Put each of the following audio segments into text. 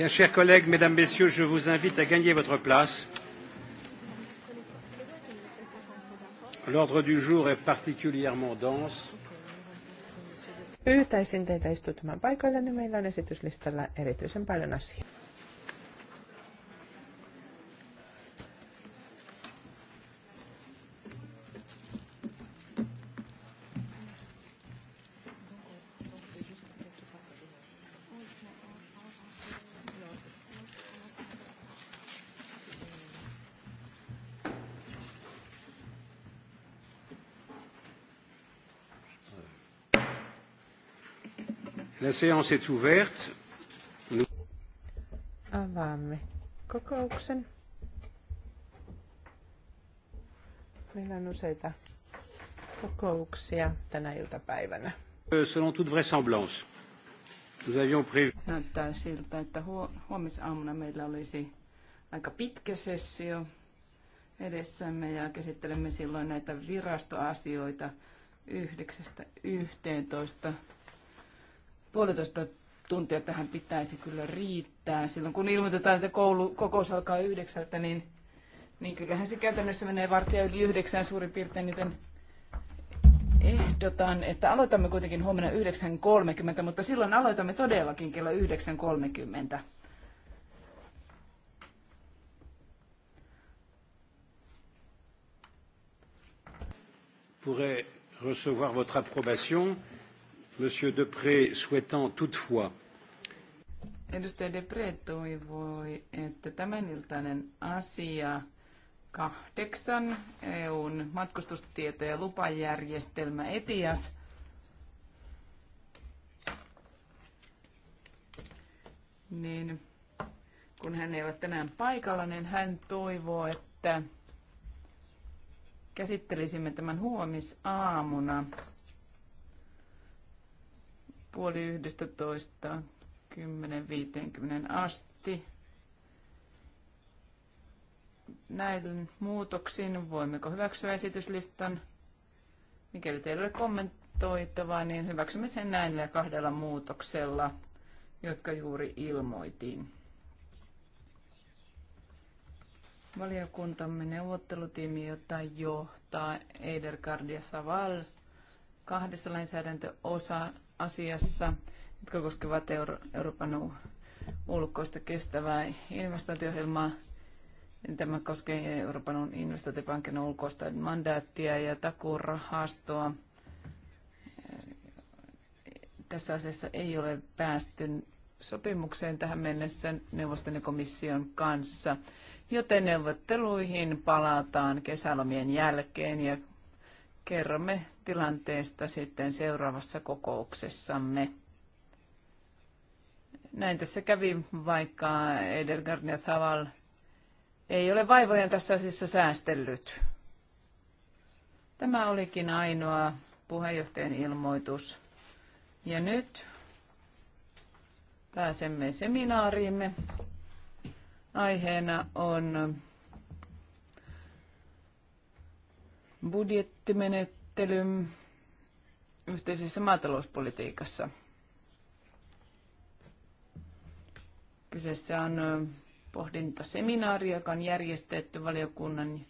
Bien, chers collègues, mesdames, messieurs, je vous invite à gagner votre place. L'ordre du jour est particulièrement dense. Pyytäisin teitä istutumaan paikoillenne. Meillä on esityslistalla erityisen paljon asioita. La séance est ouverte. Avaamme kokouksen. Meillä on useita kokouksia tänä iltapäivänä. Euh, selon toute vraisemblance, nous avions prévu... Näyttää siltä, että huomisaamuna meillä olisi aika pitkä sessio edessämme ja käsittelemme silloin näitä virastoasioita 9.11 puolitoista tuntia tähän pitäisi kyllä riittää. Silloin kun ilmoitetaan, että koulu, kokous alkaa yhdeksältä, niin, niin kyllähän se käytännössä menee vartija yli yhdeksään suurin piirtein, joten ehdotan, että aloitamme kuitenkin huomenna 9.30, mutta silloin aloitamme todellakin kello 9.30. pourrait recevoir votre approbation Monsieur Depré souhaitant toutefois. Edustaja Depré toivoi, että tämäniltainen asia kahdeksan EUn matkustustieto- ja lupajärjestelmä ETIAS niin kun hän ei ole tänään paikalla, niin hän toivoo, että käsittelisimme tämän huomisaamuna puoli yhdestä toista 10.50 asti. Näin muutoksin voimmeko hyväksyä esityslistan? Mikäli teillä ole kommentoitavaa, niin hyväksymme sen näillä kahdella muutoksella, jotka juuri ilmoitin. Valiokuntamme neuvottelutiimi, jota johtaa Eider Cardia Saval, kahdessa lainsäädäntöosa asiassa, jotka koskevat Euro- Euroopan ulkoista kestävää investointiohjelmaa. Tämä koskee Euroopan investointipankin ulkoista mandaattia ja takuurahastoa. Tässä asiassa ei ole päästy sopimukseen tähän mennessä neuvoston ja komission kanssa, joten neuvotteluihin palataan kesälomien jälkeen ja kerromme tilanteesta sitten seuraavassa kokouksessamme. Näin tässä kävi, vaikka Edelgard ja Thaval ei ole vaivojen tässä asiassa säästellyt. Tämä olikin ainoa puheenjohtajan ilmoitus. Ja nyt pääsemme seminaariimme. Aiheena on budjettimenet käsittely yhteisessä maatalouspolitiikassa. Kyseessä on pohdintaseminaari, joka on järjestetty valiokunnan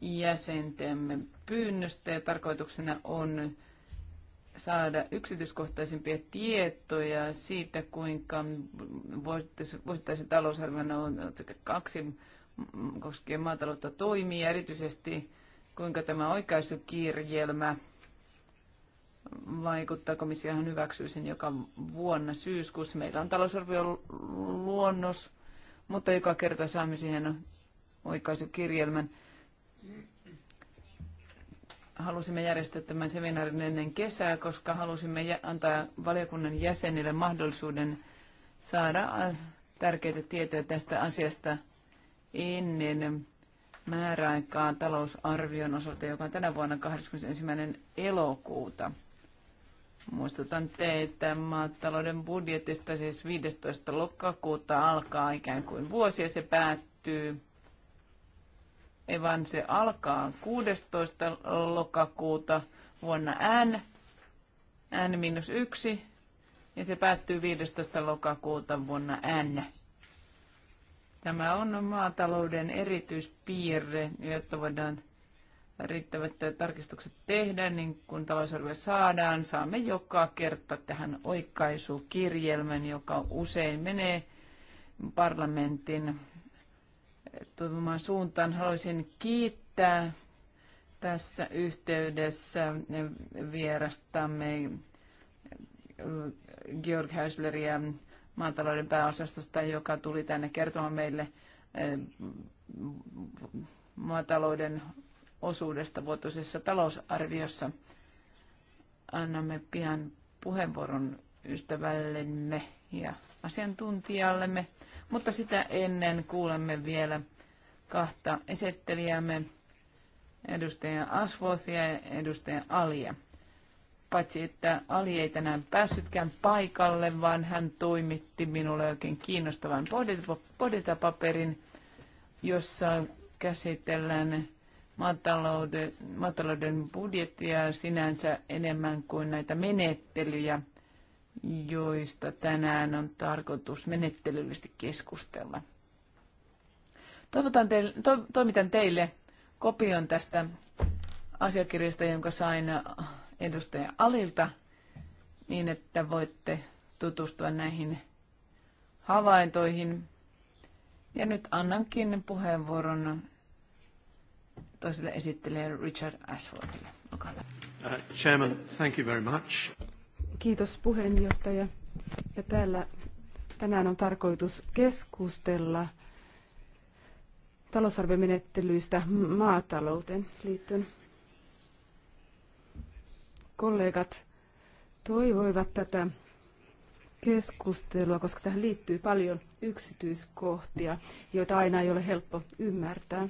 jäsentemme pyynnöstä ja tarkoituksena on saada yksityiskohtaisempia tietoja siitä, kuinka vuosittaisen talousarvion on kaksi koskien maataloutta toimii erityisesti kuinka tämä oikaisukirjelmä vaikuttaa. Komissiohan hyväksyy sen joka vuonna syyskuussa. Meillä on talousarvion luonnos, mutta joka kerta saamme siihen oikaisukirjelmän. Halusimme järjestää tämän seminaarin ennen kesää, koska halusimme antaa valiokunnan jäsenille mahdollisuuden saada tärkeitä tietoja tästä asiasta ennen määräaikaan talousarvion osalta, joka on tänä vuonna 21. elokuuta. Muistutan teitä maatalouden budjetista, siis 15. lokakuuta alkaa ikään kuin vuosi ja se päättyy. Ei vaan se alkaa 16. lokakuuta vuonna N, N-1 ja se päättyy 15. lokakuuta vuonna N. Tämä on maatalouden erityispiirre, jotta voidaan riittävät tarkistukset tehdä, niin kun talousarvio saadaan, saamme joka kerta tähän oikaisukirjelmän, joka usein menee parlamentin toivomaan suuntaan. Haluaisin kiittää tässä yhteydessä vierastamme Georg Häusleriä maatalouden pääosastosta, joka tuli tänne kertomaan meille eh, maatalouden osuudesta vuotuisessa talousarviossa. Annamme pian puheenvuoron ystävällemme ja asiantuntijallemme, mutta sitä ennen kuulemme vielä kahta esittelijämme, edustaja Asvothia ja edustaja Alia. Paitsi, että Ali ei tänään päässytkään paikalle, vaan hän toimitti minulle oikein kiinnostavan pohdintapaperin, jossa käsitellään maatalouden, maatalouden budjettia sinänsä enemmän kuin näitä menettelyjä, joista tänään on tarkoitus menettelyllisesti keskustella. Toivotan teille, to, toimitan teille kopion tästä asiakirjasta, jonka sain edustaja Alilta niin, että voitte tutustua näihin havaintoihin. Ja nyt annankin puheenvuoron toiselle esittelijälle Richard Ashfordille. Olkaa hyvä. Uh, chairman, thank you very much. Kiitos puheenjohtaja. Ja täällä tänään on tarkoitus keskustella talousarviomenettelyistä maatalouteen liittyen kollegat toivoivat tätä keskustelua, koska tähän liittyy paljon yksityiskohtia, joita aina ei ole helppo ymmärtää.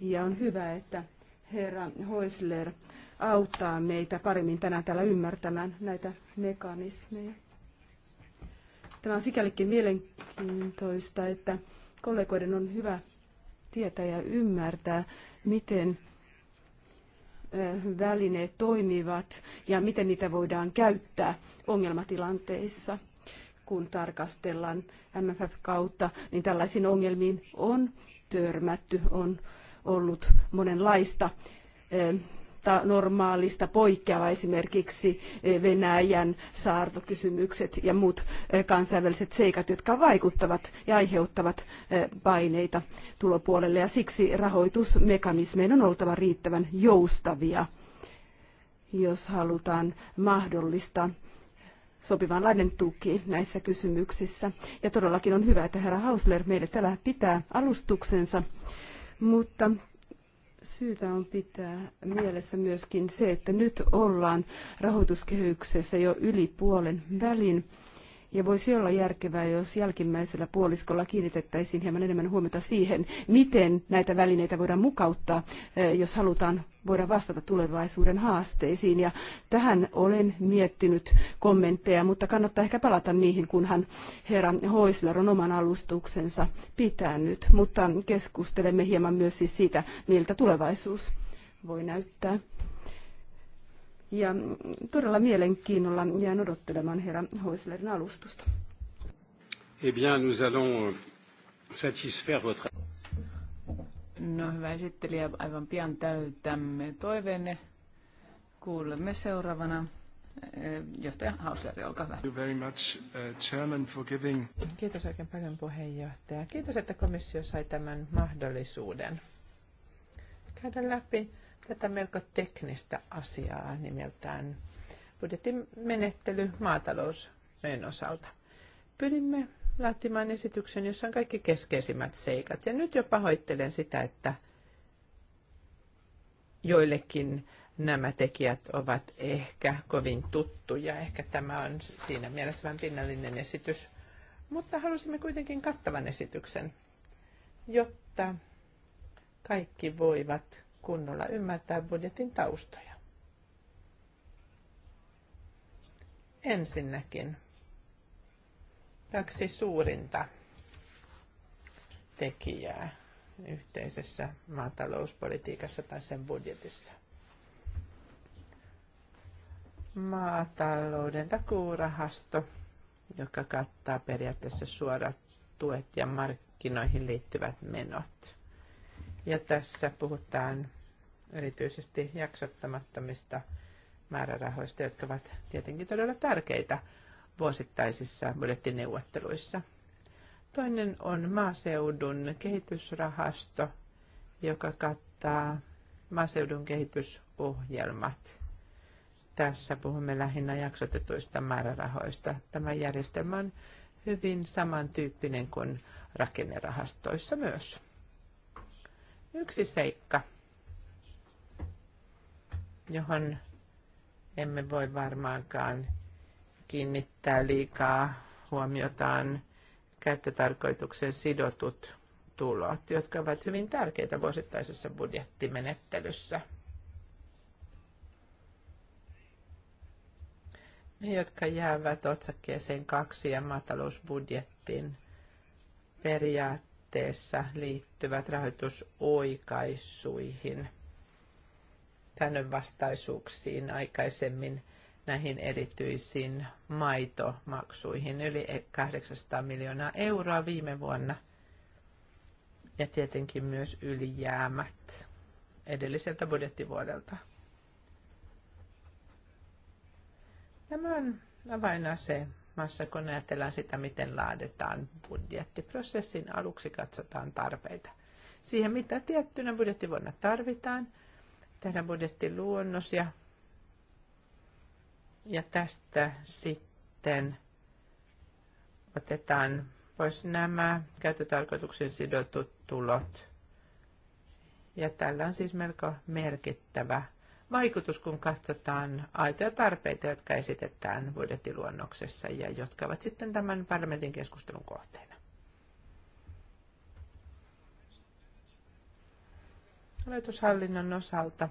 Ja on hyvä, että herra Hoisler auttaa meitä paremmin tänään täällä ymmärtämään näitä mekanismeja. Tämä on sikälikin mielenkiintoista, että kollegoiden on hyvä tietää ja ymmärtää, miten välineet toimivat ja miten niitä voidaan käyttää ongelmatilanteissa. Kun tarkastellaan MFF-kautta, niin tällaisiin ongelmiin on törmätty, on ollut monenlaista mutta normaalista poikkeava esimerkiksi eh, Venäjän saartokysymykset ja muut eh, kansainväliset seikat, jotka vaikuttavat ja aiheuttavat eh, paineita tulopuolelle. Ja siksi rahoitusmekanismien on oltava riittävän joustavia, jos halutaan mahdollistaa sopivanlainen tuki näissä kysymyksissä. Ja todellakin on hyvä, että herra Hausler meille täällä pitää alustuksensa, mutta syytä on pitää mielessä myöskin se, että nyt ollaan rahoituskehyksessä jo yli puolen välin. Ja voisi olla järkevää, jos jälkimmäisellä puoliskolla kiinnitettäisiin hieman enemmän huomiota siihen, miten näitä välineitä voidaan mukauttaa, eh, jos halutaan voida vastata tulevaisuuden haasteisiin. Ja tähän olen miettinyt kommentteja, mutta kannattaa ehkä palata niihin, kunhan herra Hoisler on oman alustuksensa pitänyt. Mutta keskustelemme hieman myös siis siitä, miltä tulevaisuus voi näyttää. Ja todella mielenkiinnolla jään odottelemaan herra Hoislerin alustusta. Eh bien, nous allons euh, satisfaire votre... No hyvä esittelijä, aivan pian täytämme toiveenne. Kuulemme seuraavana. Eh, johtaja Hausjärvi, olkaa hyvä. Very much, eh, chairman, for giving. Kiitos oikein paljon puheenjohtaja. Kiitos, että komissio sai tämän mahdollisuuden käydä läpi tätä melko teknistä asiaa nimeltään budjetin menettely osalta. Pyrimme laatimaan esityksen, jossa on kaikki keskeisimmät seikat. Ja nyt jo pahoittelen sitä, että joillekin nämä tekijät ovat ehkä kovin tuttuja. Ehkä tämä on siinä mielessä vähän pinnallinen esitys, mutta halusimme kuitenkin kattavan esityksen, jotta kaikki voivat kunnolla ymmärtää budjetin taustoja. Ensinnäkin kaksi suurinta tekijää yhteisessä maatalouspolitiikassa tai sen budjetissa. Maatalouden takuurahasto, joka kattaa periaatteessa suorat tuet ja markkinoihin liittyvät menot. Ja tässä puhutaan erityisesti jaksottamattomista määrärahoista, jotka ovat tietenkin todella tärkeitä vuosittaisissa budjettineuvotteluissa. Toinen on maaseudun kehitysrahasto, joka kattaa maaseudun kehitysohjelmat. Tässä puhumme lähinnä jaksotetuista määrärahoista. Tämä järjestelmä on hyvin samantyyppinen kuin rakennerahastoissa myös. Yksi seikka, johon emme voi varmaankaan kiinnittää liikaa huomiotaan käyttötarkoitukseen sidotut tulot, jotka ovat hyvin tärkeitä vuosittaisessa budjettimenettelyssä. Ne, jotka jäävät otsakkeeseen kaksi ja maatalousbudjettin periaatteessa liittyvät rahoitusoikaisuihin, vastaisuuksiin aikaisemmin – näihin erityisiin maitomaksuihin, yli 800 miljoonaa euroa viime vuonna. Ja tietenkin myös ylijäämät edelliseltä budjettivuodelta. Tämä on massa, kun ajatellaan sitä, miten laaditaan budjettiprosessin aluksi katsotaan tarpeita. Siihen, mitä tiettynä budjettivuonna tarvitaan, tehdään budjettiluonnos ja ja tästä sitten otetaan pois nämä käyttötarkoituksen sidotut tulot. Ja tällä on siis melko merkittävä vaikutus, kun katsotaan aitoja tarpeita, jotka esitetään budjettiluonnoksessa ja jotka ovat sitten tämän parlamentin keskustelun kohteena. Hallitushallinnon osalta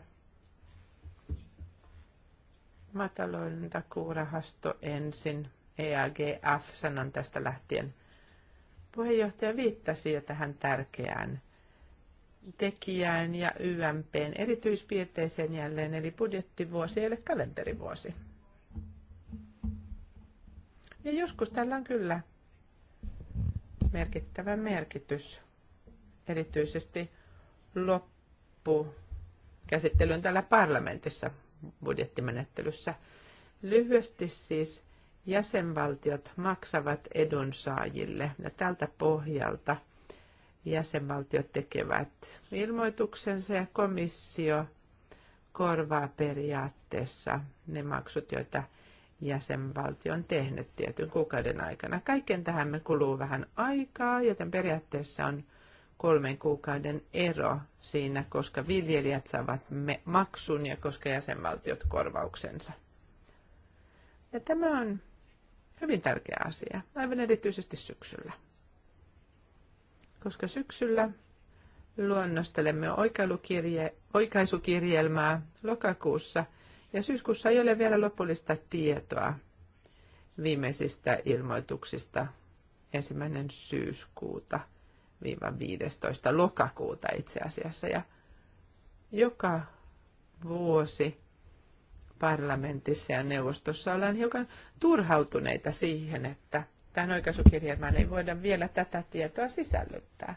matalointakuurahasto ensin, EAGF sanon tästä lähtien. Puheenjohtaja viittasi jo tähän tärkeään tekijään ja YMPn erityispiirteeseen jälleen, eli budjettivuosi eli kalenterivuosi. Ja joskus tällä on kyllä merkittävä merkitys, erityisesti loppukäsittelyyn täällä parlamentissa budjettimenettelyssä. Lyhyesti siis jäsenvaltiot maksavat edunsaajille ja tältä pohjalta jäsenvaltiot tekevät ilmoituksensa ja komissio korvaa periaatteessa ne maksut, joita jäsenvaltio on tehnyt tietyn kuukauden aikana. Kaiken tähän me kuluu vähän aikaa, joten periaatteessa on kolmen kuukauden ero siinä, koska viljelijät saavat maksun ja koska jäsenvaltiot korvauksensa. Ja tämä on hyvin tärkeä asia, aivan erityisesti syksyllä. Koska syksyllä luonnostelemme oikaisukirjelmää lokakuussa ja syyskuussa ei ole vielä lopullista tietoa viimeisistä ilmoituksista ensimmäinen syyskuuta – 10-15 lokakuuta itse asiassa. Ja joka vuosi parlamentissa ja neuvostossa ollaan hiukan turhautuneita siihen, että tähän oikaisukirjelmään ei voida vielä tätä tietoa sisällyttää.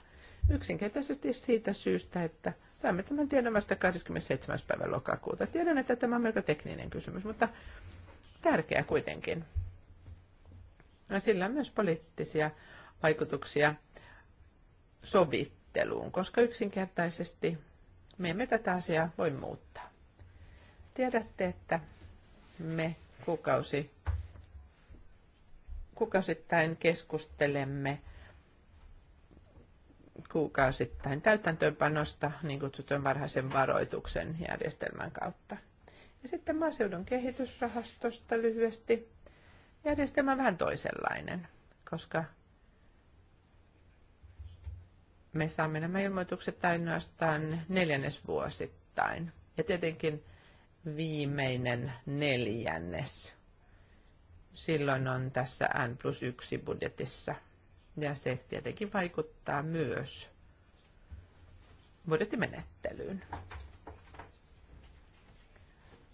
Yksinkertaisesti siitä syystä, että saamme tämän tiedon vasta 27. päivä lokakuuta. Tiedän, että tämä on melko tekninen kysymys, mutta tärkeä kuitenkin. Ja sillä on myös poliittisia vaikutuksia sovitteluun, koska yksinkertaisesti me emme tätä asiaa voi muuttaa. Tiedätte, että me kuukausi, kuukausittain keskustelemme kuukausittain täytäntöönpanosta niin kutsutun varhaisen varoituksen järjestelmän kautta. Ja sitten maaseudun kehitysrahastosta lyhyesti. Järjestelmä vähän toisenlainen, koska me saamme nämä ilmoitukset ainoastaan neljännesvuosittain. Ja tietenkin viimeinen neljännes. Silloin on tässä N plus 1 budjetissa. Ja se tietenkin vaikuttaa myös budjettimenettelyyn.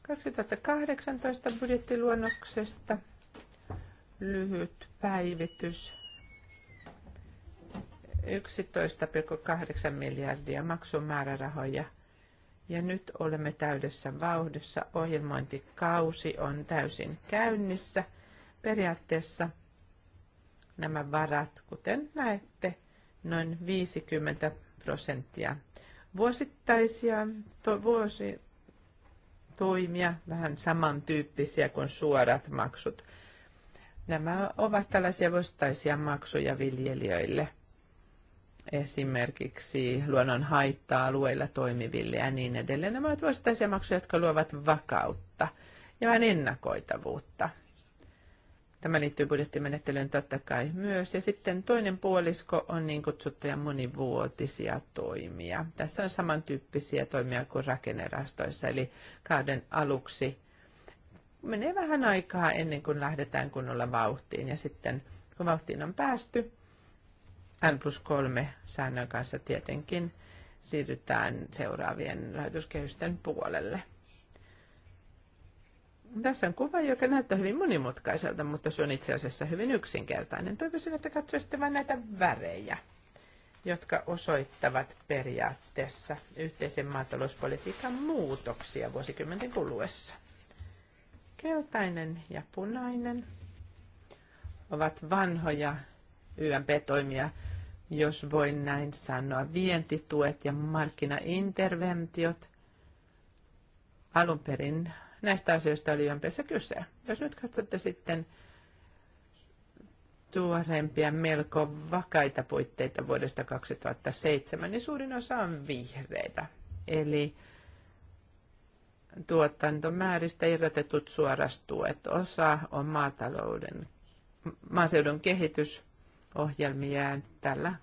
2018 budjettiluonnoksesta lyhyt päivitys 11,8 miljardia maksumäärärahoja ja nyt olemme täydessä vauhdissa. Ohjelmointikausi on täysin käynnissä. Periaatteessa nämä varat, kuten näette, noin 50 prosenttia vuosittaisia to, vuosi, toimia, vähän samantyyppisiä kuin suorat maksut. Nämä ovat tällaisia vuosittaisia maksuja viljelijöille – esimerkiksi luonnon haittaa alueilla toimiville ja niin edelleen. Nämä ovat vuosittaisia maksuja, jotka luovat vakautta ja vähän ennakoitavuutta. Tämä liittyy budjettimenettelyyn totta kai myös. Ja sitten toinen puolisko on niin kutsuttuja monivuotisia toimia. Tässä on samantyyppisiä toimia kuin rakennerastoissa, eli kauden aluksi menee vähän aikaa ennen kuin lähdetään kunnolla vauhtiin. Ja sitten kun vauhtiin on päästy, N plus 3 säännön kanssa tietenkin siirrytään seuraavien rahoituskehysten puolelle. Tässä on kuva, joka näyttää hyvin monimutkaiselta, mutta se on itse asiassa hyvin yksinkertainen. Toivoisin, että katsoisitte vain näitä värejä, jotka osoittavat periaatteessa yhteisen maatalouspolitiikan muutoksia vuosikymmenten kuluessa. Keltainen ja punainen ovat vanhoja YMP-toimia, jos voin näin sanoa, vientituet ja markkinainterventiot. Alun perin näistä asioista oli ympässä kyse. Jos nyt katsotte sitten tuorempia, melko vakaita puitteita vuodesta 2007, niin suurin osa on vihreitä. Eli tuotantomääristä irrotetut suorastuet. Osa on maatalouden, maaseudun kehitysohjelmia. Tällä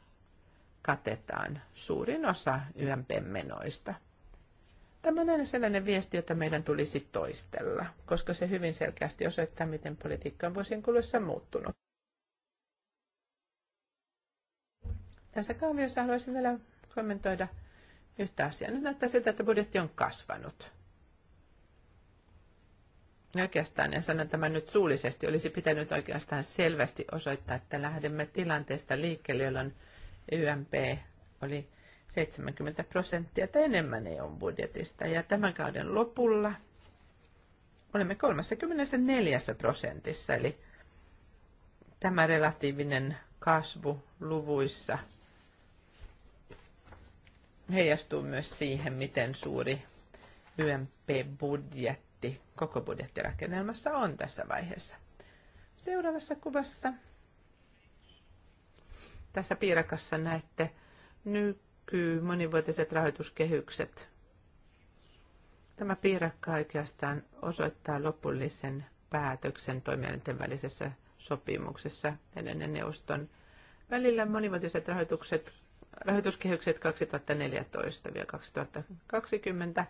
katetaan suurin osa YMP-menoista. Tämä on aina sellainen viesti, jota meidän tulisi toistella, koska se hyvin selkeästi osoittaa, miten politiikka on vuosien kuluessa muuttunut. Tässä kaaviossa haluaisin vielä kommentoida yhtä asiaa. Nyt näyttää siltä, että budjetti on kasvanut. Oikeastaan, ja sanon tämän nyt suullisesti, olisi pitänyt oikeastaan selvästi osoittaa, että lähdemme tilanteesta liikkeelle, jolloin YMP oli 70 prosenttia tai enemmän EUn budjetista. Ja tämän kauden lopulla olemme 34 prosentissa, eli tämä relatiivinen kasvu luvuissa heijastuu myös siihen, miten suuri YMP-budjetti koko budjettirakennelmassa on tässä vaiheessa. Seuraavassa kuvassa tässä piirakassa näette nyky monivuotiset rahoituskehykset. Tämä piirakka oikeastaan osoittaa lopullisen päätöksen toimielinten välisessä sopimuksessa ennen neuvoston välillä monivuotiset rahoitukset, rahoituskehykset 2014-2020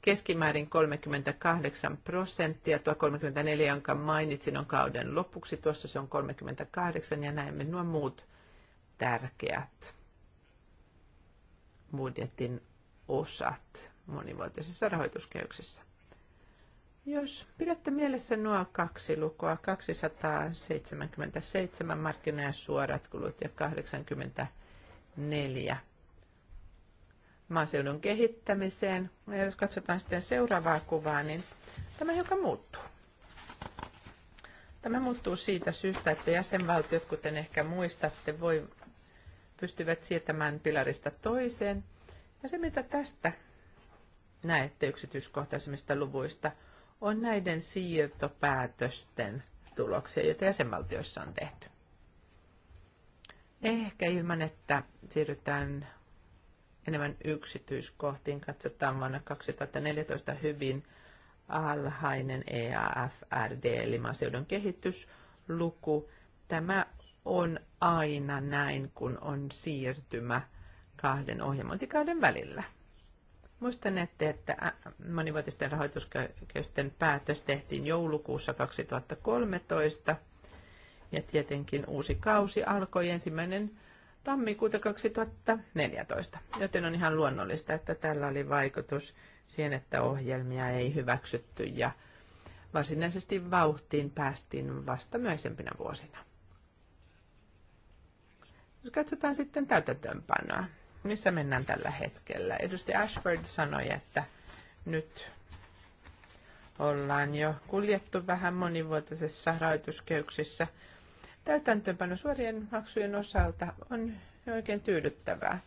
keskimäärin 38 prosenttia. Tuo 34, jonka mainitsin, on kauden lopuksi. Tuossa se on 38 ja näemme nuo muut tärkeät budjetin osat monivuotisessa rahoituskehyksessä. Jos pidätte mielessä nuo kaksi lukua, 277 markkina- ja suorat kulut ja 84 maaseudun kehittämiseen. Ja jos katsotaan sitten seuraavaa kuvaa, niin tämä joka muuttuu. Tämä muuttuu siitä syystä, että jäsenvaltiot, kuten ehkä muistatte, voi, pystyvät siirtämään pilarista toiseen. Ja se, mitä tästä näette yksityiskohtaisemmista luvuista, on näiden siirtopäätösten tuloksia, joita jäsenvaltioissa on tehty. Ehkä ilman, että siirrytään enemmän yksityiskohtiin, katsotaan vuonna 2014 hyvin alhainen EAFRD eli maaseudun kehitysluku. Tämä on aina näin, kun on siirtymä kahden ohjelmointikauden välillä. Muistanette, että monivuotisten rahoituskäysten päätös tehtiin joulukuussa 2013 ja tietenkin uusi kausi alkoi ensimmäinen tammikuuta 2014, joten on ihan luonnollista, että tällä oli vaikutus siihen, että ohjelmia ei hyväksytty ja varsinaisesti vauhtiin päästiin vasta myöhempinä vuosina. Jos katsotaan sitten täytäntöönpanoa, missä mennään tällä hetkellä. Edustaja Ashford sanoi, että nyt ollaan jo kuljettu vähän monivuotisessa rahoituskeyksissä. Täytäntöönpano suorien maksujen osalta on oikein tyydyttävää.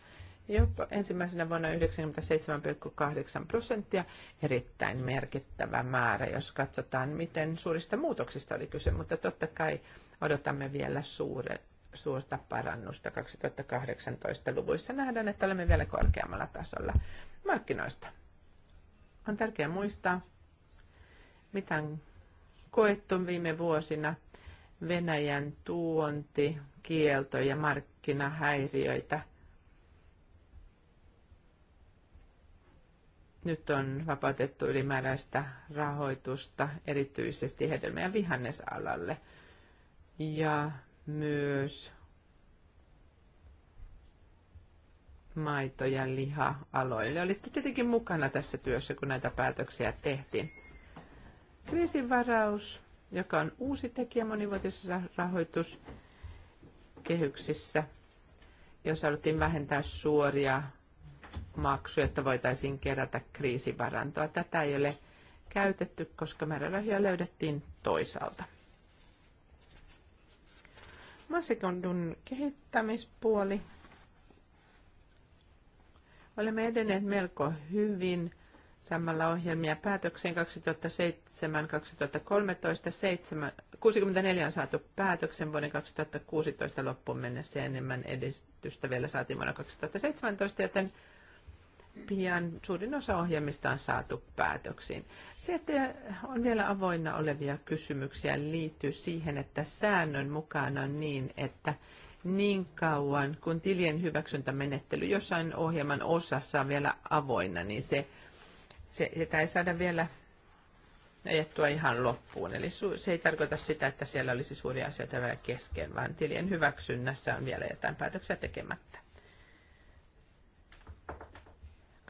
Jopa ensimmäisenä vuonna 97,8 prosenttia, erittäin merkittävä määrä, jos katsotaan, miten suurista muutoksista oli kyse, mutta totta kai odotamme vielä suuret suurta parannusta 2018 luvuissa. Nähdään, että olemme vielä korkeammalla tasolla markkinoista. On tärkeää muistaa, mitä on koettu viime vuosina Venäjän tuonti, kielto ja markkinahäiriöitä. Nyt on vapautettu ylimääräistä rahoitusta erityisesti hedelmä- ja vihannesalalle. Ja myös maito- ja liha-aloille. Olitte tietenkin mukana tässä työssä, kun näitä päätöksiä tehtiin. Kriisivaraus, joka on uusi tekijä monivuotisessa rahoituskehyksissä, jos haluttiin vähentää suoria maksuja, että voitaisiin kerätä kriisivarantoa. Tätä ei ole käytetty, koska määrärahoja löydettiin toisaalta. Masikondun kehittämispuoli. Olemme edenneet melko hyvin samalla ohjelmia päätökseen 2007-2013. 64 on saatu päätöksen vuoden 2016 loppuun mennessä ja enemmän edistystä vielä saatiin vuonna 2017, joten pian suurin osa ohjelmista on saatu päätöksiin. Se, että on vielä avoinna olevia kysymyksiä, liittyy siihen, että säännön mukaan on niin, että niin kauan kun tilien hyväksyntämenettely jossain ohjelman osassa on vielä avoinna, niin se, se, sitä ei saada vielä ajettua ihan loppuun. Eli su, se ei tarkoita sitä, että siellä olisi suuria asioita vielä kesken, vaan tilien hyväksynnässä on vielä jotain päätöksiä tekemättä. 2014-2015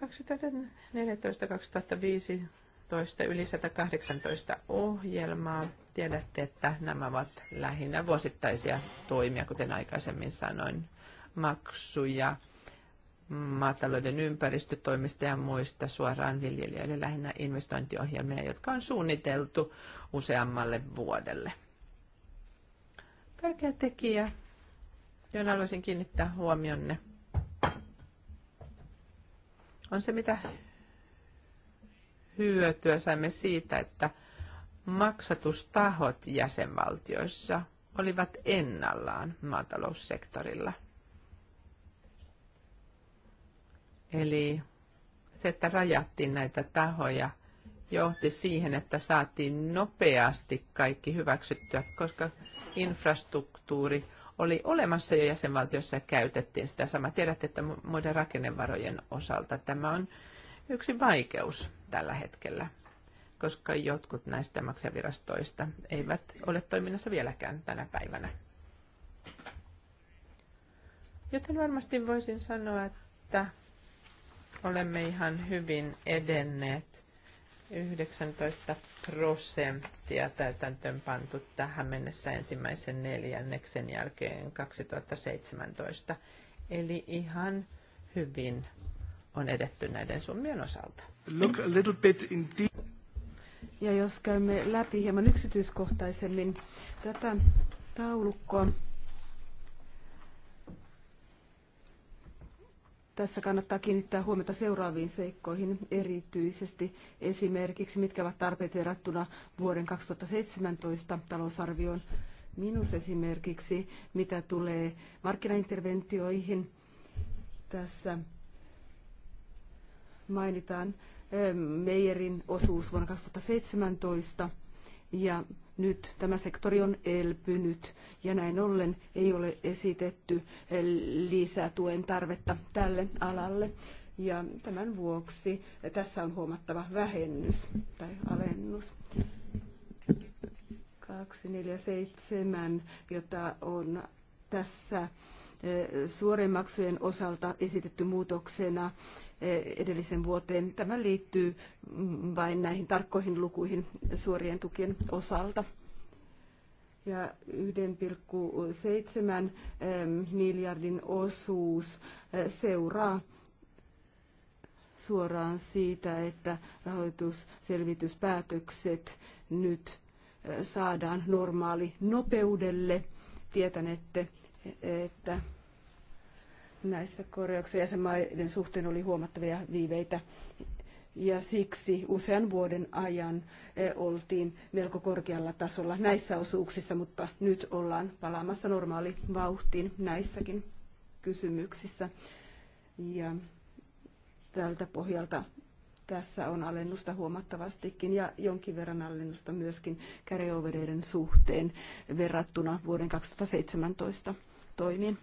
yli 118 ohjelmaa. Tiedätte, että nämä ovat lähinnä vuosittaisia toimia, kuten aikaisemmin sanoin, maksuja maatalouden ympäristötoimista ja muista suoraan viljelijöille lähinnä investointiohjelmia, jotka on suunniteltu useammalle vuodelle. Tärkeä tekijä, johon haluaisin kiinnittää huomionne, on se, mitä hyötyä saimme siitä, että maksatustahot jäsenvaltioissa olivat ennallaan maataloussektorilla. Eli se, että rajattiin näitä tahoja, johti siihen, että saatiin nopeasti kaikki hyväksyttyä, koska infrastruktuuri oli olemassa jo jäsenvaltiossa käytettiin sitä sama. Tiedätte, että muiden rakennevarojen osalta tämä on yksi vaikeus tällä hetkellä, koska jotkut näistä maksavirastoista eivät ole toiminnassa vieläkään tänä päivänä. Joten varmasti voisin sanoa, että olemme ihan hyvin edenneet 19 prosenttia täytäntöön pantu tähän mennessä ensimmäisen neljänneksen jälkeen 2017. Eli ihan hyvin on edetty näiden summien osalta. Look a little bit in deep. Ja jos käymme läpi hieman yksityiskohtaisemmin tätä taulukkoa, Tässä kannattaa kiinnittää huomiota seuraaviin seikkoihin, erityisesti esimerkiksi mitkä ovat tarpeet verrattuna vuoden 2017 talousarvioon. Minus esimerkiksi, mitä tulee markkinainterventioihin, tässä mainitaan Meijerin osuus vuonna 2017 – ja nyt tämä sektori on elpynyt ja näin ollen ei ole esitetty lisätuen tarvetta tälle alalle. Ja tämän vuoksi tässä on huomattava vähennys tai alennus. 247, jota on tässä eh, suorien maksujen osalta esitetty muutoksena edellisen vuoteen. Tämä liittyy vain näihin tarkkoihin lukuihin suorien tukien osalta ja 1,7 miljardin osuus eh, seuraa suoraan siitä, että rahoitusselvityspäätökset nyt eh, saadaan normaali nopeudelle. Tietänette, eh, että näissä korjauksissa jäsenmaiden suhteen oli huomattavia viiveitä ja siksi usean vuoden ajan eh, oltiin melko korkealla tasolla näissä osuuksissa, mutta nyt ollaan palaamassa normaali vauhtiin näissäkin kysymyksissä. Ja tältä pohjalta tässä on alennusta huomattavastikin ja jonkin verran alennusta myöskin carryovereiden suhteen verrattuna vuoden 2017 toimiin.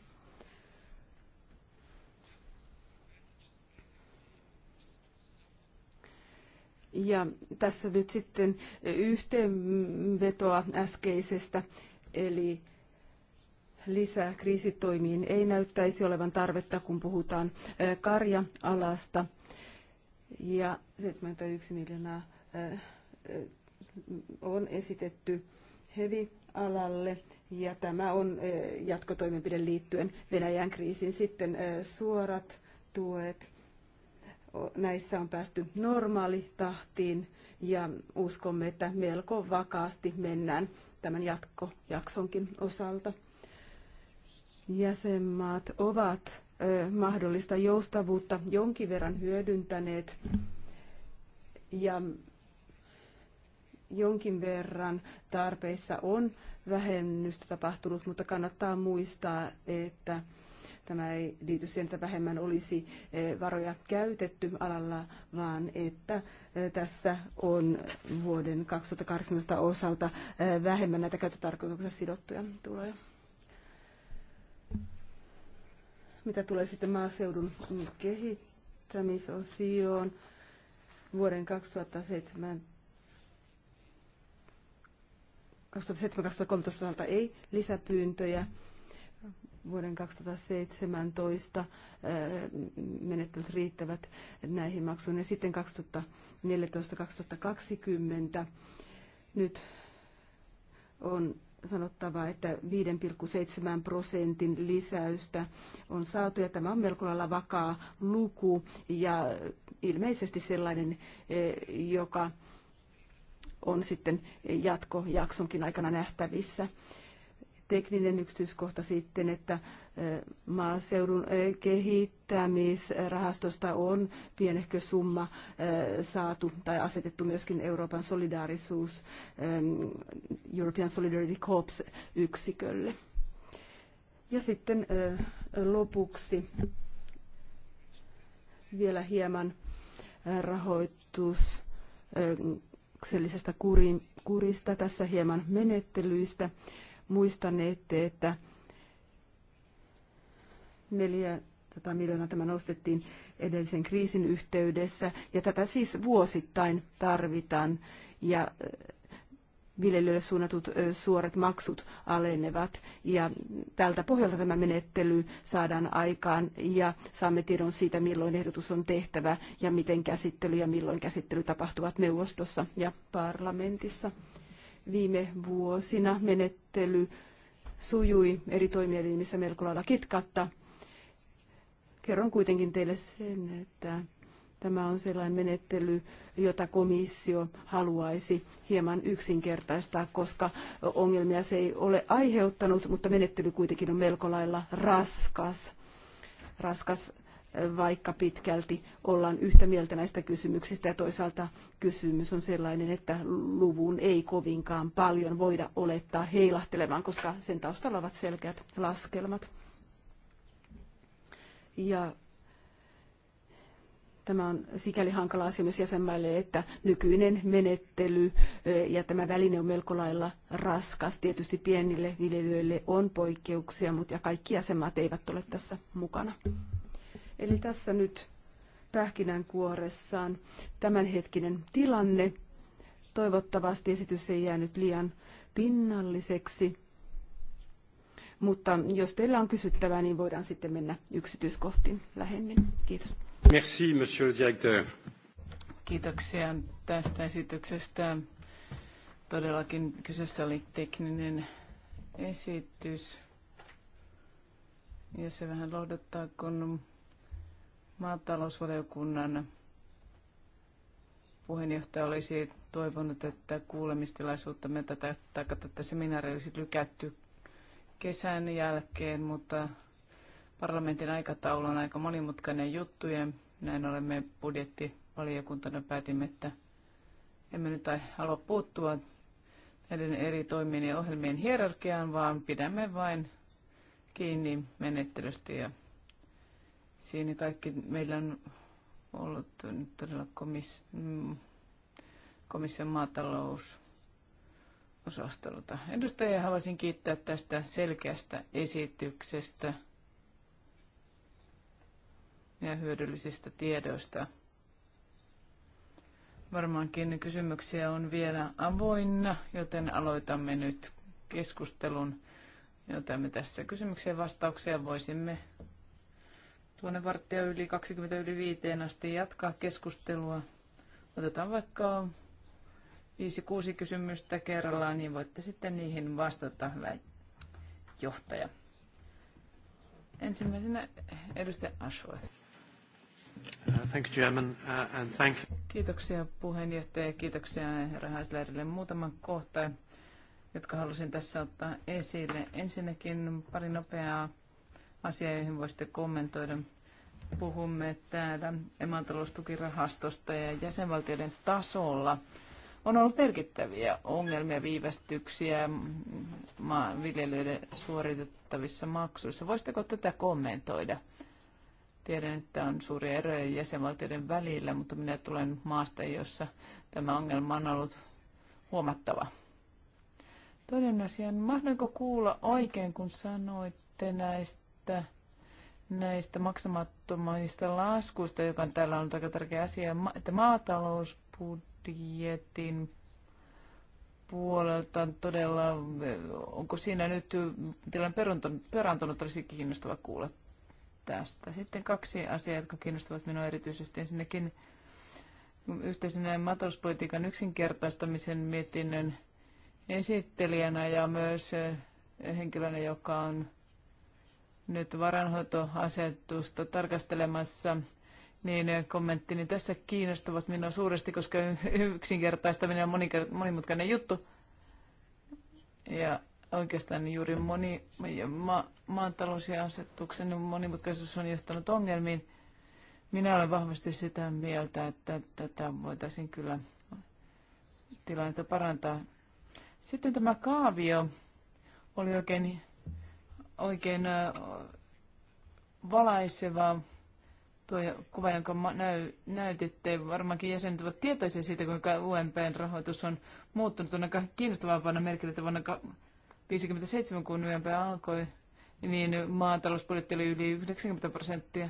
Ja tässä nyt sitten yhteenvetoa äskeisestä, eli lisää kriisitoimiin ei näyttäisi olevan tarvetta, kun puhutaan karja-alasta. Ja 71 miljoonaa on esitetty hevi-alalle ja tämä on jatkotoimenpide liittyen Venäjän kriisiin. Sitten suorat tuet näissä on päästy normaalitahtiin ja uskomme, että melko vakaasti mennään tämän jatkojaksonkin osalta. Jäsenmaat ovat mahdollista joustavuutta jonkin verran hyödyntäneet ja jonkin verran tarpeissa on vähennystä tapahtunut, mutta kannattaa muistaa, että Tämä ei liity siihen, että vähemmän olisi eh, varoja käytetty alalla, vaan että eh, tässä on vuoden 2018 osalta eh, vähemmän näitä käyttötarkoituksessa sidottuja tuloja. Mitä tulee sitten maaseudun kehittämisosioon vuoden 2007 2007-2013 osalta ei lisäpyyntöjä vuoden 2017 eh, menettelyt riittävät näihin maksuihin ja sitten 2014-2020 nyt on sanottava, että 5,7 prosentin lisäystä on saatu, ja tämä on melko lailla vakaa luku, ja ilmeisesti sellainen, eh, joka on sitten jatkojaksonkin aikana nähtävissä tekninen yksityiskohta sitten, että maaseudun kehittämisrahastosta on pienehkö summa saatu tai asetettu myöskin Euroopan solidaarisuus, European Solidarity Corps yksikölle. Ja sitten lopuksi vielä hieman rahoitus kurista. Tässä hieman menettelyistä muistaneette, että neljä 400 miljoonaa tämä nostettiin edellisen kriisin yhteydessä, ja tätä siis vuosittain tarvitaan, ja äh, viljelijöille suunnatut äh, suoret maksut alenevat. Ja tältä pohjalta tämä menettely saadaan aikaan ja saamme tiedon siitä, milloin ehdotus on tehtävä ja miten käsittely ja milloin käsittely tapahtuvat neuvostossa ja parlamentissa viime vuosina menettely sujui eri toimielimissä melko lailla kitkatta. Kerron kuitenkin teille sen, että tämä on sellainen menettely, jota komissio haluaisi hieman yksinkertaistaa, koska ongelmia se ei ole aiheuttanut, mutta menettely kuitenkin on melko lailla raskas. Raskas vaikka pitkälti ollaan yhtä mieltä näistä kysymyksistä ja toisaalta kysymys on sellainen, että luvun ei kovinkaan paljon voida olettaa heilahtelevan, koska sen taustalla ovat selkeät laskelmat. Ja tämä on sikäli hankala asia myös jäsenmaille, että nykyinen menettely ja tämä väline on melko lailla raskas. Tietysti pienille viljelijöille on poikkeuksia, mutta kaikki jäsenmaat eivät ole tässä mukana. Eli tässä nyt pähkinänkuoressaan tämänhetkinen tilanne. Toivottavasti esitys ei jäänyt liian pinnalliseksi. Mutta jos teillä on kysyttävää, niin voidaan sitten mennä yksityiskohtiin lähemmin. Kiitos. Merci, monsieur le directeur. Kiitoksia tästä esityksestä. Todellakin kyseessä oli tekninen esitys. Ja se vähän lohduttaa, kun maatalousvaliokunnan puheenjohtaja olisi toivonut, että kuulemistilaisuutta me tätä, taikka tätä seminaaria olisi lykätty kesän jälkeen, mutta parlamentin aikataulu on aika monimutkainen juttu ja näin olemme budjettivaliokuntana päätimme, että emme nyt halua puuttua näiden eri toimien ja ohjelmien hierarkiaan, vaan pidämme vain kiinni menettelystä ja siinä kaikki meillä on ollut nyt todella komis, mm, komission maatalous osastolta. Edustajia haluaisin kiittää tästä selkeästä esityksestä ja hyödyllisistä tiedoista. Varmaankin kysymyksiä on vielä avoinna, joten aloitamme nyt keskustelun, jota me tässä kysymyksiä ja vastauksia voisimme tuonne varttia yli 20 yli viiteen asti jatkaa keskustelua. Otetaan vaikka 5-6 kysymystä kerrallaan, niin voitte sitten niihin vastata, hyvä johtaja. Ensimmäisenä edustaja Ashworth. Uh, thank you, Chairman, uh, and thank you. Kiitoksia puheenjohtaja ja kiitoksia herra Häslerille. Muutama kohta, jotka halusin tässä ottaa esille. Ensinnäkin pari nopeaa asia, joihin voisitte kommentoida. Puhumme täällä emantaloustukirahastosta ja jäsenvaltioiden tasolla. On ollut merkittäviä ongelmia, viivästyksiä viljelijöiden suoritettavissa maksuissa. Voisitteko tätä kommentoida? Tiedän, että on suuria eroja jäsenvaltioiden välillä, mutta minä tulen maasta, jossa tämä ongelma on ollut huomattava. Toinen asia, mahdoinko kuulla oikein, kun sanoitte näistä että näistä maksamattomista laskuista, joka on täällä on aika tärkeä asia, että maatalousbudjetin puolelta todella, onko siinä nyt tilanne perantunut, olisi kiinnostava kuulla tästä. Sitten kaksi asiaa, jotka kiinnostavat minua erityisesti. Ensinnäkin yhteisenä maatalouspolitiikan yksinkertaistamisen mietinnön esittelijänä ja myös henkilönä, joka on nyt varanhoitoasetusta tarkastelemassa, niin kommenttini tässä kiinnostavat minua suuresti, koska yksinkertaistaminen on monimutkainen juttu. Ja oikeastaan juuri moni, ma, maatalous ja asetuksen monimutkaisuus on johtanut ongelmiin. Minä olen vahvasti sitä mieltä, että tätä voitaisiin kyllä tilannetta parantaa. Sitten tämä kaavio oli oikein oikein valaiseva tuo kuva, jonka näy, näytitte. Varmaankin jäsenet ovat tietoisia siitä, kuinka UMPn rahoitus on muuttunut. On aika kiinnostavaa panna merkille, että vuonna 1957, kun UMP alkoi, niin maatalouspoliitti oli yli 90 prosenttia.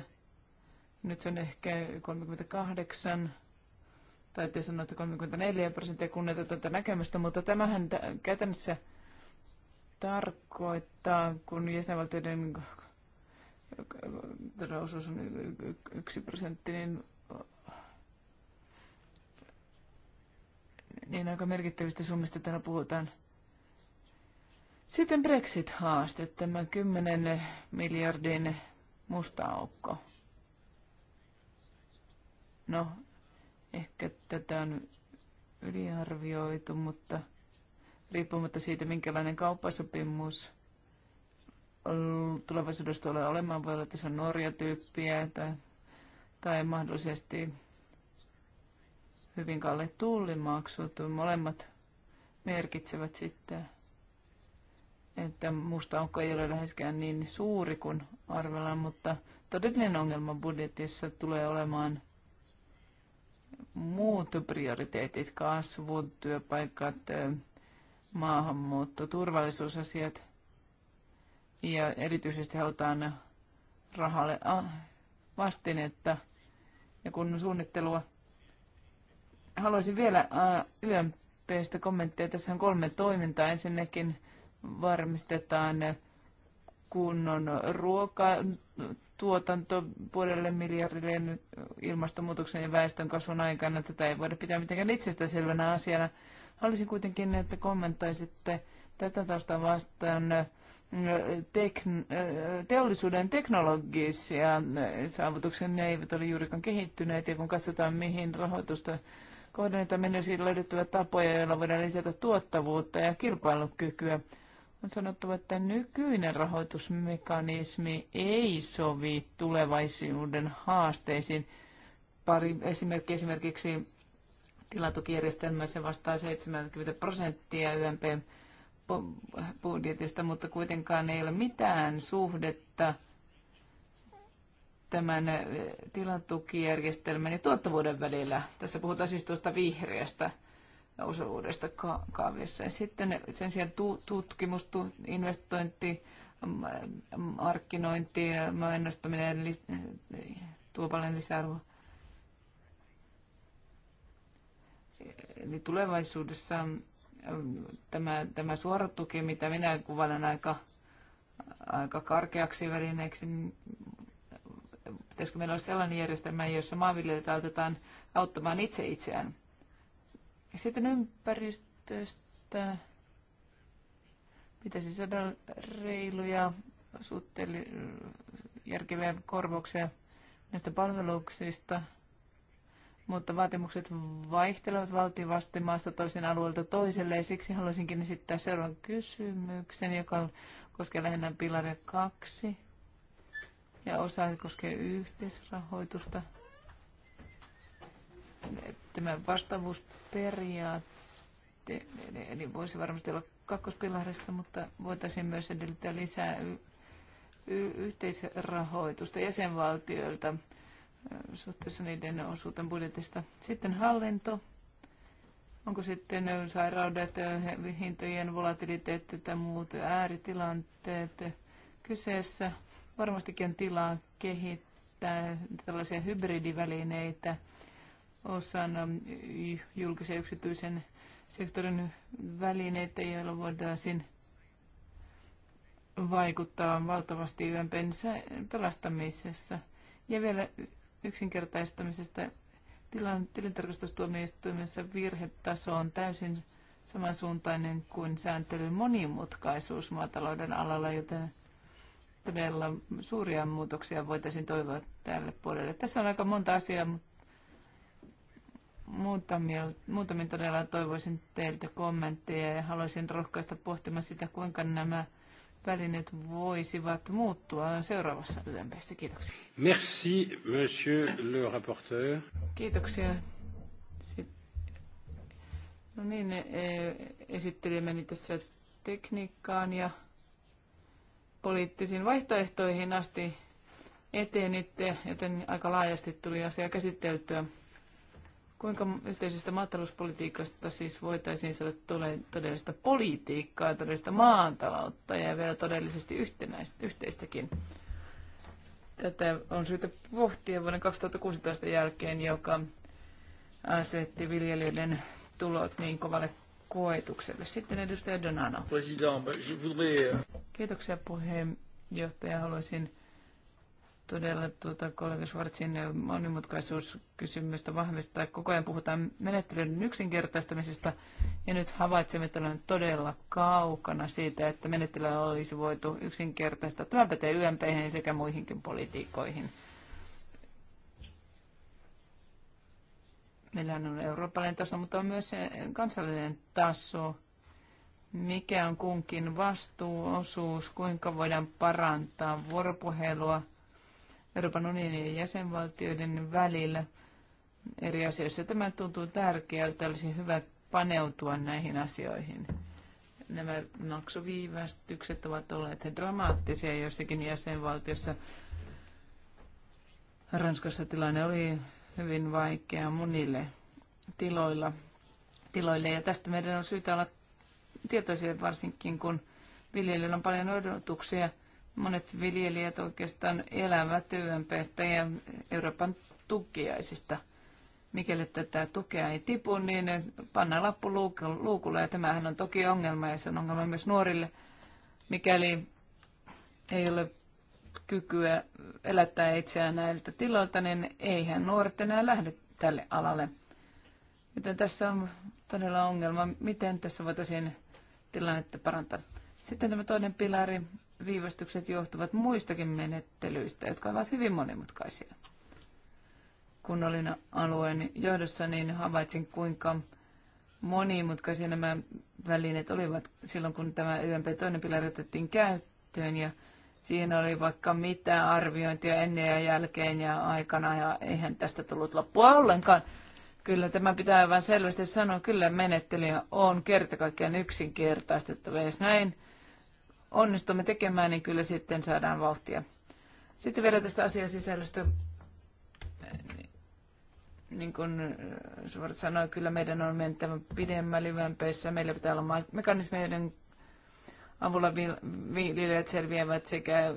Nyt se on ehkä 38 tai sanoa, että 34 prosenttia kunnioitetaan tätä näkemystä, mutta tämähän käytännössä – tarkoittaa, kun jäsenvaltioiden osuus on yksi prosentti, niin, niin aika merkittävistä summista täällä puhutaan. Sitten Brexit-haaste, tämä 10 miljardin musta aukko. No, ehkä tätä on yliarvioitu, mutta – riippumatta siitä, minkälainen kauppasopimus tulevaisuudesta tulee olemaan. Voi olla, että se on Norja-tyyppiä tai, tai mahdollisesti hyvin kalliit tullimaksut. Molemmat merkitsevät sitten, että musta aukko ei ole läheskään niin suuri kuin arvellaan, mutta todellinen ongelma budjetissa tulee olemaan muut prioriteetit, kasvu, työpaikat, maahanmuutto, turvallisuusasiat ja erityisesti halutaan rahalle vastinetta ja kun suunnittelua. Haluaisin vielä YMPstä kommentteja. Tässä on kolme toimintaa. Ensinnäkin varmistetaan kunnon ruokatuotanto puolelle miljardille ilmastonmuutoksen ja väestön kasvun aikana. Tätä ei voida pitää mitenkään itsestäselvänä asiana. Haluaisin kuitenkin, että kommentoisitte tätä taustaa vastaan äh, tek- äh, teollisuuden teknologisia äh, saavutuksia, ne eivät ole juurikaan kehittyneet, ja kun katsotaan, mihin rahoitusta kohdennetaan, meidän siinä löydettävä tapoja, joilla voidaan lisätä tuottavuutta ja kilpailukykyä. On sanottava, että nykyinen rahoitusmekanismi ei sovi tulevaisuuden haasteisiin. Pari esimerkki esimerkiksi tilatukijärjestelmä, se vastaa 70 prosenttia YMP budjetista, mutta kuitenkaan ei ole mitään suhdetta tämän eh, tilatukijärjestelmän ja tuottavuuden välillä. Tässä puhutaan siis tuosta vihreästä osuvuudesta ka- kaavissa. sitten sen sijaan tu- tutkimus, tu- investointi, mm, eh, markkinointi, mainostaminen eh, tuo paljon lisäarvoa. Eli niin tulevaisuudessa tämä, tämä suoratuki, mitä minä kuvailen aika, aika karkeaksi välineeksi, niin pitäisikö meillä olla sellainen järjestelmä, jossa maanviljelijät autetaan auttamaan itse itseään. Sitten ympäristöstä pitäisi saada reiluja, suhteellisen järkeviä korvauksia näistä palveluksista – mutta vaatimukset vaihtelevat valtivasti maasta toisen alueelta toiselle, ja siksi haluaisinkin esittää seuraavan kysymyksen, joka koskee lähinnä pilaria kaksi, ja osa koskee yhteisrahoitusta. Tämä vastaavuusperiaate, eli voisi varmasti olla kakkospilarista, mutta voitaisiin myös edellyttää lisää yhteisrahoitusta jäsenvaltioilta suhteessa niiden osuuteen budjetista. Sitten hallinto. Onko sitten sairaudet, hintojen volatiliteetti tai muut ääritilanteet kyseessä? Varmastikin on tilaa kehittää tällaisia hybridivälineitä osan julkisen ja yksityisen sektorin välineitä, joilla voidaan vaikuttaa valtavasti YMPn pelastamisessa. Ja vielä yksinkertaistamisesta tilintarkastustuomioistuimessa virhetaso on täysin samansuuntainen kuin sääntelyn monimutkaisuus maatalouden alalla, joten todella suuria muutoksia voitaisiin toivoa tälle puolelle. Tässä on aika monta asiaa, mutta muutamia, muutamia todella toivoisin teiltä kommentteja ja haluaisin rohkaista pohtimaan sitä, kuinka nämä välineet voisivat muuttua seuraavassa YMPssä. Kiitoksia. Merci, monsieur le rapporteur. Kiitoksia. No niin, e, esittelijä niitä tässä tekniikkaan ja poliittisiin vaihtoehtoihin asti etenitte, joten aika laajasti tuli asia käsiteltyä. Kuinka yhteisestä maatalouspolitiikasta siis voitaisiin saada todellista politiikkaa, todellista maantaloutta ja vielä todellisesti yhteistäkin? Tätä on syytä pohtia vuoden 2016 jälkeen, joka asetti viljelijöiden tulot niin kovalle koetukselle. Sitten edustaja Donano. Euh, Kiitoksia puheenjohtaja. Haluaisin todella tuota kollega Schwarzin monimutkaisuuskysymystä vahvistaa. Koko ajan puhutaan menettelyn yksinkertaistamisesta ja nyt havaitsemme, että olemme todella kaukana siitä, että menettelyä olisi voitu yksinkertaistaa. Tämä pätee YMP sekä muihinkin politiikoihin. Meillä on eurooppalainen taso, mutta on myös kansallinen taso. Mikä on kunkin vastuuosuus, kuinka voidaan parantaa vuoropuhelua Euroopan unionin ja jäsenvaltioiden välillä eri asioissa. Tämä tuntuu tärkeältä, olisi hyvä paneutua näihin asioihin. Nämä maksuviivästykset ovat olleet dramaattisia jossakin jäsenvaltiossa. Ranskassa tilanne oli hyvin vaikea monille tiloilla, tiloille ja tästä meidän on syytä olla tietoisia varsinkin, kun viljelijöillä on paljon odotuksia – Monet viljelijät oikeastaan elävät YMPstä ja Euroopan tukiaisista. Mikäli tätä tukea ei tipu, niin panna lappu luukulle ja tämähän on toki ongelma ja se on ongelma myös nuorille. Mikäli ei ole kykyä elättää itseään näiltä tiloilta, niin eihän nuoret enää lähde tälle alalle. Joten tässä on todella ongelma, miten tässä voitaisiin tilannetta parantaa. Sitten tämä toinen pilari, viivästykset johtuvat muistakin menettelyistä, jotka ovat hyvin monimutkaisia. Kun olin alueen johdossa, niin havaitsin, kuinka monimutkaisia nämä välineet olivat silloin, kun tämä YMP toinen pilari otettiin käyttöön. Ja siinä oli vaikka mitä arviointia ennen ja jälkeen ja aikana, ja eihän tästä tullut loppua ollenkaan. Kyllä tämä pitää aivan selvästi sanoa, kyllä menettelyä on kertakaikkiaan yksinkertaistettava, jos näin onnistumme tekemään, niin kyllä sitten saadaan vauhtia. Sitten vielä tästä asiasisällöstä. Niin kuin Suvart sanoi, kyllä meidän on mentävä pidemmälle lämpeissä. Meillä pitää olla mekanismeiden avulla viljelijät selviävät sekä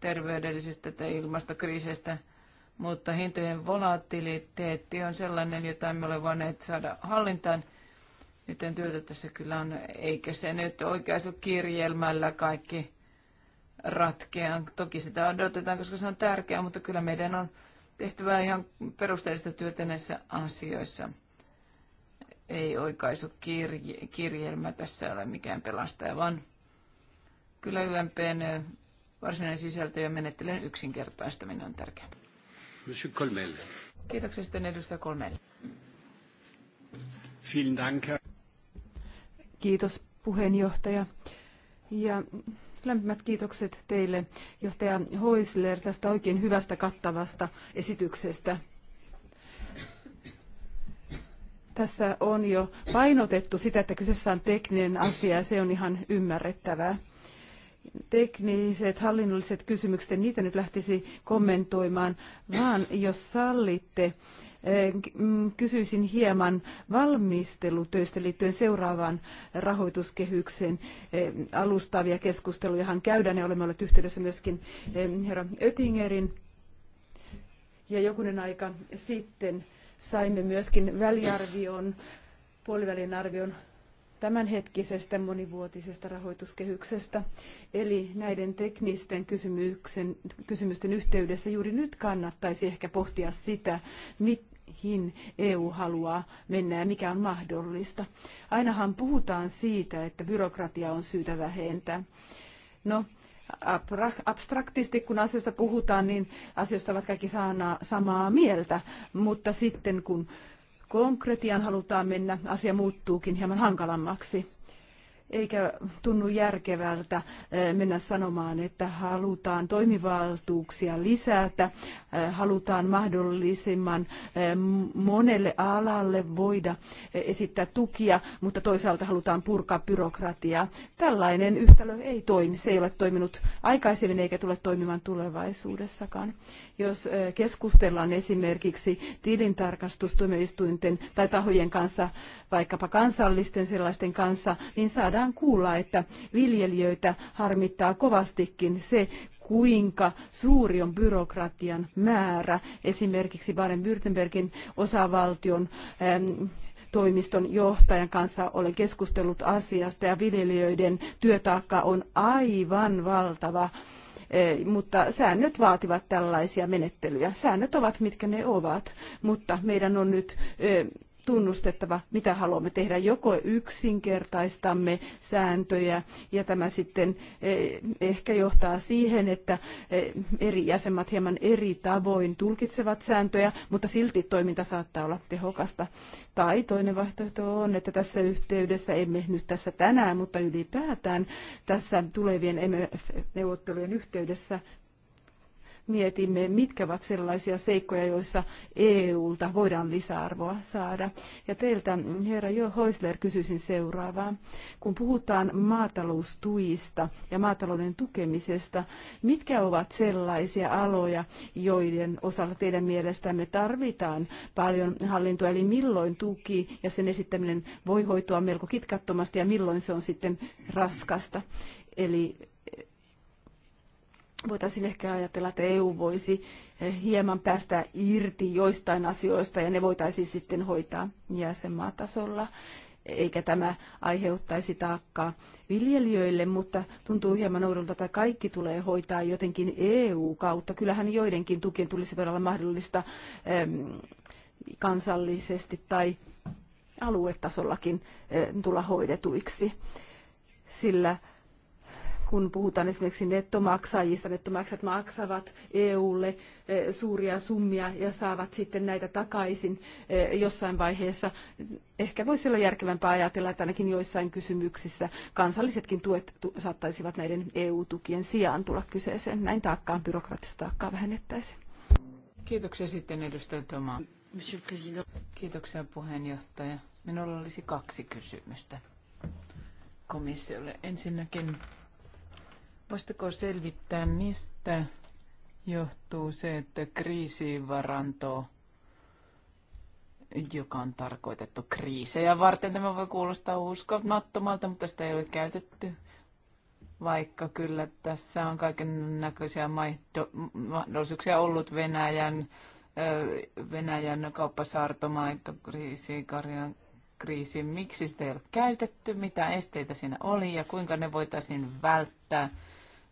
terveydellisistä että ilmastokriiseistä, mutta hintojen volatiliteetti on sellainen, jota emme ole voineet saada hallintaan – nyt en työtä tässä kyllä on, eikä se nyt kirjelmällä kaikki ratkea. Toki sitä odotetaan, koska se on tärkeää, mutta kyllä meidän on tehtävä ihan perusteellista työtä näissä asioissa. Ei kirjelmä tässä ole mikään pelastaja, vaan kyllä YMPn varsinainen sisältö ja menettelyn yksinkertaistaminen on tärkeää. Kiitoksia sitten edustaja Kolmelle. Vielen Dank. Kiitos puheenjohtaja. Ja lämpimät kiitokset teille johtaja Hoisler tästä oikein hyvästä kattavasta esityksestä. Tässä on jo painotettu sitä, että kyseessä on tekninen asia ja se on ihan ymmärrettävää. Tekniset, hallinnolliset kysymykset, niitä nyt lähtisi kommentoimaan, vaan jos sallitte, Kysyisin hieman valmistelutöistä liittyen seuraavaan rahoituskehykseen. Alustavia keskustelujahan käydään ja olemme olleet yhteydessä myöskin herra Oettingerin ja jokunen aika sitten saimme myöskin väliarvion, puolivälin arvion tämänhetkisestä monivuotisesta rahoituskehyksestä. Eli näiden teknisten kysymyksen, kysymysten yhteydessä juuri nyt kannattaisi ehkä pohtia sitä, mit, mihin EU haluaa mennä ja mikä on mahdollista. Ainahan puhutaan siitä, että byrokratia on syytä vähentää. No, abstraktisti kun asioista puhutaan, niin asioista ovat kaikki samaa mieltä, mutta sitten kun konkretiaan halutaan mennä, asia muuttuukin hieman hankalammaksi eikä tunnu järkevältä eh, mennä sanomaan, että halutaan toimivaltuuksia lisätä, eh, halutaan mahdollisimman eh, monelle alalle voida esittää tukia, mutta toisaalta halutaan purkaa byrokratiaa. Tällainen yhtälö ei toimi. Se ei ole toiminut aikaisemmin eikä tule toimimaan tulevaisuudessakaan. Jos keskustellaan esimerkiksi tilintarkastustuomioistuinten tai tahojen kanssa, vaikkapa kansallisten sellaisten kanssa, niin saadaan saadaan kuulla, että viljelijöitä harmittaa kovastikin se, kuinka suuri on byrokratian määrä. Esimerkiksi Baden-Württembergin osavaltion ähm, toimiston johtajan kanssa olen keskustellut asiasta ja viljelijöiden työtaakka on aivan valtava. Äh, mutta säännöt vaativat tällaisia menettelyjä. Säännöt ovat mitkä ne ovat, mutta meidän on nyt äh, tunnustettava, mitä haluamme tehdä. Joko yksinkertaistamme sääntöjä ja tämä sitten eh, ehkä johtaa siihen, että eh, eri jäsenmat hieman eri tavoin tulkitsevat sääntöjä, mutta silti toiminta saattaa olla tehokasta. Tai toinen vaihtoehto on, että tässä yhteydessä emme nyt tässä tänään, mutta ylipäätään tässä tulevien MF-neuvottelujen yhteydessä mietimme, mitkä ovat sellaisia seikkoja, joissa EUlta voidaan lisäarvoa saada. Ja teiltä, herra Jo kysyisin seuraavaa. Kun puhutaan maataloustuista ja maatalouden tukemisesta, mitkä ovat sellaisia aloja, joiden osalta teidän mielestämme tarvitaan paljon hallintoa, eli milloin tuki ja sen esittäminen voi hoitua melko kitkattomasti ja milloin se on sitten raskasta. Eli voitaisiin ehkä ajatella, että EU voisi eh, hieman päästä irti joistain asioista ja ne voitaisiin sitten hoitaa jäsenmaatasolla, eikä tämä aiheuttaisi taakkaa viljelijöille, mutta tuntuu hieman oudolta, että kaikki tulee hoitaa jotenkin EU-kautta. Kyllähän joidenkin tukien tulisi voida olla mahdollista kansallisesti tai aluetasollakin tulla hoidetuiksi, sillä kun puhutaan esimerkiksi nettomaksajista, nettomaksat maksavat EUlle eh, suuria summia ja saavat sitten näitä takaisin eh, jossain vaiheessa. Ehkä voisi olla järkevämpää ajatella, että ainakin joissain kysymyksissä kansallisetkin tuet saattaisivat näiden EU-tukien sijaan tulla kyseeseen. Näin taakkaan, byrokraattista taakkaa vähennettäisiin. Kiitoksia sitten edustaja Toma. Kiitoksia puheenjohtaja. Minulla olisi kaksi kysymystä komissiolle. Ensinnäkin Voisitteko selvittää, mistä johtuu se, että kriisivaranto, joka on tarkoitettu kriisejä varten, tämä voi kuulostaa uskomattomalta, mutta sitä ei ole käytetty, vaikka kyllä tässä on kaiken näköisiä mahdollisuuksia ollut Venäjän, Venäjän kauppasaartomaitokriisi, Karjan kriisi, miksi sitä ei ole käytetty, mitä esteitä siinä oli ja kuinka ne voitaisiin välttää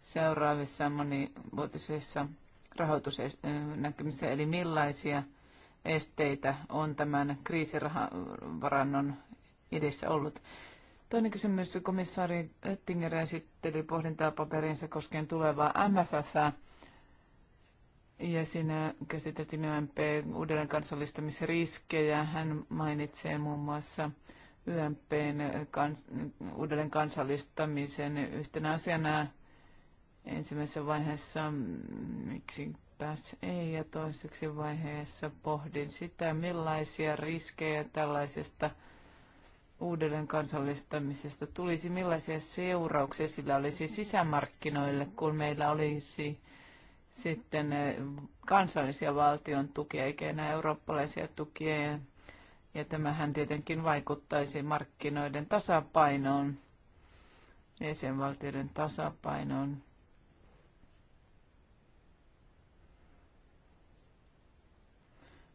seuraavissa monivuotisissa rahoitusnäkymissä, eli millaisia esteitä on tämän kriisirahavarannon edessä ollut. Toinen kysymys komissaari Oettinger esitteli pohdintaa paperinsa koskien tulevaa MFF. Ja siinä käsiteltiin YMP uudelleen kansallistamisriskejä. Hän mainitsee muun muassa YMPn kans, uudelleen kansallistamisen yhtenä asiana ensimmäisessä vaiheessa, mm, miksi pääs ei, ja toiseksi vaiheessa pohdin sitä, millaisia riskejä tällaisesta uudelleen kansallistamisesta tulisi, millaisia seurauksia sillä olisi sisämarkkinoille, kun meillä olisi sitten eh, kansallisia valtion tukia, eikä enää eurooppalaisia tukia. Ja, ja tämähän tietenkin vaikuttaisi markkinoiden tasapainoon, jäsenvaltioiden tasapainoon.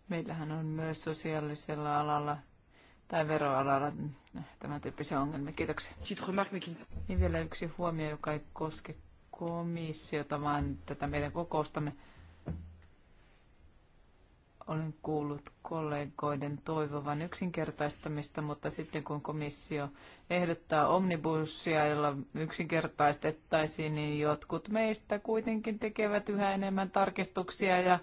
Meillähän on myös sosiaalisella alalla tai veroalalla tämän tyyppisiä ongelmia. Kiitoksia. Niin vielä yksi huomio, joka ei koske komissiota, vaan tätä meidän kokoustamme. Olen kuullut kollegoiden toivovan yksinkertaistamista, mutta sitten kun komissio ehdottaa omnibussia, jolla yksinkertaistettaisiin, niin jotkut meistä kuitenkin tekevät yhä enemmän tarkistuksia ja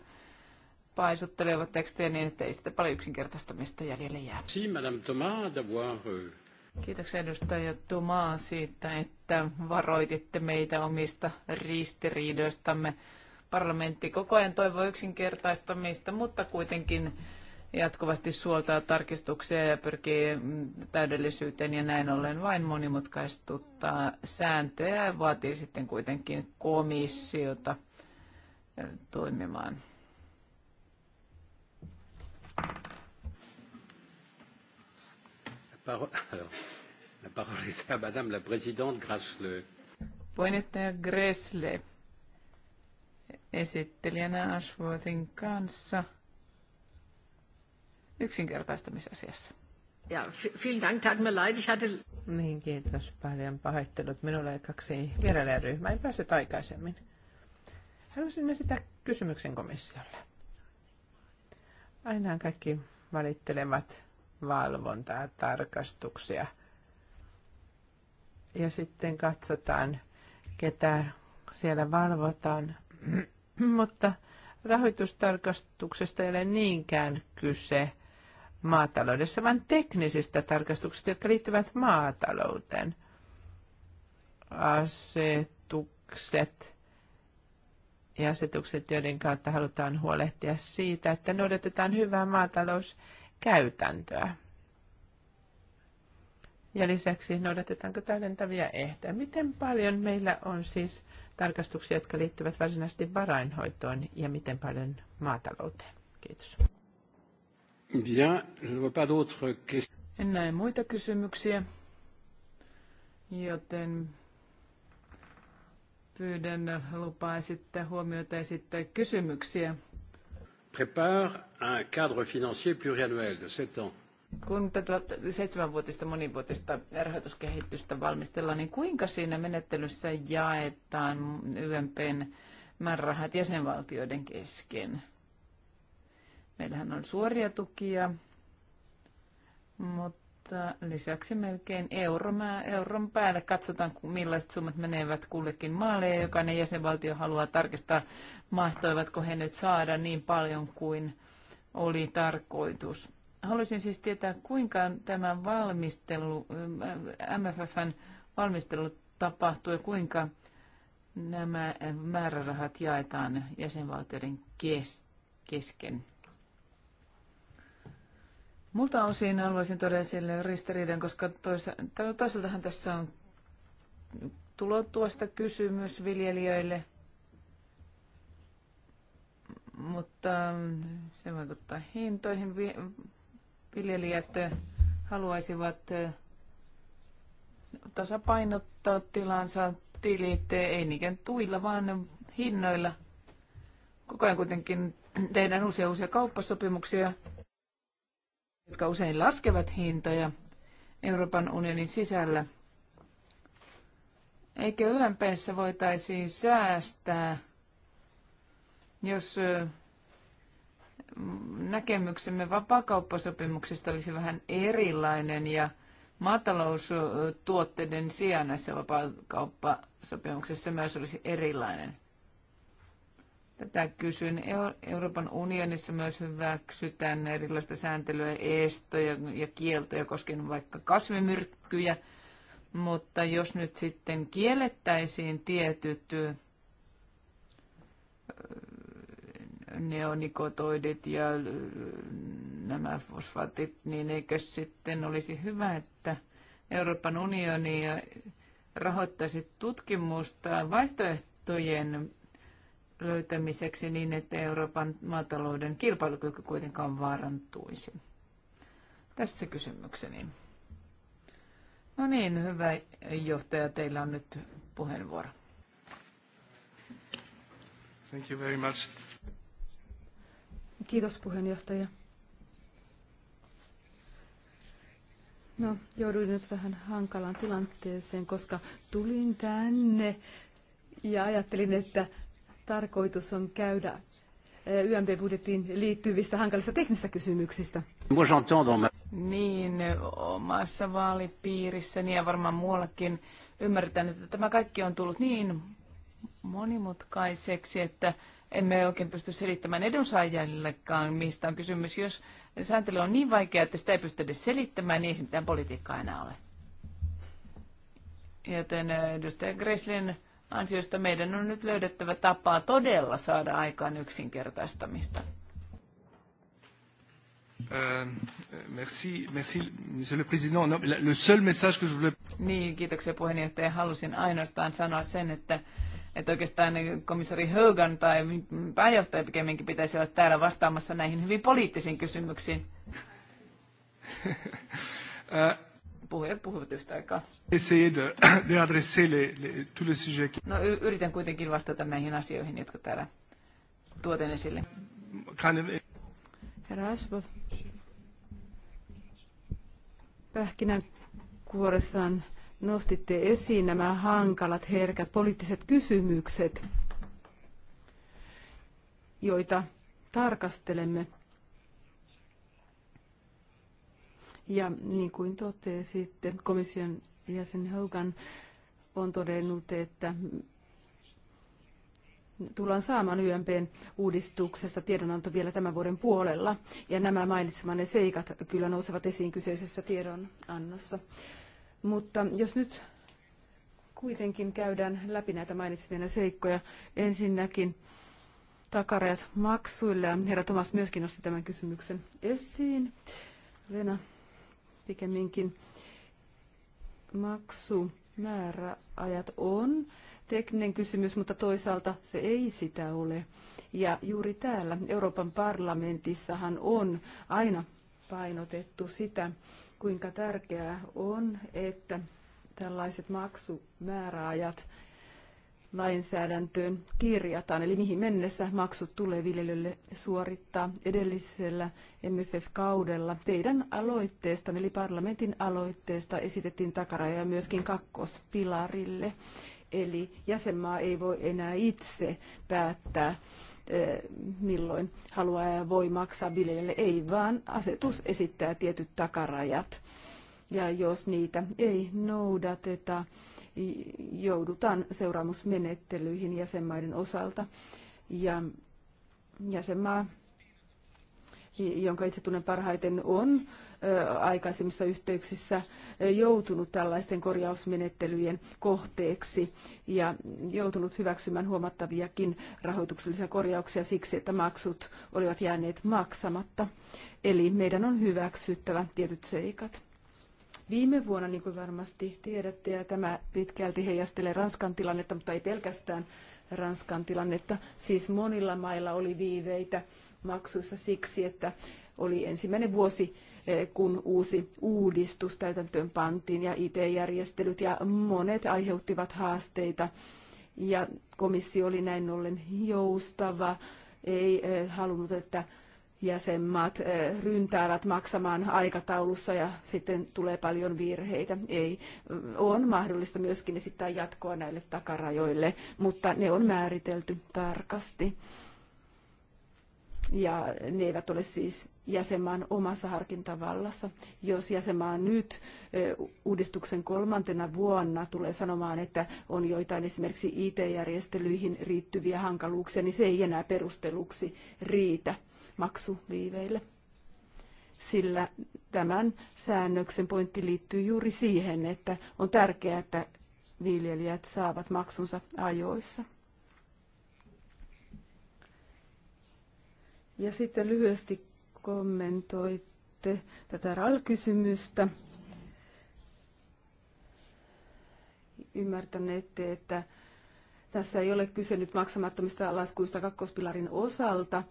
paisuttelevat tekstejä niin, että ei sitä paljon yksinkertaistamista jäljelle jää. Si, Madame Thomas, euh, Kiitoksia edustaja Tomaa siitä, että varoititte meitä omista ristiriidoistamme. Parlamentti koko ajan toivoo yksinkertaistamista, mutta kuitenkin jatkuvasti suoltaa tarkistuksia ja pyrkii mm, täydellisyyteen ja näin ollen vain monimutkaistuttaa sääntöjä ja vaatii sitten kuitenkin komissiota eh, toimimaan. La parole esittelijänä Ashworthin kanssa yksinkertaistamisasiassa. Ja, vielen Dank, tat mir leid, ich hatte... Niin, kiitos paljon pahoittelut. Minulla ei kaksi vierailijaryhmää, ei päässyt aikaisemmin. Haluaisin esittää kysymyksen komissiolle. Aina kaikki valittelemat valvontaa, tarkastuksia. Ja sitten katsotaan, ketä siellä valvotaan. Mutta rahoitustarkastuksesta ei ole niinkään kyse maataloudessa, vaan teknisistä tarkastuksista, jotka liittyvät maatalouteen. Asetukset ja asetukset, joiden kautta halutaan huolehtia siitä, että noudatetaan hyvää maatalouskäytäntöä. Ja lisäksi noudatetaanko täydentäviä ehtoja. Miten paljon meillä on siis tarkastuksia, jotka liittyvät varsinaisesti varainhoitoon ja miten paljon maatalouteen? Kiitos. Bien, je vois pas en näe muita kysymyksiä, joten Pyydän lupaa esittää huomiota esittää kysymyksiä. Prépare un cadre financier pluriannuel de 7 ans kun tätä seitsemänvuotista monivuotista rahoituskehitystä valmistellaan, niin kuinka siinä menettelyssä jaetaan YMPn määrärahat jäsenvaltioiden kesken? Meillähän on suoria tukia, mutta Tota, lisäksi melkein euromää, euron päälle katsotaan, millaiset summat menevät kullekin maalle ja jokainen jäsenvaltio haluaa tarkistaa, mahtoivatko he nyt saada niin paljon kuin oli tarkoitus. Haluaisin siis tietää, kuinka tämä valmistelu, äh, MFFn valmistelu tapahtuu ja kuinka nämä määrärahat jaetaan jäsenvaltioiden kesken. Multa osin haluaisin todeta sille ristiriidan, koska toisaaltahan tässä on tulotuosta kysymys viljelijöille, mutta se vaikuttaa hintoihin. Viljelijät haluaisivat tasapainottaa tilansa tilit, ei niinkään tuilla, vaan hinnoilla. Koko ajan kuitenkin tehdään uusia uusia kauppasopimuksia, jotka usein laskevat hintoja Euroopan unionin sisällä. Eikö YMPssä voitaisiin säästää, jos näkemyksemme vapaakauppasopimuksista olisi vähän erilainen ja maataloustuotteiden sijaan näissä vapaakauppasopimuksissa myös olisi erilainen. Tätä kysyn. Euroopan unionissa myös hyväksytään erilaista sääntelyä, estoja ja kieltoja koskien vaikka kasvimyrkkyjä, mutta jos nyt sitten kiellettäisiin tietyt neonikotoidit ja nämä fosfaatit, niin eikö sitten olisi hyvä, että Euroopan unioni rahoittaisi tutkimusta vaihtoehtojen löytämiseksi niin, että Euroopan maatalouden kilpailukyky kuitenkaan vaarantuisi. Tässä kysymykseni. No niin, hyvä johtaja, teillä on nyt puheenvuoro. Thank you very much. Kiitos puheenjohtaja. No, jouduin nyt vähän hankalaan tilanteeseen, koska tulin tänne ja ajattelin, että tarkoitus on käydä eh, YMP-budjettiin liittyvistä hankalista teknisistä kysymyksistä. Niin, omassa vaalipiirissäni ja varmaan muuallakin ymmärretään, että tämä kaikki on tullut niin monimutkaiseksi, että emme oikein pysty selittämään edunsaajillekaan, mistä on kysymys. Jos sääntely on niin vaikea, että sitä ei pysty edes selittämään, niin ei mitään politiikkaa enää ole. Joten eh, edustaja Greslin ansiosta meidän on nyt löydettävä tapaa todella saada aikaan yksinkertaistamista. Euh, merci, merci, monsieur le président. le seul message que je voulais... Niin, kiitoksia puheenjohtaja. Halusin ainoastaan sanoa sen, että, että oikeastaan komissari Hogan tai pääjohtaja pikemminkin pitäisi olla täällä vastaamassa näihin hyvin poliittisiin kysymyksiin. Äh, puhujat puhuvat yhtä aikaa. No yritän kuitenkin vastata näihin asioihin, jotka täällä tuoten esille. Herra Asbo. Pähkinän kuoressaan nostitte esiin nämä hankalat, herkät poliittiset kysymykset, joita tarkastelemme Ja niin kuin totesitte, komission jäsen Hogan on todennut, että tullaan saamaan YMPn uudistuksesta tiedonanto vielä tämän vuoden puolella. Ja nämä mainitsemanne seikat kyllä nousevat esiin kyseisessä tiedonannossa. Mutta jos nyt kuitenkin käydään läpi näitä mainitsemia seikkoja. Ensinnäkin takarajat maksuille. Herra Tomas myöskin nosti tämän kysymyksen esiin. Lena pikemminkin maksumääräajat on tekninen kysymys, mutta toisaalta se ei sitä ole. Ja juuri täällä Euroopan parlamentissahan on aina painotettu sitä, kuinka tärkeää on, että tällaiset maksumääräajat lainsäädäntöön kirjataan, eli mihin mennessä maksut tulee viljelijöille suorittaa edellisellä MFF-kaudella. Teidän aloitteesta, eli parlamentin aloitteesta, esitettiin takaraja myöskin kakkospilarille. Eli jäsenmaa ei voi enää itse päättää, eh, milloin haluaa ja voi maksaa viljelijälle. Ei, vaan asetus esittää tietyt takarajat. Ja jos niitä ei noudateta, joudutaan seuraamusmenettelyihin jäsenmaiden osalta. Ja jäsenmaa, jonka itse tunnen parhaiten, on aikaisemmissa yhteyksissä joutunut tällaisten korjausmenettelyjen kohteeksi ja joutunut hyväksymään huomattaviakin rahoituksellisia korjauksia siksi, että maksut olivat jääneet maksamatta. Eli meidän on hyväksyttävä tietyt seikat viime vuonna, niin kuin varmasti tiedätte, ja tämä pitkälti heijastelee Ranskan tilannetta, mutta ei pelkästään Ranskan tilannetta. Siis monilla mailla oli viiveitä maksuissa siksi, että oli ensimmäinen vuosi, eh, kun uusi uudistus täytäntöön pantiin ja IT-järjestelyt ja monet aiheuttivat haasteita. Ja komissio oli näin ollen joustava, ei eh, halunnut, että jäsenmaat eh, ryntäävät maksamaan aikataulussa ja sitten tulee paljon virheitä. Ei, eh, on mahdollista myöskin esittää jatkoa näille takarajoille, mutta ne on määritelty tarkasti. Ja ne eivät ole siis jäsenmaan omassa harkintavallassa. Jos jäsenmaa nyt eh, uudistuksen kolmantena vuonna tulee sanomaan, että on joitain esimerkiksi IT-järjestelyihin riittyviä hankaluuksia, niin se ei enää perusteluksi riitä maksuviiveille. Sillä tämän säännöksen pointti liittyy juuri siihen, että on tärkeää, että viljelijät saavat maksunsa ajoissa. Ja sitten lyhyesti kommentoitte tätä RAL-kysymystä. Ymmärtänette, että tässä ei ole kyse nyt maksamattomista laskuista kakkospilarin osalta,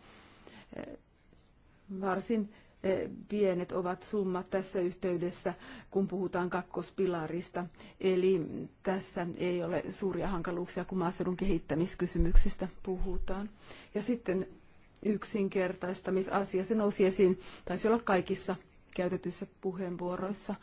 varsin eh, pienet ovat summat tässä yhteydessä, kun puhutaan kakkospilarista. Eli tässä ei ole suuria hankaluuksia, kun maaseudun kehittämiskysymyksistä puhutaan. Ja sitten yksinkertaistamisasia, se nousi esiin, taisi olla kaikissa käytetyissä puheenvuoroissa.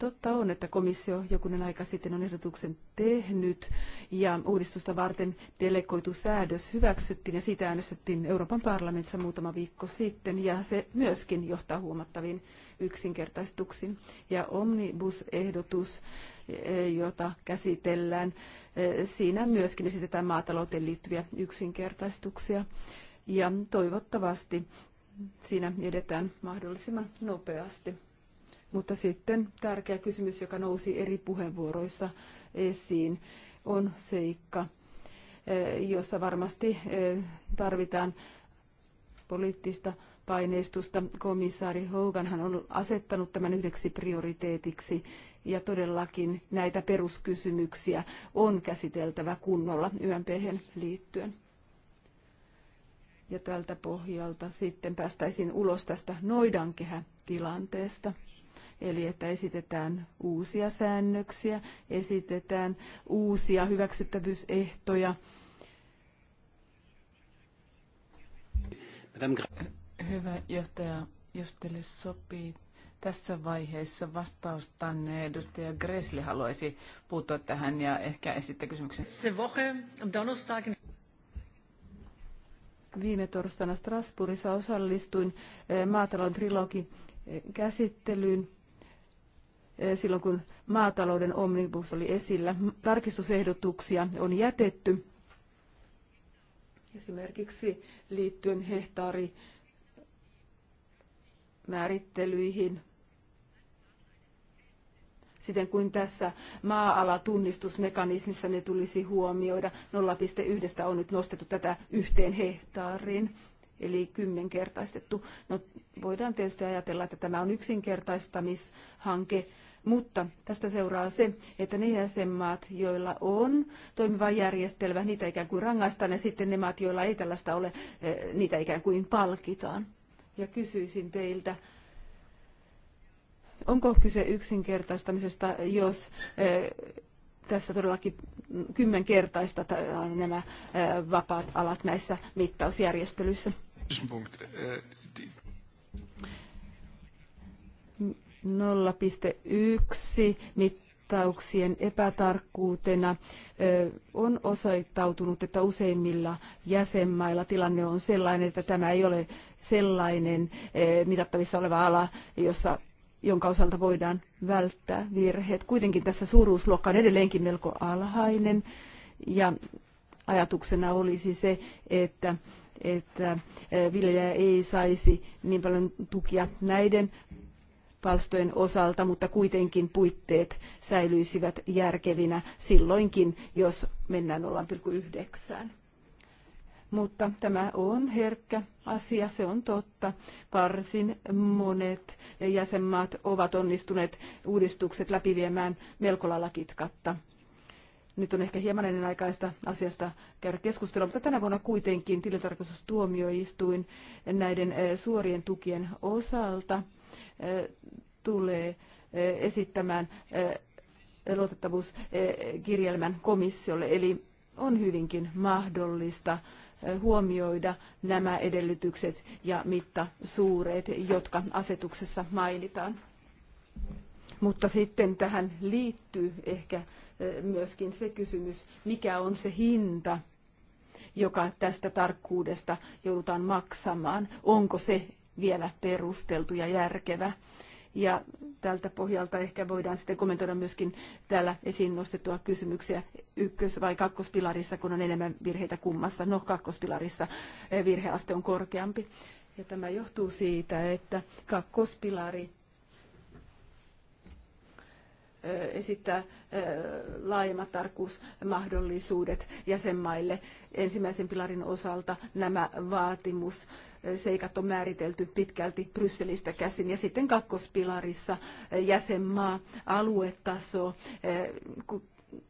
Totta on, että komissio jokunen aika sitten on ehdotuksen tehnyt ja uudistusta varten delegoitu säädös hyväksyttiin ja siitä äänestettiin Euroopan parlamentissa muutama viikko sitten ja se myöskin johtaa huomattaviin yksinkertaistuksiin. Ja omnibus-ehdotus, eh, jota käsitellään, eh, siinä myöskin esitetään maatalouteen liittyviä yksinkertaistuksia ja toivottavasti siinä edetään mahdollisimman nopeasti mutta sitten tärkeä kysymys, joka nousi eri puheenvuoroissa esiin, on seikka, e, jossa varmasti e, tarvitaan poliittista paineistusta. Komissaari Hoganhan on asettanut tämän yhdeksi prioriteetiksi ja todellakin näitä peruskysymyksiä on käsiteltävä kunnolla YMPhen liittyen. Ja tältä pohjalta sitten päästäisiin ulos tästä noidankehätilanteesta. tilanteesta eli että esitetään uusia säännöksiä, esitetään uusia hyväksyttävyysehtoja. Hyvä johtaja, jos teille sopii tässä vaiheessa vastaustanne. Edustaja Gresli haluaisi puuttua tähän ja ehkä esittää kysymyksen. Se viime torstaina Strasbourgissa osallistuin eh, maatalon trilogin eh, käsittelyyn. Eh, silloin, kun maatalouden omnibus oli esillä. Tarkistusehdotuksia on jätetty esimerkiksi liittyen hehtaari määrittelyihin, siten kuin tässä maa-alatunnistusmekanismissa ne tulisi huomioida. 0,1 on nyt nostettu tätä yhteen hehtaariin, eli kymmenkertaistettu. No, voidaan tietysti ajatella, että tämä on yksinkertaistamishanke, mutta tästä seuraa se, että ne jäsenmaat, joilla on toimiva järjestelmä, niitä ikään kuin rangaistaan ja sitten ne maat, joilla ei tällaista ole, eh, niitä ikään kuin palkitaan. Ja kysyisin teiltä, onko kyse yksinkertaistamisesta, jos eh, tässä todellakin kymmenkertaista nämä eh, vapaat alat näissä mittausjärjestelyissä? 0,1 mittauksien epätarkkuutena on osoittautunut, että useimmilla jäsenmailla tilanne on sellainen, että tämä ei ole sellainen mitattavissa oleva ala, jossa jonka osalta voidaan välttää virheet. Kuitenkin tässä suuruusluokka on edelleenkin melko alhainen ja ajatuksena olisi se, että että viljelijä ei saisi niin paljon tukia näiden palstojen osalta, mutta kuitenkin puitteet säilyisivät järkevinä silloinkin, jos mennään 0,9. Mutta tämä on herkkä asia, se on totta. Varsin monet jäsenmaat ovat onnistuneet uudistukset läpiviemään melko lailla kitkatta nyt on ehkä hieman ennen aikaista asiasta käydä keskustelua, mutta tänä vuonna kuitenkin tilintarkastustuomioistuin näiden eh, suorien tukien osalta tulee esittämään luotettavuuskirjelmän komissiolle. Eli on hyvinkin mahdollista huomioida nämä edellytykset ja mittasuureet, jotka asetuksessa mainitaan. Mutta sitten tähän liittyy ehkä myöskin se kysymys, mikä on se hinta, joka tästä tarkkuudesta joudutaan maksamaan. Onko se vielä perusteltu ja järkevä. Ja tältä pohjalta ehkä voidaan sitten kommentoida myöskin täällä esiin nostettua kysymyksiä ykkös- vai kakkospilarissa, kun on enemmän virheitä kummassa. No, kakkospilarissa eh, virheaste on korkeampi. Ja tämä johtuu siitä, että kakkospilari esittää laajemmat tarkkuusmahdollisuudet jäsenmaille. Ensimmäisen pilarin osalta nämä vaatimusseikat on määritelty pitkälti Brysselistä käsin. Ja sitten kakkospilarissa jäsenmaa, aluetaso,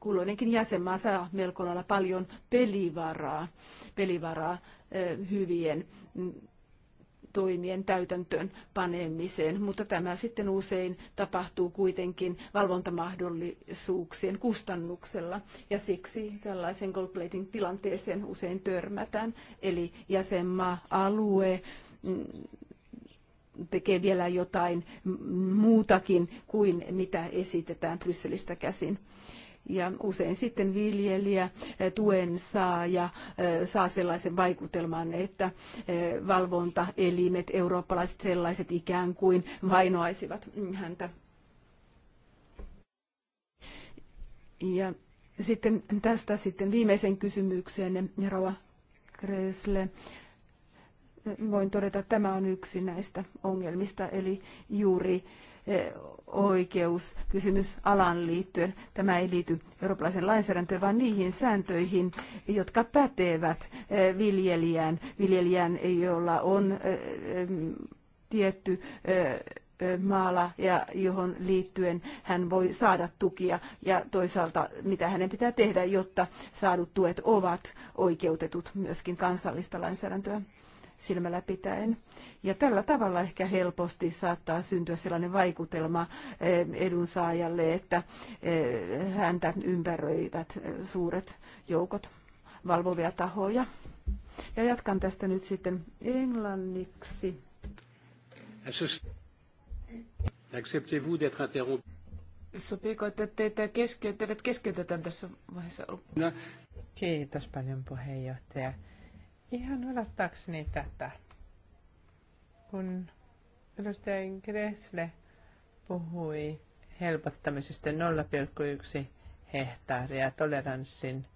kulloinenkin jäsenmaa saa melko lailla paljon pelivaraa, pelivaraa hyvien toimien täytäntöön panemiseen, mutta tämä sitten usein tapahtuu kuitenkin valvontamahdollisuuksien kustannuksella ja siksi tällaisen gold tilanteeseen usein törmätään, eli jäsenmaa, alue, mm, tekee vielä jotain muutakin kuin mitä esitetään Brysselistä käsin. Ja usein sitten viljelijä, eh, tuen ja eh, saa sellaisen vaikutelman, että eh, valvontaelimet, eurooppalaiset sellaiset ikään kuin vainoaisivat mm, häntä. Ja sitten tästä sitten viimeisen kysymykseen, Rova Kresle voin todeta, että tämä on yksi näistä ongelmista, eli juuri oikeuskysymys alaan liittyen. Tämä ei liity eurooppalaisen lainsäädäntöön, vaan niihin sääntöihin, jotka pätevät viljelijään, viljelijään jolla on tietty maala ja johon liittyen hän voi saada tukia ja toisaalta mitä hänen pitää tehdä, jotta saadut tuet ovat oikeutetut myöskin kansallista lainsäädäntöä silmällä pitäen. Ja tällä tavalla ehkä helposti saattaa syntyä sellainen vaikutelma eh, edunsaajalle, että eh, häntä ympäröivät eh, suuret joukot valvovia tahoja. Ja jatkan tästä nyt sitten englanniksi. Acceptez-vous d'être interrompu? Sopiiko, että teitä keskeytetään tässä vaiheessa? No. Kiitos paljon puheenjohtaja ihan odottaakseni tätä, kun edustaja Gressle puhui helpottamisesta 0,1 hehtaaria toleranssin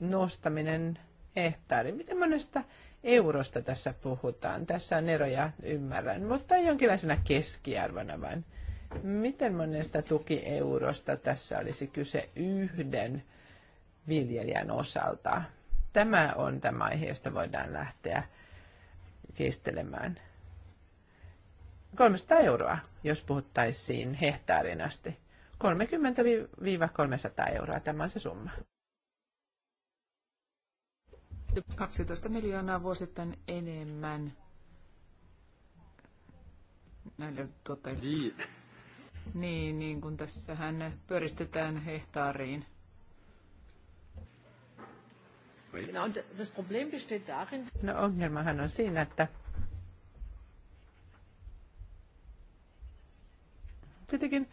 nostaminen hehtaari. Miten monesta eurosta tässä puhutaan? Tässä on eroja, ymmärrän, mutta jonkinlaisena keskiarvona vain. Miten monesta tukieurosta tässä olisi kyse yhden viljelijän osalta? Tämä on tämä aihe, josta voidaan lähteä kiistelemään. 300 euroa, jos puhuttaisiin hehtaarin asti. 30-300 euroa, tämä on se summa. 12 miljoonaa vuosittain enemmän näille tuottajille. Niin, niin, niin kuin tässähän pyöristetään hehtaariin. No ongelmahan on siinä, että tietenkin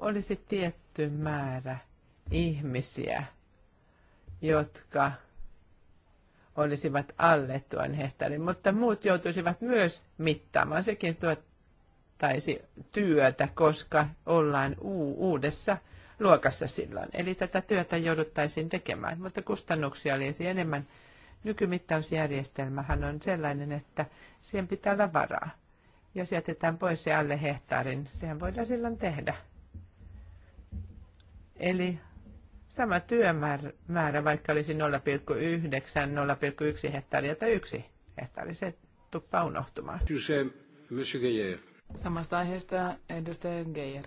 olisi tietty määrä ihmisiä, jotka olisivat alle tuon hehtaarin, mutta muut joutuisivat myös mittaamaan. Sekin tuottaisi työtä, koska ollaan uudessa luokassa silloin. Eli tätä työtä jouduttaisiin tekemään, mutta kustannuksia olisi enemmän. Nykymittausjärjestelmähän on sellainen, että siihen pitää olla varaa. Jos jätetään pois se alle hehtaarin, sehän voidaan silloin tehdä. Eli sama työmäärä, vaikka olisi 0,9, 0,1 hehtaaria tai 1 hehtaari, se tuppaa unohtumaan. Kyse, Samasta aiheesta edustaja Geijer.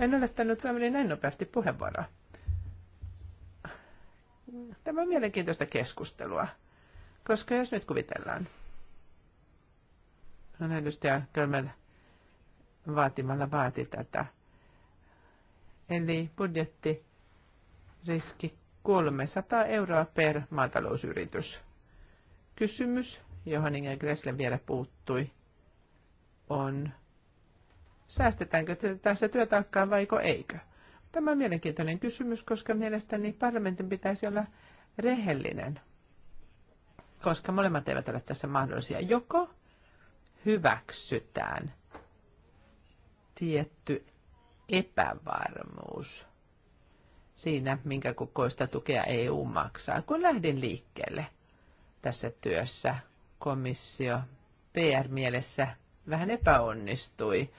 En yllättänyt saamani näin nopeasti puheenvuoroa. Tämä on mielenkiintoista keskustelua, koska jos nyt kuvitellaan, on edustaja Kölmel vaatimalla vaati tätä. Eli riski 300 euroa per maatalousyritys. Kysymys, johon Inge Gressle vielä puuttui, on Säästetäänkö tässä työtaakkaa vaiko eikö? Tämä on mielenkiintoinen kysymys, koska mielestäni parlamentin pitäisi olla rehellinen, koska molemmat eivät ole tässä mahdollisia. Joko hyväksytään tietty epävarmuus siinä, minkä kokoista tukea EU maksaa. Kun lähdin liikkeelle tässä työssä, komissio PR-mielessä vähän epäonnistui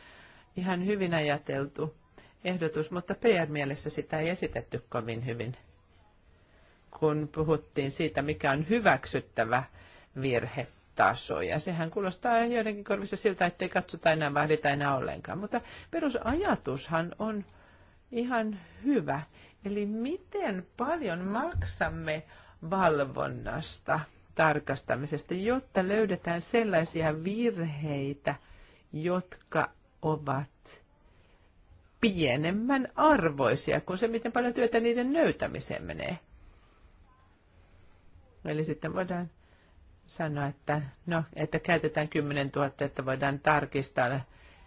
ihan hyvin ajateltu ehdotus, mutta PR-mielessä sitä ei esitetty kovin hyvin, kun puhuttiin siitä, mikä on hyväksyttävä virhe taso. Ja sehän kuulostaa joidenkin korvissa siltä, ettei katsota enää vahdita enää ollenkaan. Mutta perusajatushan on ihan hyvä. Eli miten paljon maksamme valvonnasta, tarkastamisesta, jotta löydetään sellaisia virheitä, jotka ovat pienemmän arvoisia kuin se, miten paljon työtä niiden löytämiseen menee. Eli sitten voidaan sanoa, että, no, että käytetään 10 000, että voidaan tarkistaa,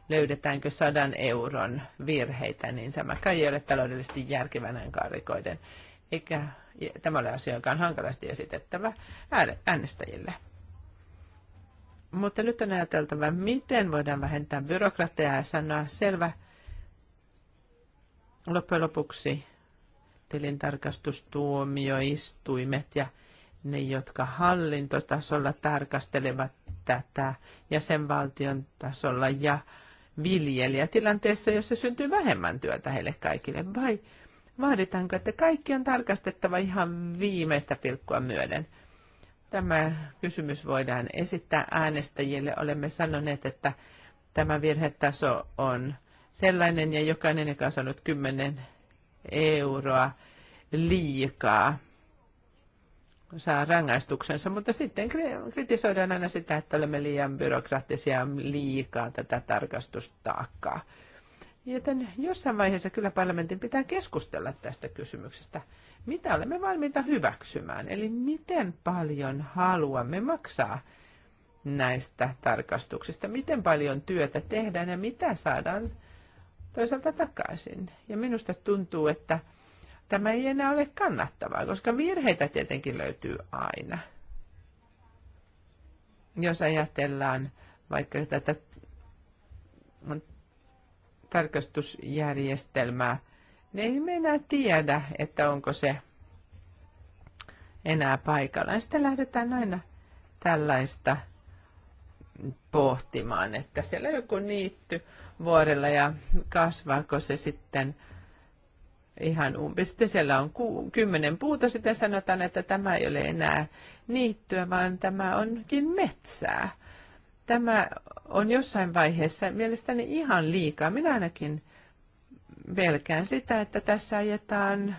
löydetäänkö sadan euron virheitä, niin sama kai ei ole taloudellisesti järkevänä karikoiden. Eikä tämä ole asia, joka on hankalasti esitettävä äänestäjille. Mutta nyt on ajateltava, miten voidaan vähentää byrokratiaa ja sanoa selvä loppujen lopuksi tilintarkastustuomioistuimet ja ne, jotka hallintotasolla tarkastelevat tätä ja sen valtion tasolla ja viljelijätilanteessa, jossa syntyy vähemmän työtä heille kaikille, vai vaaditaanko, että kaikki on tarkastettava ihan viimeistä pilkkua myöden – Tämä kysymys voidaan esittää äänestäjille. Olemme sanoneet, että tämä virhetaso on sellainen ja jokainen, joka on saanut 10 euroa liikaa, saa rangaistuksensa, mutta sitten kritisoidaan aina sitä, että olemme liian byrokraattisia liikaa tätä tarkastustaakkaa. Joten jossain vaiheessa kyllä parlamentin pitää keskustella tästä kysymyksestä mitä olemme valmiita hyväksymään, eli miten paljon haluamme maksaa näistä tarkastuksista, miten paljon työtä tehdään ja mitä saadaan toisaalta takaisin. Ja minusta tuntuu, että tämä ei enää ole kannattavaa, koska virheitä tietenkin löytyy aina. Jos ajatellaan vaikka tätä tarkastusjärjestelmää, me enää tiedä, että onko se enää paikalla. Ja sitten lähdetään aina tällaista pohtimaan, että siellä joku niitty vuorella ja kasvaako se sitten ihan umpi. Sitten siellä on ku- kymmenen puuta, sitten sanotaan, että tämä ei ole enää niittyä, vaan tämä onkin metsää. Tämä on jossain vaiheessa mielestäni ihan liikaa. Minä ainakin pelkään sitä, että tässä ajetaan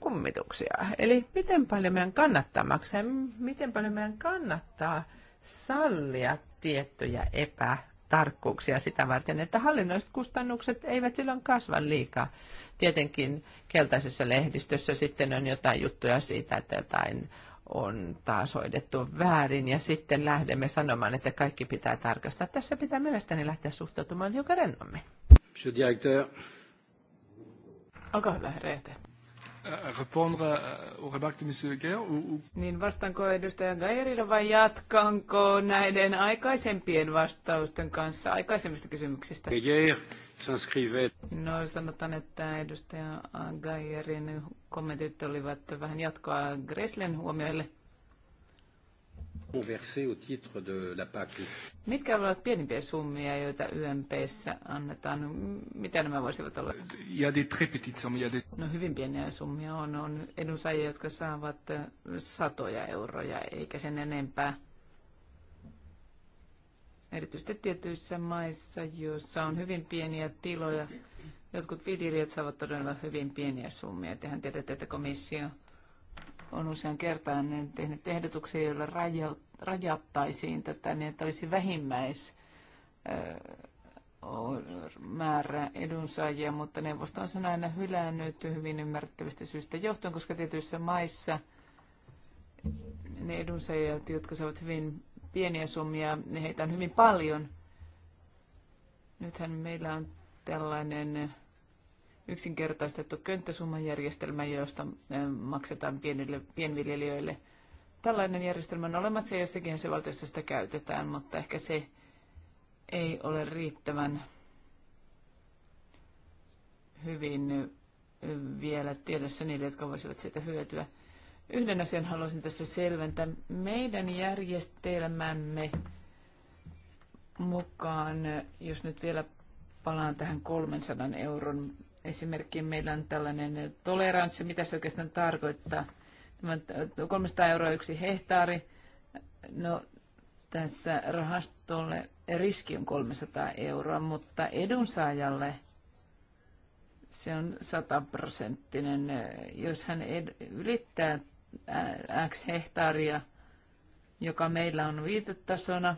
kummituksia. Eli miten paljon meidän kannattaa maksaa, miten paljon meidän kannattaa sallia tiettyjä epätarkkuuksia sitä varten, että hallinnolliset kustannukset eivät silloin kasva liikaa. Tietenkin keltaisessa lehdistössä sitten on jotain juttuja siitä, että jotain on taas hoidettu väärin ja sitten lähdemme sanomaan, että kaikki pitää tarkastaa. Tässä pitää mielestäni lähteä suhtautumaan hiukan rennommin. Olkaa hyvä, herra äh, répondre äh, aux remarques de Monsieur Gaillard ou... Niin vastaanko edustaja Gairille vai jatkanko näiden aikaisempien vastausten kanssa aikaisemmista kysymyksistä? Gaillard. No sanotaan, että edustaja Geierin kommentit olivat vähän jatkoa Greslen huomioille. Mitkä ovat pienimpiä summia, joita YMPssä annetaan? Mitä nämä voisivat olla? No hyvin pieniä summia on. On edunsaajia, jotka saavat satoja euroja, eikä sen enempää erityisesti tietyissä maissa, joissa on hyvin pieniä tiloja. Jotkut viljelijät saavat todella hyvin pieniä summia. Tehän tiedätte, että komissio on usean kertaan tehnyt ehdotuksia, joilla rajattaisiin tätä niin, että olisi vähimmäis määrä edunsaajia, mutta neuvosto on sen aina hylännyt hyvin ymmärrettävistä syistä johtuen, koska tietyissä maissa ne edunsaajat, jotka saavat hyvin pieniä summia, niin heitä on hyvin paljon. Nythän meillä on tällainen yksinkertaistettu könttäsummajärjestelmä, josta eh, maksetaan pienille, pienviljelijöille. Tällainen järjestelmä on olemassa ja jossakin valtiossa sitä käytetään, mutta ehkä se ei ole riittävän hyvin vielä tiedossa niille, jotka voisivat siitä hyötyä. Yhden asian haluaisin tässä selventää. Meidän järjestelmämme mukaan, jos nyt vielä palaan tähän 300 euron esimerkkiin, meillä on tällainen toleranssi, mitä se oikeastaan tarkoittaa. Tämä 300 euroa yksi hehtaari, no tässä rahastolle riski on 300 euroa, mutta edunsaajalle se on sataprosenttinen. Jos hän ed- ylittää x hehtaaria, joka meillä on viitetasona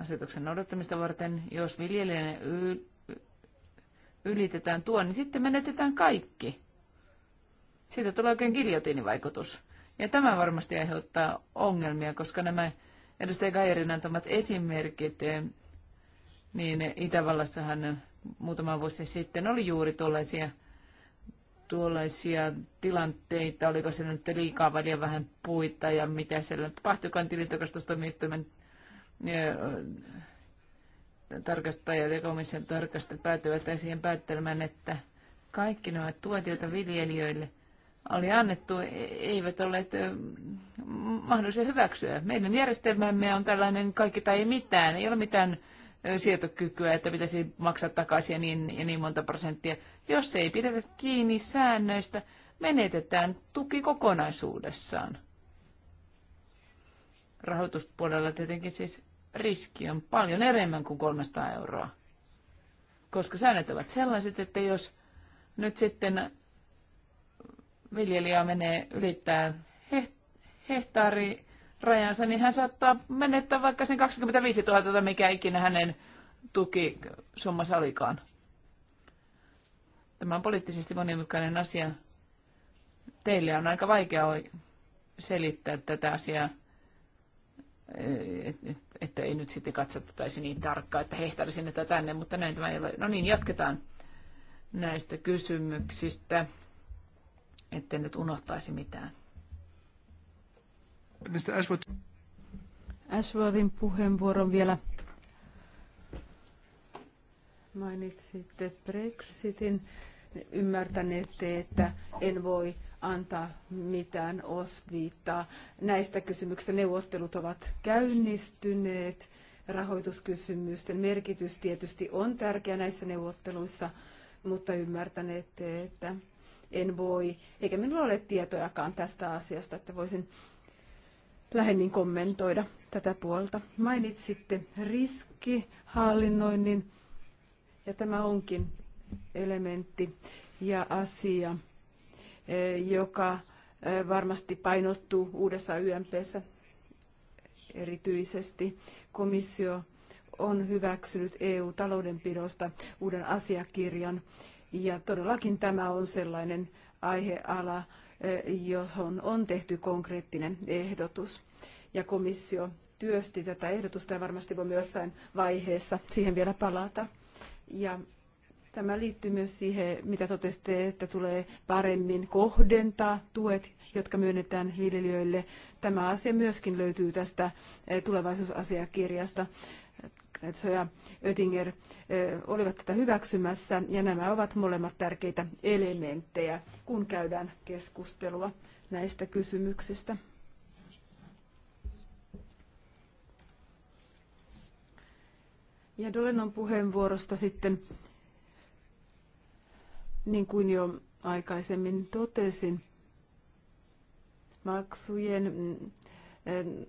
asetuksen noudattamista varten. Jos viljelijän ylitetään tuo, niin sitten menetetään kaikki. Siitä tulee oikein giljotiinivaikutus. Ja tämä varmasti aiheuttaa ongelmia, koska nämä edustaja Gajerin antamat esimerkit, eh, niin Itävallassahan muutama vuosi sitten oli juuri tuollaisia tuollaisia tilanteita, oliko se nyt liikaa vai liian vähän puita ja mitä siellä tapahtuikaan tilintarkastustoimistuimen tarkastajat ja komission tarkastajat päätyivät siihen päättelemään, että kaikki nämä tuet, joita viljelijöille oli annettu, e- eivät olleet mahdollisia hyväksyä. Meidän järjestelmämme on tällainen kaikki tai ei mitään. Ei ole mitään sietokykyä, että pitäisi maksaa takaisin ja niin, ja niin monta prosenttia. Jos ei pidetä kiinni säännöistä, menetetään tuki kokonaisuudessaan. Rahoituspuolella tietenkin siis riski on paljon enemmän kuin 300 euroa, koska säännöt ovat sellaiset, että jos nyt sitten viljelijä menee ylittää hehtaari rajansa, niin hän saattaa menettää vaikka sen 25 000 tai mikä ikinä hänen tuki summa olikaan. Tämä on poliittisesti monimutkainen asia. Teille on aika vaikea selittää tätä asiaa, eh, että ei nyt sitten katsottaisi niin tarkkaan, että hehtaari sinne tai tänne, mutta näin tämä ei ole. No niin, jatketaan näistä kysymyksistä, etten nyt unohtaisi mitään. Mr. Ashworth. Ashworthin puheenvuoron vielä. Mainitsitte Brexitin. Ymmärtänette, että en voi antaa mitään osviittaa. Näistä kysymyksistä neuvottelut ovat käynnistyneet. Rahoituskysymysten merkitys tietysti on tärkeä näissä neuvotteluissa, mutta ymmärtäneet, että en voi, eikä minulla ole tietojakaan tästä asiasta, että voisin lähemmin kommentoida tätä puolta. Mainitsitte riskihallinnoinnin ja tämä onkin elementti ja asia, eh, joka eh, varmasti painottuu uudessa YMPssä erityisesti. Komissio on hyväksynyt EU-taloudenpidosta uuden asiakirjan ja todellakin tämä on sellainen aiheala, johon on tehty konkreettinen ehdotus. Ja komissio työsti tätä ehdotusta ja varmasti voimme jossain vaiheessa siihen vielä palata. Ja Tämä liittyy myös siihen, mitä totesitte, että tulee paremmin kohdentaa tuet, jotka myönnetään viljelijöille. Tämä asia myöskin löytyy tästä tulevaisuusasiakirjasta. Kretso ja Oettinger olivat tätä hyväksymässä, ja nämä ovat molemmat tärkeitä elementtejä, kun käydään keskustelua näistä kysymyksistä. Ja Dolenon puheenvuorosta sitten, niin kuin jo aikaisemmin totesin, maksujen mm,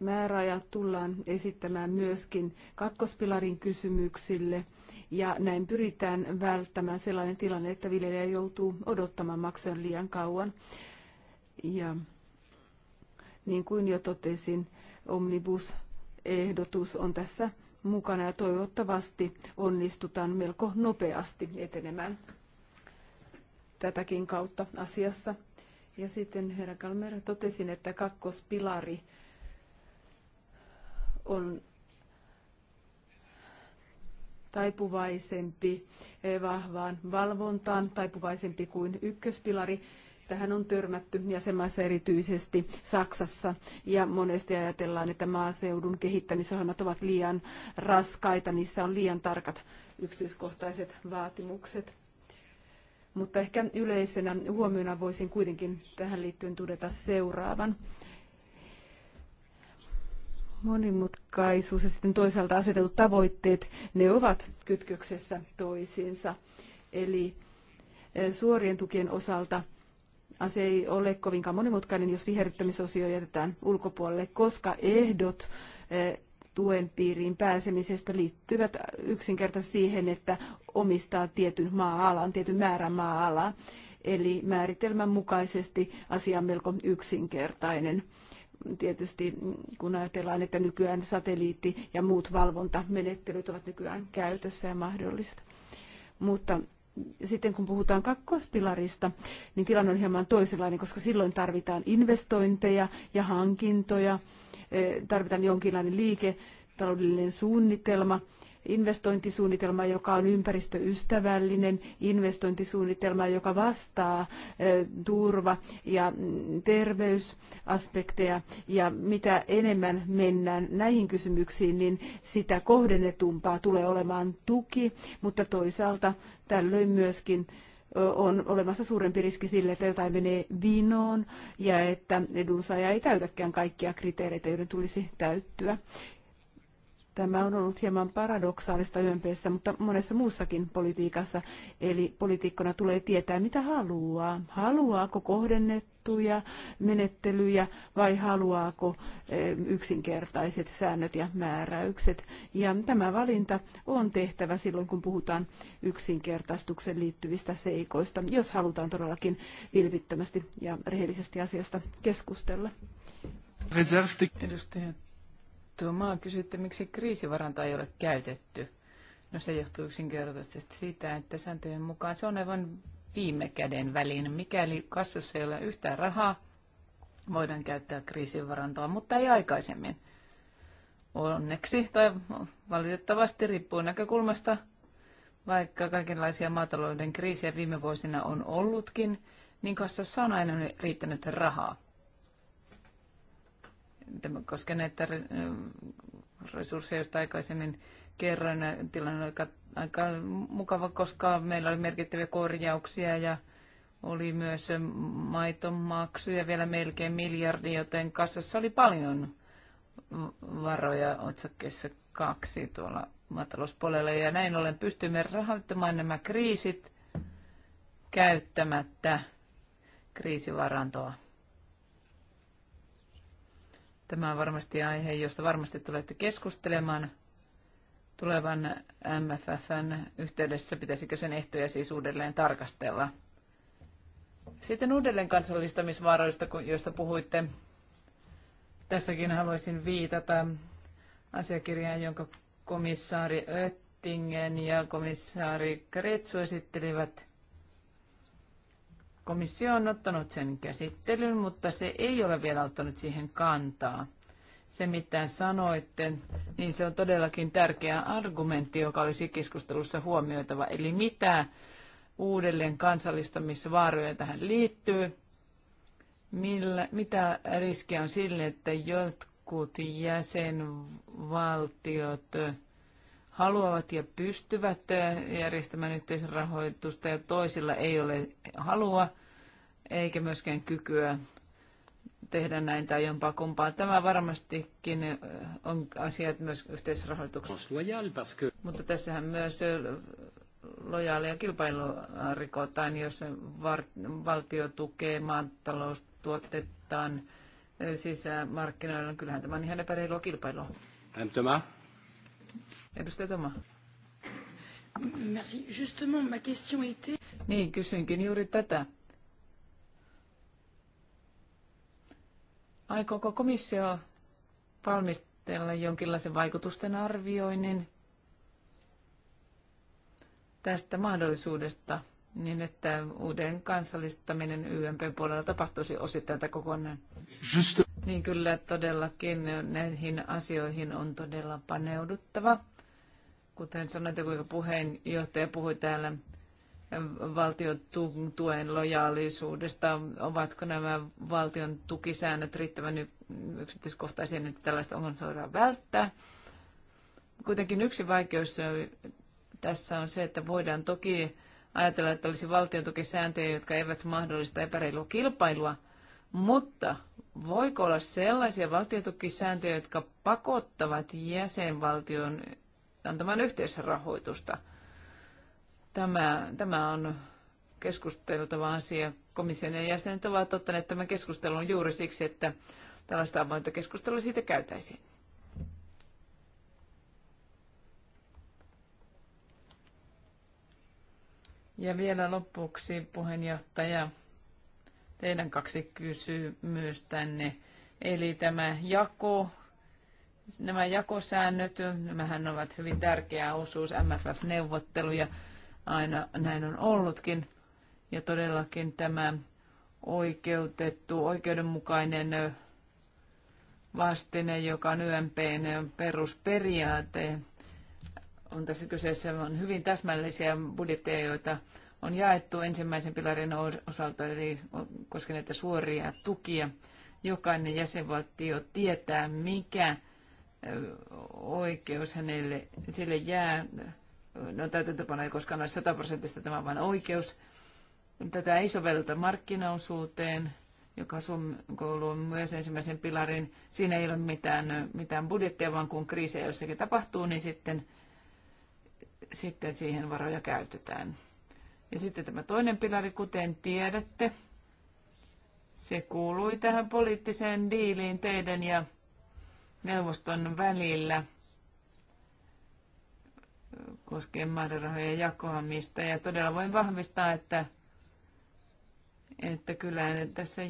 Määräajat tullaan esittämään myöskin kakkospilarin kysymyksille ja näin pyritään välttämään sellainen tilanne, että viljelijä joutuu odottamaan maksujen liian kauan. Ja niin kuin jo totesin, omnibus-ehdotus on tässä mukana ja toivottavasti onnistutaan melko nopeasti etenemään tätäkin kautta asiassa. Ja sitten herra Kalmer totesin, että kakkospilari on taipuvaisempi eh, vahvaan valvontaan, taipuvaisempi kuin ykköspilari. Tähän on törmätty jäsenmaissa erityisesti Saksassa ja monesti ajatellaan, että maaseudun kehittämisohjelmat ovat liian raskaita, niissä on liian tarkat yksityiskohtaiset vaatimukset. Mutta ehkä yleisenä huomiona voisin kuitenkin tähän liittyen todeta seuraavan monimutkaisuus ja sitten toisaalta asetetut tavoitteet, ne ovat kytköksessä toisiinsa. Eli e, suorien tukien osalta asia ei ole kovinkaan monimutkainen, jos viherryttämisosio jätetään ulkopuolelle, koska ehdot e, tuen piiriin pääsemisestä liittyvät yksinkertaisesti siihen, että omistaa tietyn maa-alan, tietyn määrän maa-alaa. Eli määritelmän mukaisesti asia on melko yksinkertainen tietysti kun ajatellaan, että nykyään satelliitti ja muut valvontamenettelyt ovat nykyään käytössä ja mahdolliset. Mutta sitten kun puhutaan kakkospilarista, niin tilanne on hieman toisenlainen, koska silloin tarvitaan investointeja ja hankintoja, eh, tarvitaan jonkinlainen liiketaloudellinen suunnitelma investointisuunnitelma, joka on ympäristöystävällinen investointisuunnitelma, joka vastaa turva- ja mm, terveysaspekteja. Ja mitä enemmän mennään näihin kysymyksiin, niin sitä kohdennetumpaa tulee olemaan tuki, mutta toisaalta tällöin myöskin on olemassa suurempi riski sille, että jotain menee vinoon ja että edunsaaja ei täytäkään kaikkia kriteereitä, joiden tulisi täyttyä. Tämä on ollut hieman paradoksaalista ympäristössä, mutta monessa muussakin politiikassa. Eli poliitikkona tulee tietää, mitä haluaa. Haluaako kohdennettuja menettelyjä vai haluaako e, yksinkertaiset säännöt ja määräykset. Ja tämä valinta on tehtävä silloin, kun puhutaan yksinkertaistukseen liittyvistä seikoista, jos halutaan todellakin vilpittömästi ja rehellisesti asiasta keskustella maa kysytte, miksi kriisivaranta ei ole käytetty. No se johtuu yksinkertaisesti siitä, että sääntöjen mukaan se on aivan viime käden väliin. Mikäli kassassa ei ole yhtään rahaa, voidaan käyttää kriisivarantoa, mutta ei aikaisemmin. Onneksi tai valitettavasti riippuu näkökulmasta, vaikka kaikenlaisia maatalouden kriisejä viime vuosina on ollutkin, niin kassassa on aina riittänyt rahaa koska näitä resursseja, joista aikaisemmin kerroin. Tilanne oli aika, mukava, koska meillä oli merkittäviä korjauksia ja oli myös maitonmaksuja vielä melkein miljardi, joten kassassa oli paljon varoja otsakkeessa kaksi tuolla maatalouspuolella. Ja näin ollen pystymme rahoittamaan nämä kriisit käyttämättä kriisivarantoa. Tämä on varmasti aihe, josta varmasti tulette keskustelemaan tulevan MFFn yhteydessä. Pitäisikö sen ehtoja siis uudelleen tarkastella? Sitten uudelleen kansallistamisvaaroista, joista puhuitte. Tässäkin haluaisin viitata asiakirjaan, jonka komissaari Öttingen ja komissaari Kretsu esittelivät – Komissio on ottanut sen käsittelyyn, mutta se ei ole vielä ottanut siihen kantaa. Se, mitä sanoitte, niin se on todellakin tärkeä argumentti, joka olisi keskustelussa huomioitava. Eli mitä uudelleen kansallistamisvaaroja tähän liittyy? Millä, mitä riskiä on sille, että jotkut jäsenvaltiot haluavat ja pystyvät eh, järjestämään yhteisrahoitusta ja toisilla ei ole halua eikä myöskään kykyä tehdä näin tai jompaa kumpaa. Tämä varmastikin eh, on asiat myös yhteisrahoituksessa. Mutta tässähän myös eh, lojaalia kilpailua rikotaan, jos valtio tukee maataloustuotettaan sisämarkkinoilla. Kyllähän tämä on ihan epäreilua kilpailua. Tämä Edustaja Toma. Merci. Justement, ma question était... Niin, kysynkin juuri tätä. Aikooko komissio valmistella jonkinlaisen vaikutusten arvioinnin tästä mahdollisuudesta, niin että uuden kansallistaminen YMP puolella tapahtuisi osittain tätä kokonaan? Just... Niin kyllä todellakin näihin asioihin on todella paneuduttava. Kuten sanoit, kuinka puheenjohtaja puhui täällä valtiotuen lojaalisuudesta, ovatko nämä valtion tukisäännöt riittävän yksityiskohtaisia, että tällaista ongelmaa voidaan välttää. Kuitenkin yksi vaikeus tässä on se, että voidaan toki ajatella, että olisi valtion tukisääntöjä, jotka eivät mahdollista epäreilua kilpailua – mutta voiko olla sellaisia valtiotukisääntöjä, jotka pakottavat jäsenvaltion antamaan yhteisrahoitusta? Tämä, tämä on keskusteltava asia. Komission ja jäsenet ovat ottaneet tämän keskustelun juuri siksi, että tällaista avointa keskustelua siitä käytäisiin. Ja vielä lopuksi puheenjohtaja teidän kaksi kysymystänne. Eli tämä jako, nämä jakosäännöt, nämähän ovat hyvin tärkeä osuus MFF-neuvotteluja, aina näin on ollutkin. Ja todellakin tämä oikeutettu, oikeudenmukainen vastine, joka on YMPn perusperiaate, on tässä kyseessä on hyvin täsmällisiä budjetteja, joita on jaettu ensimmäisen pilarin osalta, eli koskien näitä suoria tukia. Jokainen jäsenvaltio tietää, mikä oikeus hänelle, sille jää. No täytäntöpano ei koskaan ole sataprosenttista, tämä on vain oikeus. Tätä ei sovelleta markkinaosuuteen, joka kuuluu myös ensimmäisen pilarin. Siinä ei ole mitään, mitään budjettia, vaan kun kriisejä jossakin tapahtuu, niin sitten, sitten siihen varoja käytetään. Ja sitten tämä toinen pilari, kuten tiedätte, se kuului tähän poliittiseen diiliin teidän ja neuvoston välillä koskien määrärahojen jakoamista. Ja todella voin vahvistaa, että, että kyllä tässä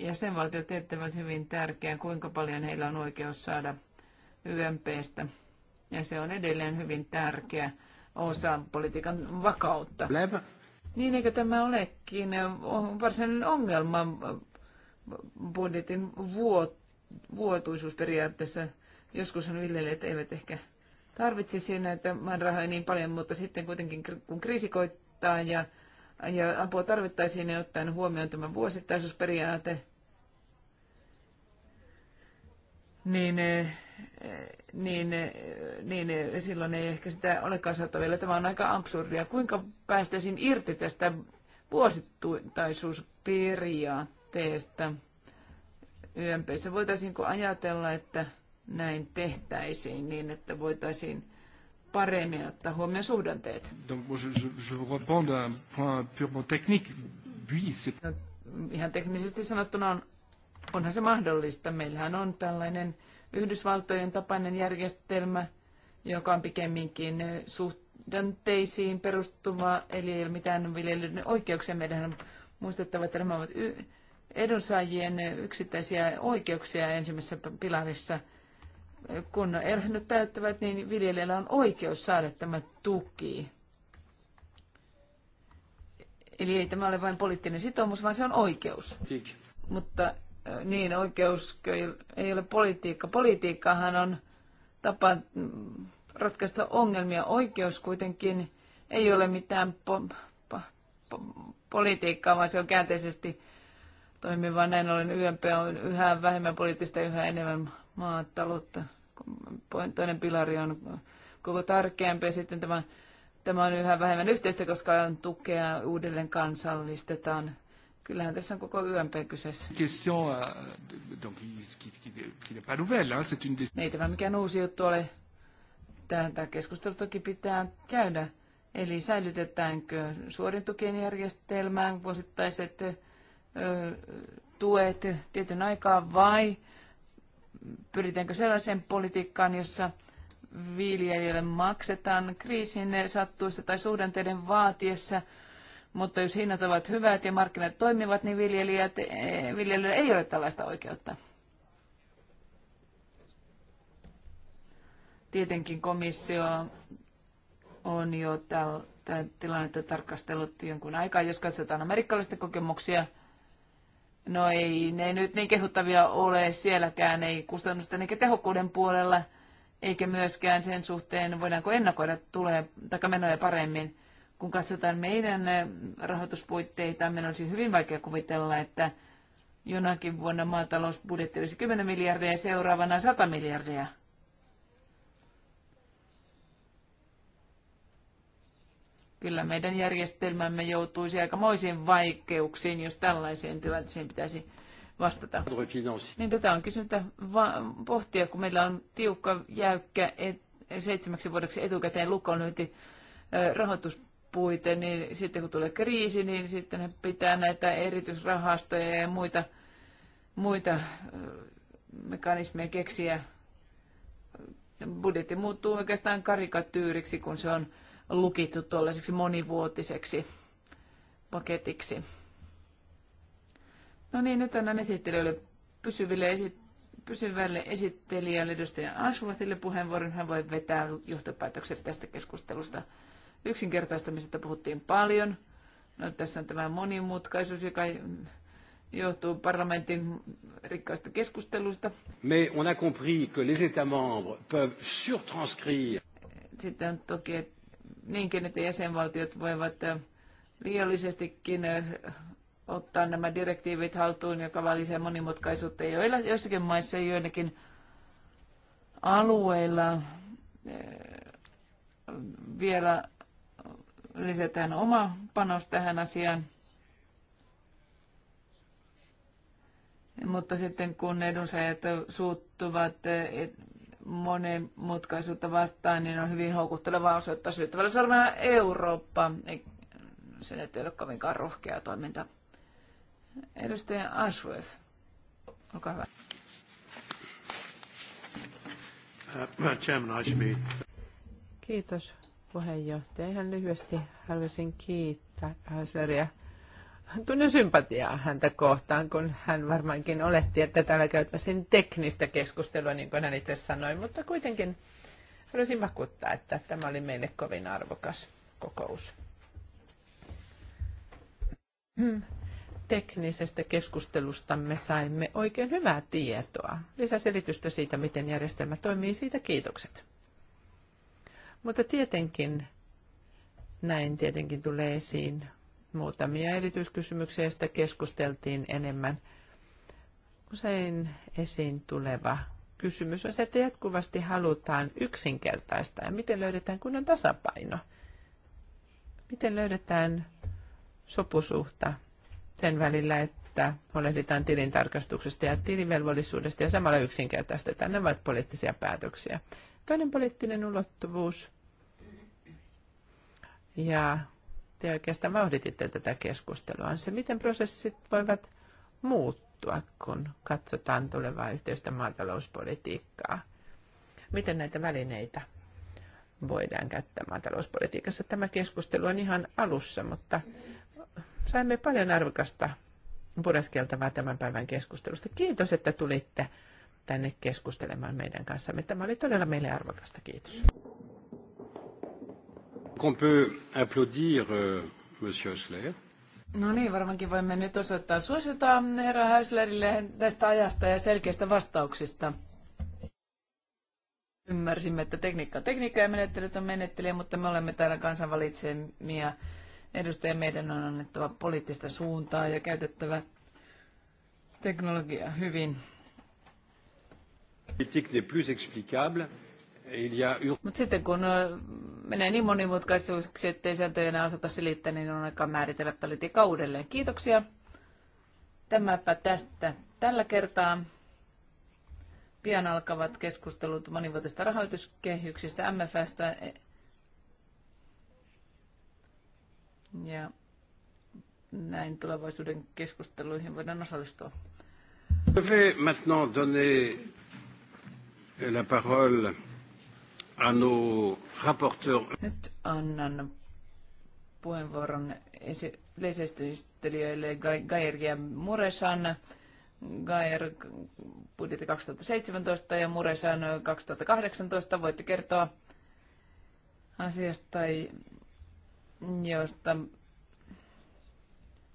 jäsenvaltiot tietävät hyvin tärkeän, kuinka paljon heillä on oikeus saada YMPstä. Ja se on edelleen hyvin tärkeä osa politiikan vakautta. Niin eikö tämä olekin on varsinainen ongelma budjetin vuotuisuusperiaatteessa. on viljelijät eivät ehkä tarvitsisi näitä määrärahoja niin paljon, mutta sitten kuitenkin kun kriisi koittaa ja, ja apua tarvittaisiin, niin ottaen huomioon tämä vuosittaisuusperiaate, niin eh, niin, niin silloin ei ehkä sitä olekaan saatavilla. Tämä on aika absurdia. Kuinka päästäisiin irti tästä vuosittaisuusperiaatteesta YMPssä? Voitaisiinko ajatella, että näin tehtäisiin niin, että voitaisiin paremmin ottaa huomioon suhdanteet? Donc, je, je vous point purement technique. Oui, No, ihan teknisesti sanottuna on, onhan se mahdollista. Meillähän on tällainen Yhdysvaltojen tapainen järjestelmä, joka on pikemminkin suhdanteisiin perustuva, eli ei ole mitään viljelijöiden oikeuksia. Meidän on muistettava, että nämä ovat edunsaajien yksittäisiä oikeuksia ensimmäisessä pilarissa. Kun erhennyt täyttävät, niin viljelijällä on oikeus saada tämä tuki. Eli ei tämä ole vain poliittinen sitoumus, vaan se on oikeus. Mutta niin oikeus ei ole politiikka. Politiikkahan on tapa ratkaista ongelmia. Oikeus kuitenkin ei ole mitään po- po- po- politiikkaa, vaan se on käänteisesti toimiva. Näin ollen YMP on yhä vähemmän poliittista, yhä enemmän maataloutta. Toinen pilari on koko tärkeämpi sitten tämä, tämä on yhä vähemmän yhteistä, koska on tukea uudelleen kansallistetaan Kyllähän tässä on koko YMP kyseessä. Question, euh, donc, qui, qui, qui n'est pas nouvelle, hein, c'est une... Ei tämä mikään uusi juttu ole. Tätä keskustelua toki pitää käydä. Eli säilytetäänkö suorin tukien järjestelmään vuosittaiset ö, tuet tietyn aikaa vai pyritäänkö sellaiseen politiikkaan, jossa viljelijöille maksetaan kriisin sattuessa tai suhdanteiden vaatiessa – mutta jos hinnat ovat hyvät ja markkinat toimivat, niin viljelijät, eh, viljelijöillä ei ole tällaista oikeutta. Tietenkin komissio on jo tätä tilannetta tarkastellut jonkun aikaa, jos katsotaan amerikkalaisten kokemuksia. No ei ne nyt niin kehuttavia ole sielläkään, ei kustannusten eikä tehokkuuden puolella, eikä myöskään sen suhteen, voidaanko ennakoida tulee, menoja paremmin kun katsotaan meidän eh, rahoituspuitteita, meidän olisi hyvin vaikea kuvitella, että jonakin vuonna maatalousbudjetti olisi 10 miljardia ja seuraavana 100 miljardia. Kyllä meidän järjestelmämme joutuisi moisiin vaikeuksiin, jos tällaiseen tilanteeseen pitäisi vastata. Niin tätä on kysyntä pohtia, kun meillä on tiukka, jäykkä, et, seitsemäksi vuodeksi etukäteen lukoon eh, rahoitus puite, niin sitten kun tulee kriisi, niin sitten pitää näitä erityisrahastoja ja muita, muita mekanismeja keksiä. Budjetti muuttuu oikeastaan karikatyyriksi, kun se on lukittu tuollaiseksi monivuotiseksi paketiksi. No niin, nyt annan esittelijöille pysyville esittelijöille pysyvälle esittelijälle edustajan Ashworthille puheenvuoron. Hän voi vetää johtopäätökset tästä keskustelusta. Yksinkertaistamisesta puhuttiin paljon. No, tässä on tämä monimutkaisuus, joka johtuu parlamentin rikkaista keskusteluista. Mais on a compris que les États membres peuvent surtranscrire. Sitten on toki niinkin, että jäsenvaltiot voivat liiallisestikin ottaa nämä direktiivit haltuun, joka välisee monimutkaisuutta. Joilla, joissakin maissa ja joillakin alueilla vielä lisätään oma panos tähän asiaan. Mutta sitten kun edunsaajat suuttuvat eh, monenmutkaisuutta vastaan, niin on hyvin houkuttelevaa osoittaa syyttävällä sormella Eurooppa. Se ei ole kovinkaan rohkea toiminta. Edustaja Ashworth, olkaa hyvä. Uh, Kiitos puheenjohtaja. Ihan lyhyesti haluaisin kiittää Hausleria. Tunne sympatiaa häntä kohtaan, kun hän varmaankin oletti, että täällä käytäisiin teknistä keskustelua, niin kuin hän itse sanoi, mutta kuitenkin haluaisin vakuuttaa, että tämä oli meille kovin arvokas kokous. Hmm. Teknisestä keskustelustamme saimme oikein hyvää tietoa. Lisäselitystä siitä, miten järjestelmä toimii, siitä kiitokset. Mutta tietenkin näin tietenkin tulee esiin muutamia erityiskysymyksiä, joista keskusteltiin enemmän. Usein esiin tuleva kysymys on se, että jatkuvasti halutaan yksinkertaista, Ja miten löydetään kunnon tasapaino? Miten löydetään sopusuhta sen välillä, että huolehditaan tilintarkastuksesta ja tilivelvollisuudesta ja samalla yksinkertaistetaan. Ne ovat poliittisia päätöksiä. Toinen poliittinen ulottuvuus. Ja te oikeastaan vauhdititte tätä keskustelua, on se, miten prosessit voivat muuttua, kun katsotaan tulevaa yhteistä maatalouspolitiikkaa. Miten näitä välineitä voidaan käyttää maatalouspolitiikassa. Tämä keskustelu on ihan alussa, mutta saimme paljon arvokasta pureskeltavaa tämän päivän keskustelusta. Kiitos, että tulitte tänne keskustelemaan meidän kanssamme. Tämä oli todella meille arvokasta. Kiitos. Qu'on peut applaudir, euh, monsieur No niin, varmaankin voimme nyt osoittaa suosiota herra Häyslerille tästä ajasta ja selkeistä vastauksista. Ymmärsimme, että tekniikka on tekniikka ja menettelyt on menettelyä, mutta me olemme täällä kansanvalitsemia edustajia. Meidän on annettava poliittista suuntaa ja käytettävä teknologiaa hyvin. Mutta sitten kun menee niin monimutkaisuuksiksi, ettei sääntöjä enää osata selittää, niin on aika määritellä politiikka uudelleen. Kiitoksia. Tämäpä tästä tällä kertaa. Pian alkavat keskustelut monivuotisesta rahoituskehyksistä, MFstä ja näin tulevaisuuden keskusteluihin voidaan osallistua. Je vais maintenant donner la parole à nos rapporteurs. Nyt annan puheenvuoron yleisesittelijöille Gair ja Muresan. Gair budjetti 2017 ja Muresan 2018. Voitte kertoa asiasta, josta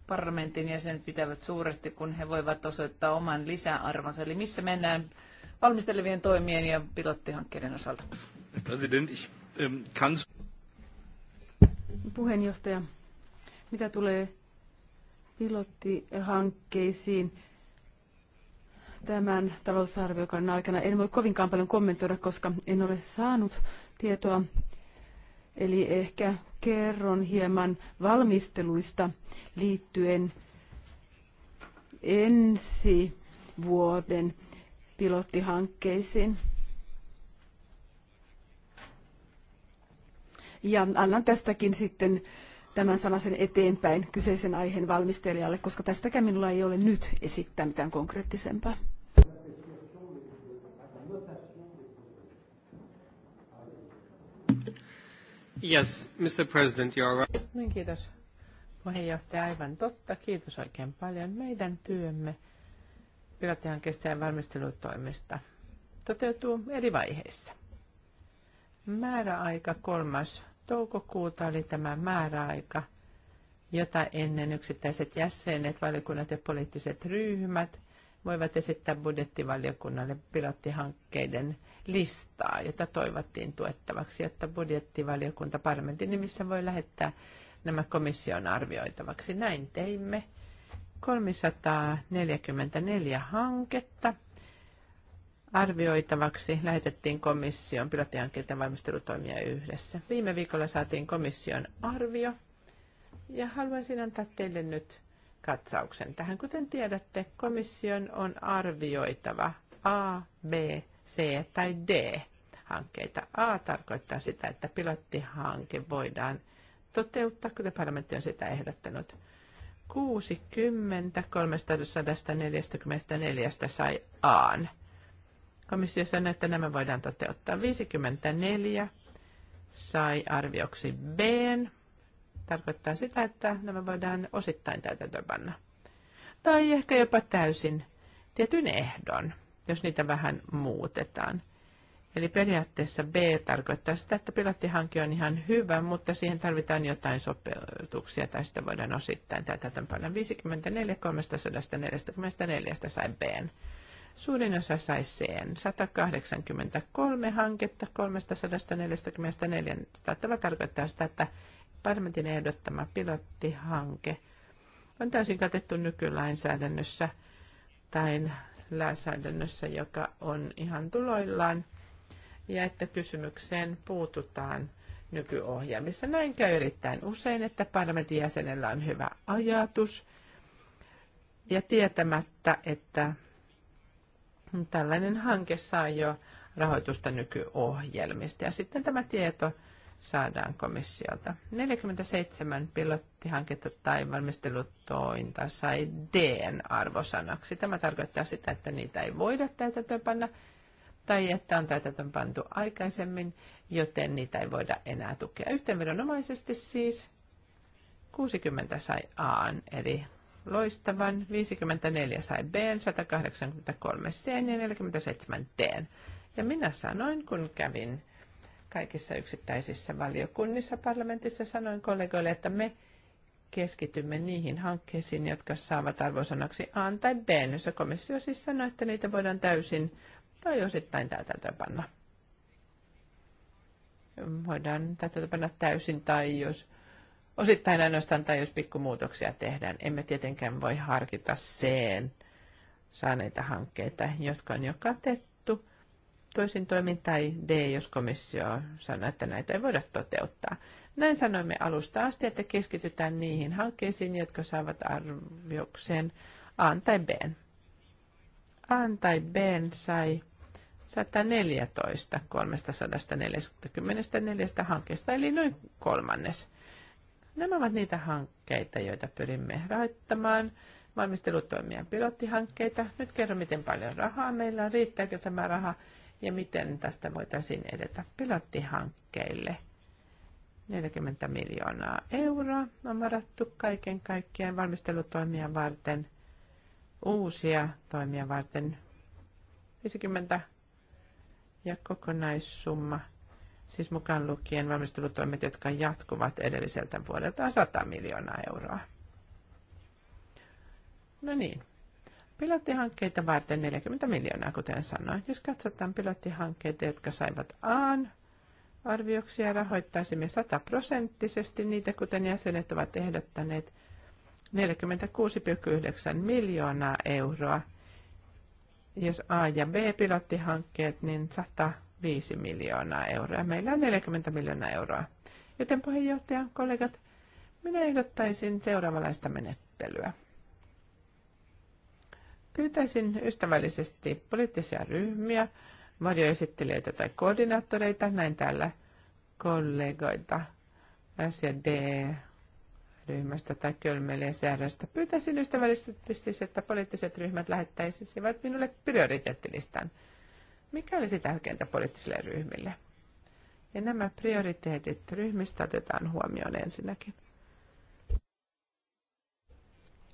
parlamentin jäsenet pitävät suuresti, kun he voivat osoittaa oman lisäarvonsa. Eli missä mennään valmistelevien toimien ja pilottihankkeiden osalta. President, ich, ähm, Puheenjohtaja, mitä tulee pilottihankkeisiin tämän talousarviokannan aikana, en voi kovinkaan paljon kommentoida, koska en ole saanut tietoa. Eli ehkä kerron hieman valmisteluista liittyen ensi vuoden pilottihankkeisiin. Ja annan tästäkin sitten tämän sanasen eteenpäin kyseisen aiheen valmistelijalle, koska tästäkään minulla ei ole nyt esittää mitään konkreettisempaa. Yes, Mr. President, you are right. Niin, kiitos puheenjohtaja, aivan totta. Kiitos oikein paljon. Meidän työmme Pilottihan kestää valmistelutoimista toteutuu eri vaiheissa. Määräaika kolmas toukokuuta oli tämä määräaika, jota ennen yksittäiset jäsenet, valiokunnat ja poliittiset ryhmät voivat esittää budjettivaliokunnalle pilottihankkeiden listaa, jota toivottiin tuettavaksi, jotta budjettivaliokunta parlamentin nimissä voi lähettää nämä komission arvioitavaksi. Näin teimme 344 hanketta arvioitavaksi lähetettiin komission pilottihankkeiden valmistelutoimia yhdessä. Viime viikolla saatiin komission arvio ja haluaisin antaa teille nyt katsauksen tähän. Kuten tiedätte, komission on arvioitava A, B, C tai D hankkeita. A tarkoittaa sitä, että pilottihanke voidaan toteuttaa, kuten parlamentti on sitä ehdottanut – 60 344 sai aan. Komissio sanoi, että nämä voidaan toteuttaa. 54 sai arvioksi B. Tarkoittaa sitä, että nämä voidaan osittain täytäntöpanna. Tai ehkä jopa täysin tietyn ehdon, jos niitä vähän muutetaan – Eli periaatteessa B tarkoittaa sitä, että pilottihanke on ihan hyvä, mutta siihen tarvitaan jotain sopeutuksia, tai sitä voidaan osittain täytäntöönpanna. 54 344 sai B. Suurin osa sai C. 183 hanketta 344. Tämä tarkoittaa sitä, että parlamentin ehdottama pilottihanke on täysin katettu nykylainsäädännössä tai lainsäädännössä, joka on ihan tuloillaan – ja että kysymykseen puututaan nykyohjelmissa. Näin käy erittäin usein, että parlamentin jäsenellä on hyvä ajatus ja tietämättä, että tällainen hanke saa jo rahoitusta nykyohjelmista ja sitten tämä tieto saadaan komissiolta. 47 pilottihanketta tai valmistelutointa sai D-arvosanaksi. Tämä tarkoittaa sitä, että niitä ei voida täytäntöönpanna, panna tai että on täytäntöön pantu aikaisemmin, joten niitä ei voida enää tukea. Yhteenvedonomaisesti siis 60 sai A, eli loistavan, 54 sai B, 183 C ja 47 D. Ja minä sanoin, kun kävin kaikissa yksittäisissä valiokunnissa parlamentissa, sanoin kollegoille, että me keskitymme niihin hankkeisiin, jotka saavat arvosanaksi A tai B. jossa komissio siis sanoi, että niitä voidaan täysin tai osittain täytäntöönpanna. Voidaan täytäntöönpanna täysin tai jos osittain ainoastaan tai jos pikkumuutoksia tehdään. Emme tietenkään voi harkita sen saaneita hankkeita, jotka on jo katettu toisin toimin tai D, jos komissio sanoo, että näitä ei voida toteuttaa. Näin sanoimme alusta asti, että keskitytään niihin hankkeisiin, jotka saavat arviokseen A tai B. A tai B sai 114 344 hankkeesta, eli noin kolmannes. Nämä ovat niitä hankkeita, joita pyrimme rahoittamaan, valmistelutoimia pilottihankkeita. Nyt kerro miten paljon rahaa meillä on, riittääkö tämä raha ja miten tästä voitaisiin edetä pilottihankkeille. 40 miljoonaa euroa on varattu kaiken kaikkiaan valmistelutoimia varten, uusia toimia varten 50 ja kokonaissumma, siis mukaan lukien valmistelutoimet, jotka jatkuvat edelliseltä vuodelta, on 100 miljoonaa euroa. No niin. Pilottihankkeita varten 40 miljoonaa, kuten sanoin. Jos katsotaan pilottihankkeita, jotka saivat Aan arvioksia, rahoittaisimme prosenttisesti niitä, kuten jäsenet ovat ehdottaneet, 46,9 miljoonaa euroa – jos A ja B pilottihankkeet, niin 105 miljoonaa euroa. Meillä on 40 miljoonaa euroa. Joten puheenjohtaja, kollegat, minä ehdottaisin seuraavanlaista menettelyä. Pyytäisin ystävällisesti poliittisia ryhmiä, varjoesittelijöitä tai koordinaattoreita, näin täällä kollegoita, asia D ryhmästä tai kölmeliä säädöstä. Pyytäisin ystävällisesti, että poliittiset ryhmät lähettäisivät minulle prioriteettilistan. Mikä olisi tärkeintä poliittisille ryhmille? Ja nämä prioriteetit ryhmistä otetaan huomioon ensinnäkin.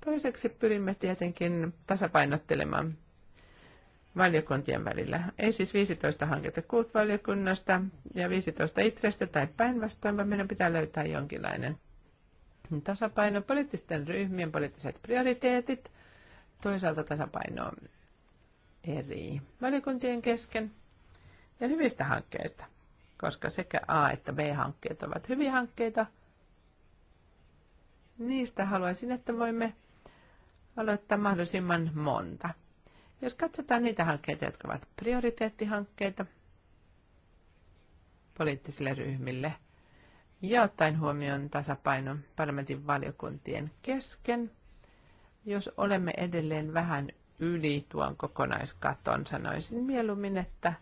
Toiseksi pyrimme tietenkin tasapainottelemaan valiokuntien välillä. Ei siis 15 hanketta kuut valiokunnasta ja 15 itsestä tai päinvastoin, vaan meidän pitää löytää jonkinlainen tasapaino poliittisten ryhmien poliittiset prioriteetit, toisaalta tasapaino eri valiokuntien kesken ja hyvistä hankkeista, koska sekä A- että B-hankkeet ovat hyviä hankkeita. Niistä haluaisin, että voimme aloittaa mahdollisimman monta. Jos katsotaan niitä hankkeita, jotka ovat prioriteettihankkeita poliittisille ryhmille – ja ottaen huomioon tasapainon parlamentin valiokuntien kesken, jos olemme edelleen vähän yli tuon kokonaiskaton, sanoisin mieluummin, että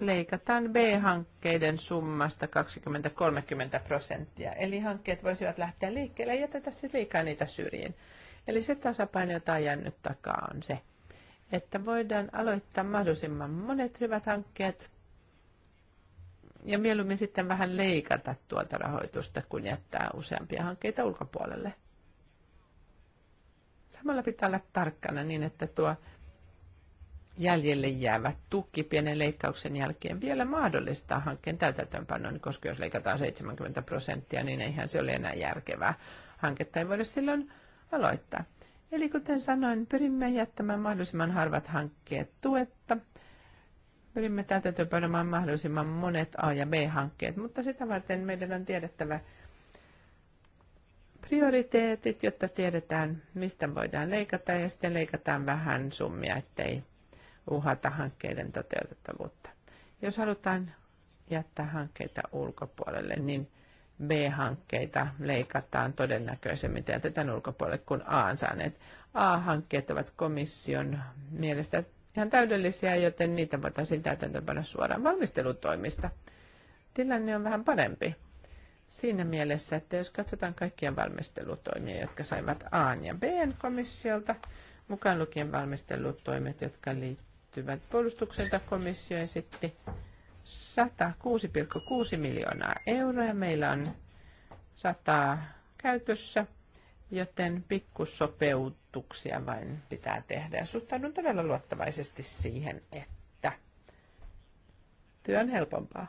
leikataan B-hankkeiden summasta 20-30 prosenttia. Eli hankkeet voisivat lähteä liikkeelle ja jätetä siis liikaa niitä syrjiin. Eli se tasapaino, jota ajan nyt takaa, on se, että voidaan aloittaa mahdollisimman monet hyvät hankkeet ja mieluummin sitten vähän leikata tuota rahoitusta, kun jättää useampia hankkeita ulkopuolelle. Samalla pitää olla tarkkana niin, että tuo jäljelle jäävä tuki pienen leikkauksen jälkeen vielä mahdollistaa hankkeen täytäntöönpanon, koska jos leikataan 70 prosenttia, niin eihän se ole enää järkevää. Hanketta ei voida silloin aloittaa. Eli kuten sanoin, pyrimme jättämään mahdollisimman harvat hankkeet tuetta Pyrimme täytäntöönpanemaan mahdollisimman monet A- ja B-hankkeet, mutta sitä varten meidän on tiedettävä prioriteetit, jotta tiedetään, mistä voidaan leikata ja sitten leikataan vähän summia, ettei uhata hankkeiden toteutettavuutta. Jos halutaan jättää hankkeita ulkopuolelle, niin B-hankkeita leikataan todennäköisemmin tätä ulkopuolelle kuin A-saaneet. A-hankkeet ovat komission mielestä ihan täydellisiä, joten niitä voitaisiin täytäntöönpanna suoraan valmistelutoimista. Tilanne on vähän parempi siinä mielessä, että jos katsotaan kaikkia valmistelutoimia, jotka saivat A ja B komissiolta, mukaan lukien valmistelutoimet, jotka liittyvät puolustukselta, komissio esitti 106,6 miljoonaa euroa. Meillä on 100 käytössä, joten pikkusopeut ehdotuksia vain pitää tehdä. Ja suhtaudun todella luottavaisesti siihen, että työ on helpompaa.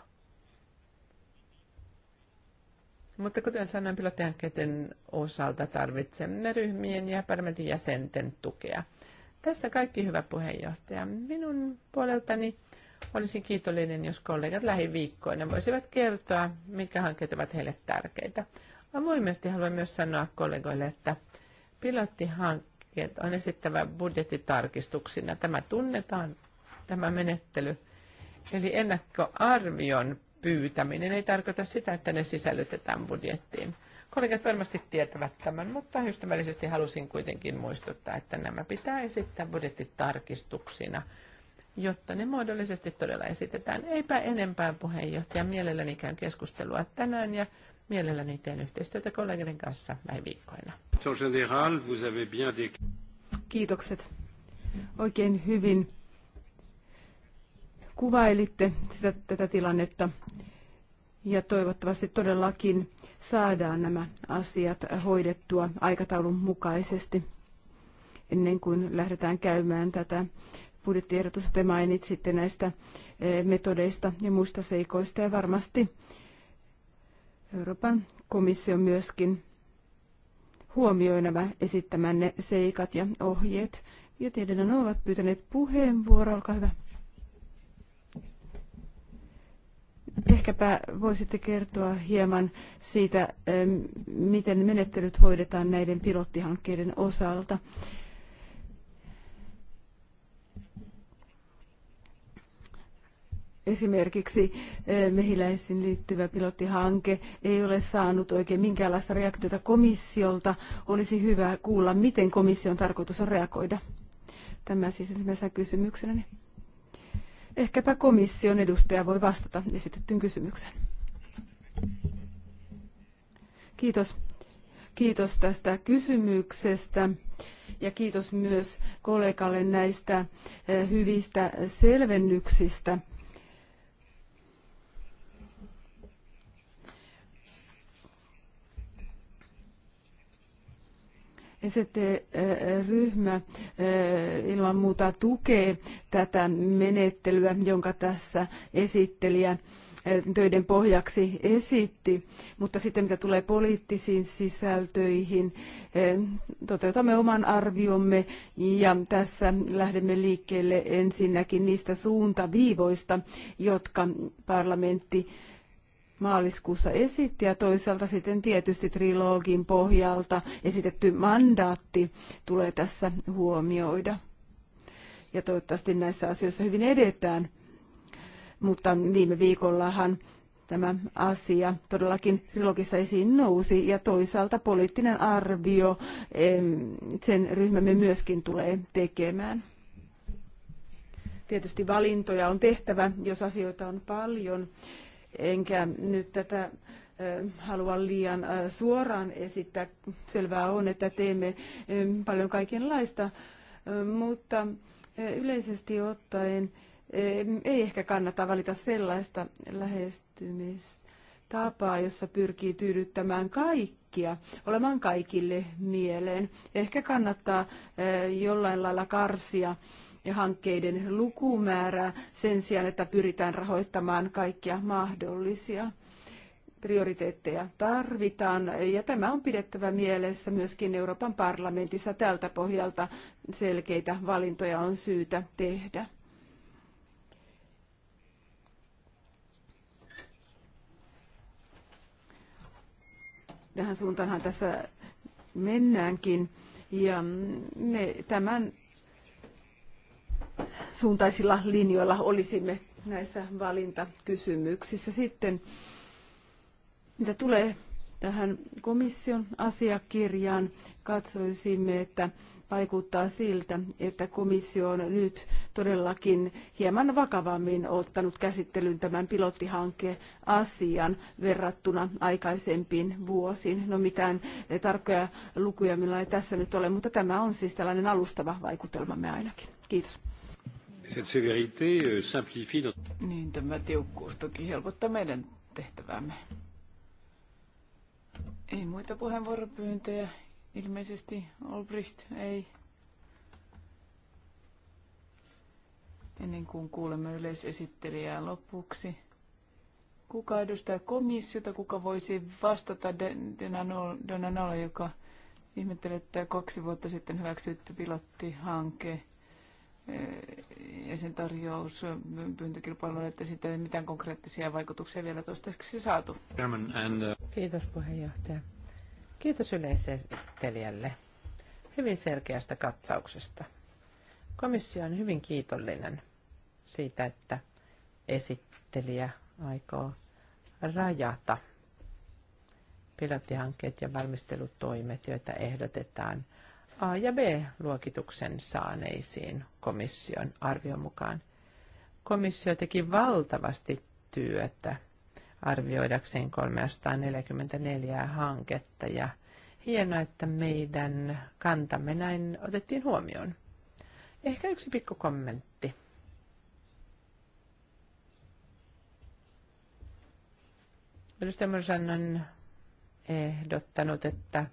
Mutta kuten sanoin pilottihankkeiden osalta, tarvitsemme ryhmien ja parlamentin jäsenten tukea. Tässä kaikki hyvä puheenjohtaja. Minun puoleltani olisin kiitollinen, jos kollegat lähiviikkoina voisivat kertoa, mitkä hankkeet ovat heille tärkeitä. Avoimesti haluan myös sanoa kollegoille, että pilottihankkeet ja on esittävä budjettitarkistuksina. Tämä tunnetaan, tämä menettely. Eli ennakkoarvion pyytäminen ei tarkoita sitä, että ne sisällytetään budjettiin. Kollegat varmasti tietävät tämän, mutta ystävällisesti halusin kuitenkin muistuttaa, että nämä pitää esittää budjettitarkistuksina, jotta ne muodollisesti todella esitetään. Eipä enempää puheenjohtaja, mielelläni käyn keskustelua tänään ja Mielelläni teen yhteistyötä kollegien kanssa lähiviikkoina. Kiitokset. Oikein hyvin kuvailitte sitä, tätä tilannetta ja toivottavasti todellakin saadaan nämä asiat hoidettua aikataulun mukaisesti ennen kuin lähdetään käymään tätä budjettiehdotusta. Te mainitsitte näistä eh, metodeista ja muista seikoista ja varmasti Euroopan komissio myöskin huomioi nämä esittämänne seikat ja ohjeet. Joten ovat pyytäneet puheenvuoroa, olkaa hyvä. Ehkäpä voisitte kertoa hieman siitä, miten menettelyt hoidetaan näiden pilottihankkeiden osalta. Esimerkiksi eh, mehiläisiin liittyvä pilottihanke ei ole saanut oikein minkäänlaista reaktiota komissiolta. Olisi hyvä kuulla, miten komission tarkoitus on reagoida. Tämä siis ensimmäisenä kysymyksenä. Ehkäpä komission edustaja voi vastata esitettyyn kysymykseen. Kiitos. Kiitos tästä kysymyksestä ja kiitos myös kollegalle näistä eh, hyvistä selvennyksistä ST-ryhmä ilman muuta tukee tätä menettelyä, jonka tässä esittelijä töiden pohjaksi esitti, mutta sitten mitä tulee poliittisiin sisältöihin, toteutamme oman arviomme ja tässä lähdemme liikkeelle ensinnäkin niistä suuntaviivoista, jotka parlamentti maaliskuussa esitti ja toisaalta sitten tietysti trilogin pohjalta esitetty mandaatti tulee tässä huomioida. Ja toivottavasti näissä asioissa hyvin edetään. Mutta viime viikollahan tämä asia todellakin trilogissa esiin nousi ja toisaalta poliittinen arvio sen ryhmämme myöskin tulee tekemään. Tietysti valintoja on tehtävä, jos asioita on paljon enkä nyt tätä halua liian suoraan esittää. Selvää on, että teemme paljon kaikenlaista, mutta yleisesti ottaen ei ehkä kannata valita sellaista lähestymistapaa, jossa pyrkii tyydyttämään kaikkia, olemaan kaikille mieleen. Ehkä kannattaa jollain lailla karsia ja hankkeiden lukumäärää sen sijaan, että pyritään rahoittamaan kaikkia mahdollisia prioriteetteja tarvitaan ja tämä on pidettävä mielessä myöskin Euroopan parlamentissa. Tältä pohjalta selkeitä valintoja on syytä tehdä. Tähän suuntaanhan tässä mennäänkin ja me tämän suuntaisilla linjoilla olisimme näissä valintakysymyksissä. Sitten mitä tulee tähän komission asiakirjaan, katsoisimme, että vaikuttaa siltä, että komissio on nyt todellakin hieman vakavammin ottanut käsittelyyn tämän pilottihankeasian verrattuna aikaisempiin vuosiin. No mitään tarkkoja lukuja minulla ei tässä nyt ole, mutta tämä on siis tällainen alustava vaikutelmamme ainakin. Kiitos. Euh, niin tämä tiukkuus toki helpottaa meidän tehtävämme. Ei muita puheenvuoropyyntöjä. Ilmeisesti Olbrist ei. Ennen kuin kuulemme yleisesittelijää lopuksi. Kuka edustaa komissiota, kuka voisi vastata Donanolle, joka ihmettelee, että kaksi vuotta sitten hyväksytty pilottihanke ja sen tarjous pyyntökilpailuun, että siitä ei mitään konkreettisia vaikutuksia vielä toistaiseksi saatu. Uh, Kiitos puheenjohtaja. Kiitos yleisesittelijälle hyvin selkeästä katsauksesta. Komissio on hyvin kiitollinen siitä, että esittelijä aikoo rajata pilottihankkeet ja valmistelutoimet, joita ehdotetaan A- ja B-luokituksen saaneisiin komission arvion mukaan. Komissio teki valtavasti työtä arvioidakseen 344 hanketta ja hienoa, että meidän kantamme näin otettiin huomioon. Ehkä yksi pikku kommentti. Edustaja on ehdottanut, että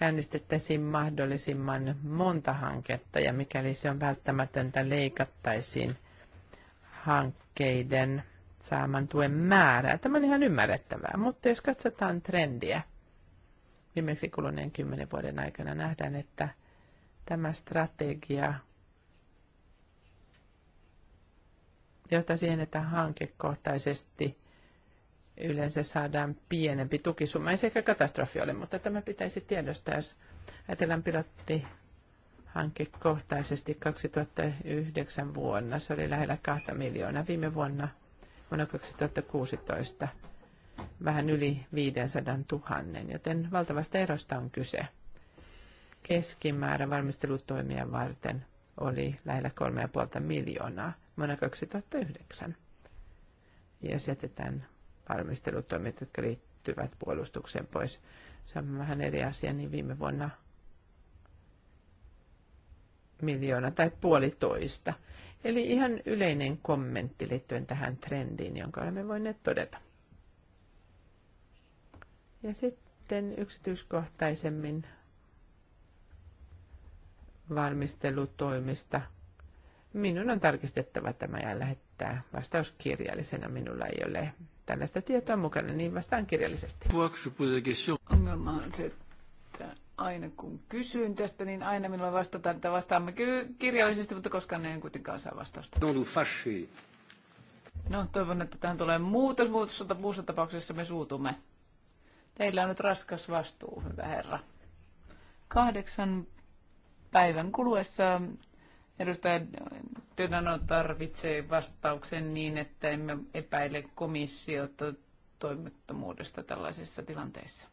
käynnistettäisiin mahdollisimman monta hanketta ja mikäli se on välttämätöntä, leikattaisiin hankkeiden saaman tuen määrää. Tämä on ihan ymmärrettävää, mutta jos katsotaan trendiä viimeksi kuluneen kymmenen vuoden aikana, nähdään, että tämä strategia johtaa siihen, että hankekohtaisesti – yleensä saadaan pienempi tukisumma. Ei se ehkä katastrofi ole, mutta tämä pitäisi tiedostaa, jos ajatellaan pilotti kohtaisesti 2009 vuonna. Se oli lähellä 2 miljoonaa. Viime vuonna, vuonna 2016, vähän yli 500 000, joten valtavasta erosta on kyse. Keskimäärä valmistelutoimia varten oli lähellä 3,5 miljoonaa vuonna 2009. Jos jätetään valmistelutoimet, jotka liittyvät puolustukseen pois. Se on vähän eri asia, niin viime vuonna miljoona tai puolitoista. Eli ihan yleinen kommentti liittyen tähän trendiin, jonka olemme voineet todeta. Ja sitten yksityiskohtaisemmin valmistelutoimista – Minun on tarkistettava tämä ja lähettää vastaus kirjallisena. Minulla ei ole tällaista tietoa mukana, niin vastaan kirjallisesti. Ongelma on se, että aina kun kysyn tästä, niin aina minulla vastataan, että vastaamme kirjallisesti, mutta koskaan en kuitenkaan saa vastausta. No, toivon, että tähän tulee muutos. Muutos, muussa tapauksessa me suutumme. Teillä on nyt raskas vastuu, hyvä herra. Kahdeksan päivän kuluessa Edustaja Dönano tarvitsee vastauksen niin, että emme epäile komissiota toimittomuudesta tällaisissa tilanteissa.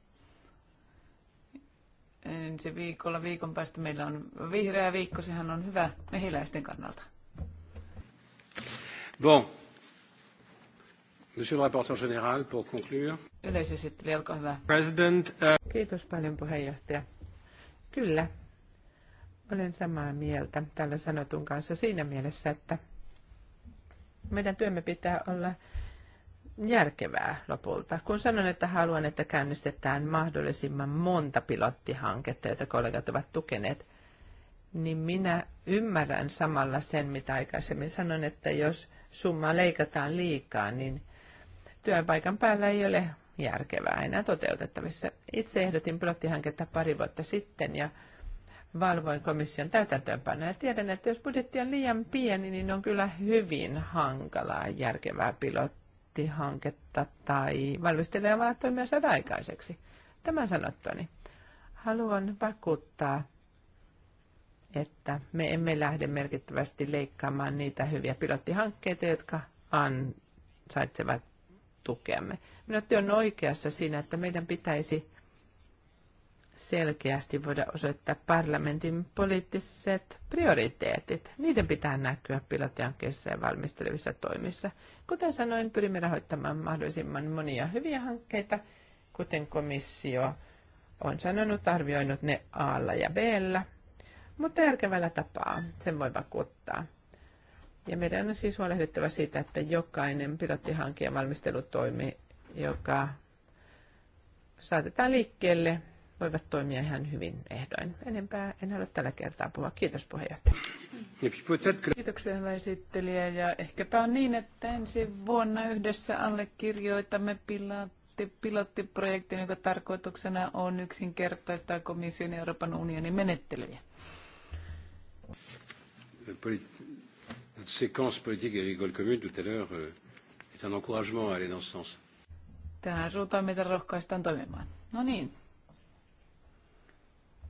Ensi viikolla, viikon päästä meillä on vihreä viikko, sehän on hyvä mehiläisten kannalta. Bon. Monsieur le rapporteur général, pour conclure. Yleisesittelijä, olkaa hyvä. President, uh... Kiitos paljon puheenjohtaja. Kyllä, olen samaa mieltä tällä sanotun kanssa siinä mielessä, että meidän työmme pitää olla järkevää lopulta. Kun sanon, että haluan, että käynnistetään mahdollisimman monta pilottihanketta, joita kollegat ovat tukeneet, niin minä ymmärrän samalla sen, mitä aikaisemmin sanon, että jos summaa leikataan liikaa, niin työpaikan päällä ei ole järkevää enää toteutettavissa. Itse ehdotin pilottihanketta pari vuotta sitten ja valvoin komission täytäntöönpanoa. Tiedän, että jos budjetti on liian pieni, niin on kyllä hyvin hankalaa järkevää pilottihanketta tai valmistelevaa toimia saada aikaiseksi. Tämän sanottoni. Haluan vakuuttaa, että me emme lähde merkittävästi leikkaamaan niitä hyviä pilottihankkeita, jotka ansaitsevat tukeamme. Minä on oikeassa siinä, että meidän pitäisi selkeästi voida osoittaa parlamentin poliittiset prioriteetit. Niiden pitää näkyä pilotihankkeissa ja valmistelevissa toimissa. Kuten sanoin, pyrimme rahoittamaan mahdollisimman monia hyviä hankkeita, kuten komissio on sanonut, arvioinut ne a ja b mutta järkevällä tapaa, sen voi vakuuttaa. Ja meidän on siis huolehdittava siitä, että jokainen pilottihanke ja valmistelutoimi, joka saatetaan liikkeelle, voivat toimia ihan hyvin ehdoin. Enempää en halua tällä kertaa puhua. Kiitos puheenjohtaja. Kiitoksia hyvä esittelijä ja ehkäpä on niin, että ensi vuonna yhdessä allekirjoitamme pilotti, pilottiprojektin, joka tarkoituksena on yksinkertaistaa komission ja Euroopan unionin menettelyjä. Notre euh, Tähän suuntaan meitä rohkaistaan toimimaan. No niin,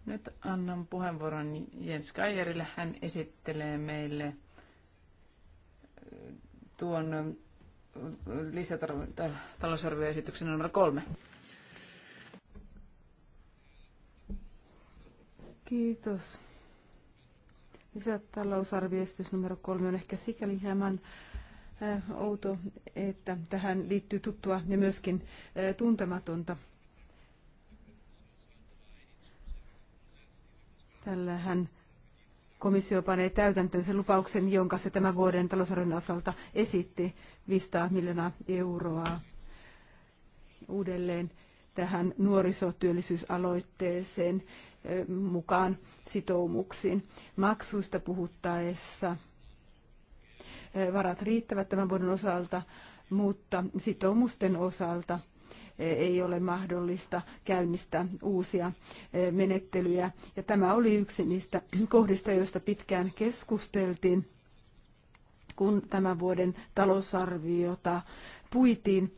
nyt annan puheenvuoron Jens Kajerille. Hän esittelee meille eh, tuon eh, lisätalousarvioesityksen numero kolme. Kiitos. Lisätalousarvioesitys numero kolme on ehkä sikäli hieman eh, outo, että tähän liittyy tuttua ja myöskin tuntematonta Tällähän komissio panee täytäntöön sen lupauksen, jonka se tämän vuoden talousarvion osalta esitti 500 miljoonaa euroa uudelleen tähän nuorisotyöllisyysaloitteeseen mukaan sitoumuksiin. Maksuista puhuttaessa varat riittävät tämän vuoden osalta, mutta sitoumusten osalta ei ole mahdollista käynnistää uusia eh, menettelyjä. Ja tämä oli yksi niistä kohdista, joista pitkään keskusteltiin, kun tämän vuoden talousarviota puitiin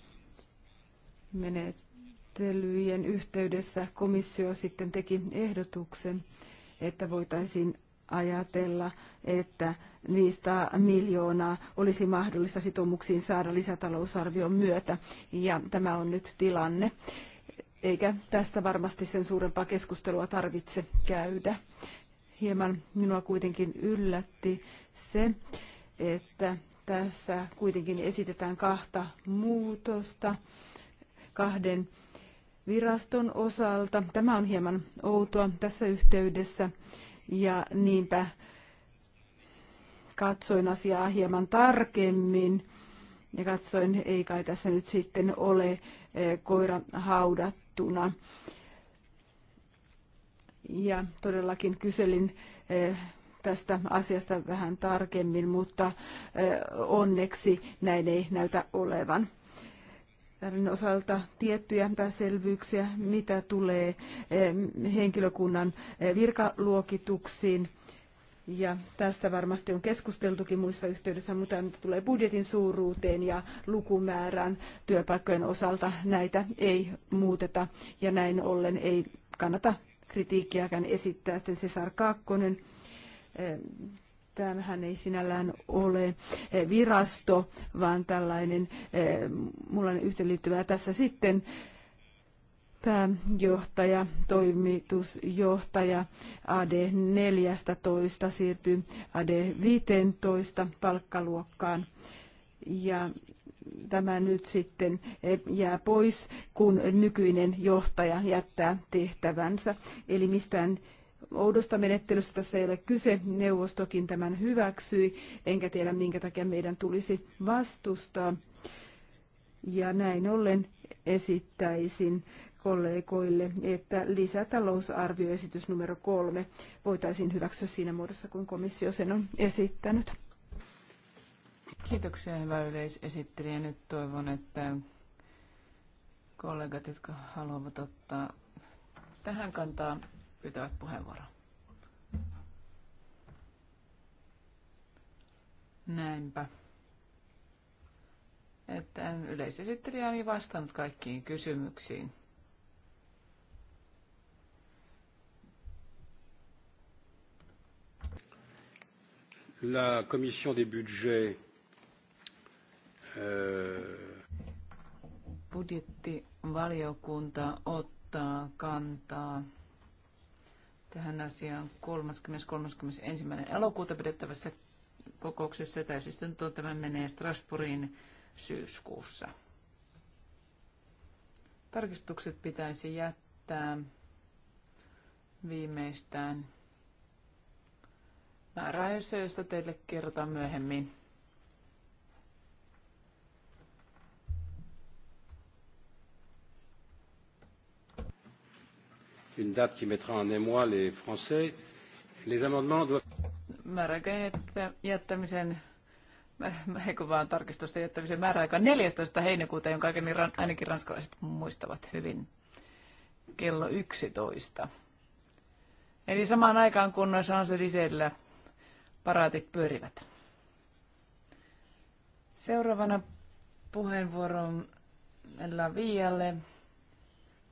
menettelyjen yhteydessä komissio sitten teki ehdotuksen, että voitaisiin ajatella, että 500 miljoonaa olisi mahdollista sitoumuksiin saada lisätalousarvion myötä. Ja tämä on nyt tilanne. Eikä tästä varmasti sen suurempaa keskustelua tarvitse käydä. Hieman minua kuitenkin yllätti se, että tässä kuitenkin esitetään kahta muutosta kahden viraston osalta. Tämä on hieman outoa tässä yhteydessä ja niinpä katsoin asiaa hieman tarkemmin ja katsoin, ei kai tässä nyt sitten ole e, koira haudattuna. Ja todellakin kyselin e, tästä asiasta vähän tarkemmin, mutta e, onneksi näin ei näytä olevan osalta tiettyjä epäselvyyksiä, mitä tulee henkilökunnan eh, virkaluokituksiin. Ja tästä varmasti on keskusteltukin muissa yhteydessä, mutta tulee budjetin suuruuteen ja lukumäärään työpaikkojen osalta näitä ei muuteta ja näin ollen ei kannata kritiikkiäkään esittää. Sitten Cesar Kaakkonen tämähän ei sinällään ole eh, virasto, vaan tällainen eh, mulla on yhteenliittyvää tässä sitten pääjohtaja, toimitusjohtaja AD14 siirtyy AD15 palkkaluokkaan. Ja tämä nyt sitten eh, jää pois, kun nykyinen johtaja jättää tehtävänsä. Eli mistään oudosta menettelystä tässä ei ole kyse. Neuvostokin tämän hyväksyi, enkä tiedä minkä takia meidän tulisi vastustaa. Ja näin ollen esittäisin kollegoille, että lisätalousarvioesitys numero kolme voitaisiin hyväksyä siinä muodossa, kun komissio sen on esittänyt. Kiitoksia hyvä yleisesittelijä. Nyt toivon, että kollegat, jotka haluavat ottaa tähän kantaa, pyytävät puheenvuoroa. Näinpä. Että yleisesittelijä on vastannut kaikkiin kysymyksiin. La commission des budgets euh... budjettivaliokunta ottaa kantaa tähän asiaan 30.31. elokuuta pidettävässä kokouksessa täysistuntoon tämä menee Strasbourgiin syyskuussa. Tarkistukset pitäisi jättää viimeistään määräajassa, josta teille kerrotaan myöhemmin. une date qui mettra en émoi les Français. Les amendements doivent... Määräaikojen jättämisen, eikö vaan tarkistusten jättämisen määräaika 14. heinäkuuta, jonka ainakin ranskalaiset muistavat hyvin kello 11. Eli samaan aikaan kun Champs-Élysées paraatit pyörivät. Seuraavana puheenvuoron Lavialle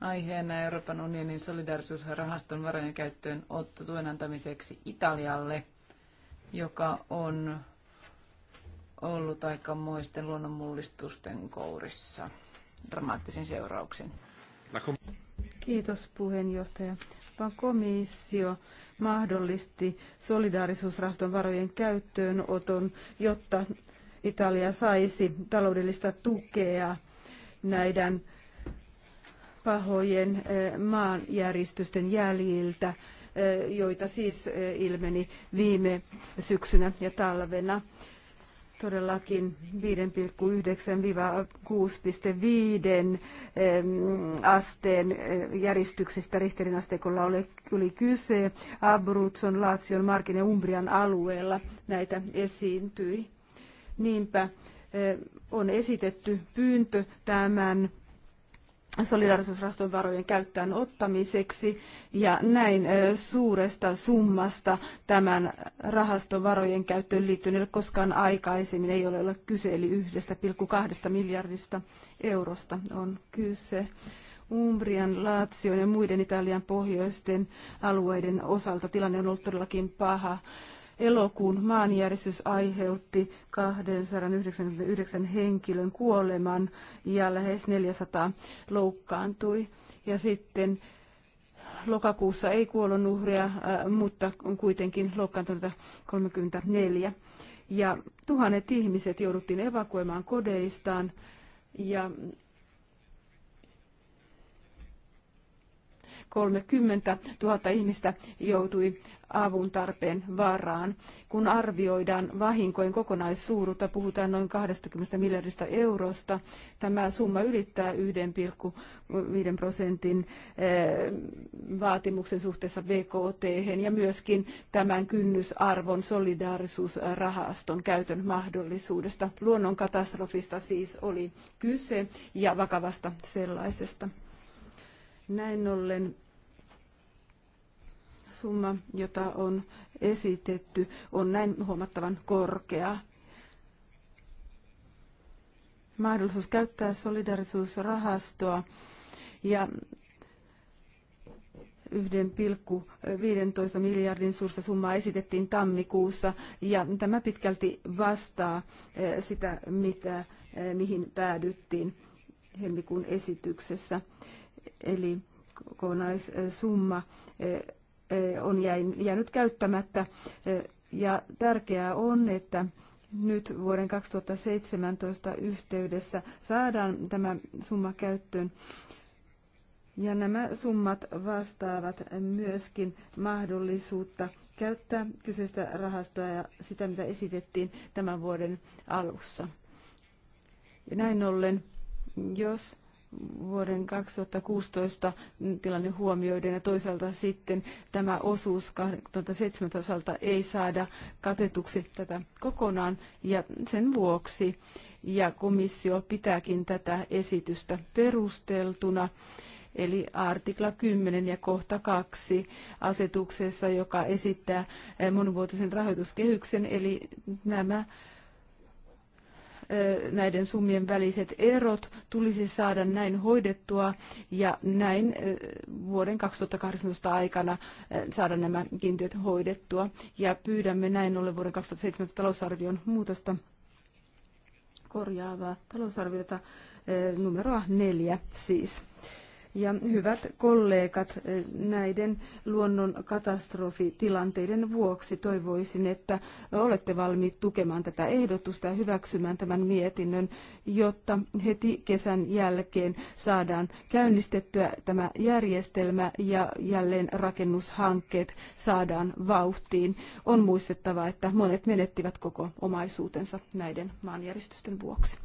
aiheena Euroopan unionin solidarisuusrahaston varojen käyttöön otto tuen antamiseksi Italialle, joka on ollut aikamoisten luonnonmullistusten kourissa dramaattisin seurauksin. Kiitos puheenjohtaja. Euroopan komissio mahdollisti solidaarisuusrahaston varojen käyttöönoton, jotta Italia saisi taloudellista tukea näiden pahojen eh, maanjäristysten jäljiltä, eh, joita siis eh, ilmeni viime syksynä ja talvena todellakin 5,9-6,5 asteen järjestyksistä Richterin asteikolla oli kyse. Abruzon, Lazion, Markin ja Umbrian alueella näitä esiintyi. Niinpä on esitetty pyyntö tämän solidarisuusrahaston varojen käyttöön ottamiseksi ja näin suuresta summasta tämän rahaston varojen käyttöön liittyen koskaan aikaisemmin ei ole ollut kyse, eli 1,2 miljardista eurosta on kyse. Umbrian, Laatsion ja muiden Italian pohjoisten alueiden osalta tilanne on ollut todellakin paha. Elokuun maanjärjestys aiheutti 299 henkilön kuoleman ja lähes 400 loukkaantui. Ja sitten lokakuussa ei kuolonuhreja, äh, mutta on kuitenkin loukkaantuneita 34. Ja tuhannet ihmiset jouduttiin evakuoimaan kodeistaan ja 30 000 ihmistä joutui avun tarpeen varaan. Kun arvioidaan vahinkojen kokonaissuuruutta, puhutaan noin 20 miljardista eurosta. Tämä summa ylittää 1,5 prosentin eh, vaatimuksen suhteessa BKT ja myöskin tämän kynnysarvon solidaarisuusrahaston käytön mahdollisuudesta. Luonnonkatastrofista siis oli kyse ja vakavasta sellaisesta. Näin ollen summa, jota on esitetty, on näin huomattavan korkea. Mahdollisuus käyttää solidarisuusrahastoa ja 1,15 miljardin suurta summaa esitettiin tammikuussa ja tämä pitkälti vastaa eh, sitä, mitä, eh, mihin päädyttiin helmikuun esityksessä eli kokonaissumma eh, eh, on jäänyt käyttämättä. Eh, ja tärkeää on, että nyt vuoden 2017 yhteydessä saadaan tämä summa käyttöön. Ja nämä summat vastaavat myöskin mahdollisuutta käyttää kyseistä rahastoa ja sitä, mitä esitettiin tämän vuoden alussa. Ja näin ollen, jos vuoden 2016 tilanne huomioiden ja toisaalta sitten tämä osuus 2017 osalta ei saada katetuksi tätä kokonaan ja sen vuoksi ja komissio pitääkin tätä esitystä perusteltuna eli artikla 10 ja kohta 2 asetuksessa, joka esittää eh, monivuotisen rahoituskehyksen, eli nämä näiden summien väliset erot tulisi saada näin hoidettua ja näin vuoden 2018 aikana saada nämä kiintiöt hoidettua. Ja pyydämme näin ollen vuoden 2017 talousarvion muutosta korjaavaa talousarviota numeroa neljä siis. Ja hyvät kollegat, eh, näiden luonnon katastrofitilanteiden vuoksi toivoisin, että olette valmiit tukemaan tätä ehdotusta ja hyväksymään tämän mietinnön, jotta heti kesän jälkeen saadaan käynnistettyä tämä järjestelmä ja jälleen rakennushankkeet saadaan vauhtiin. On muistettava, että monet menettivät koko omaisuutensa näiden maanjäristysten vuoksi.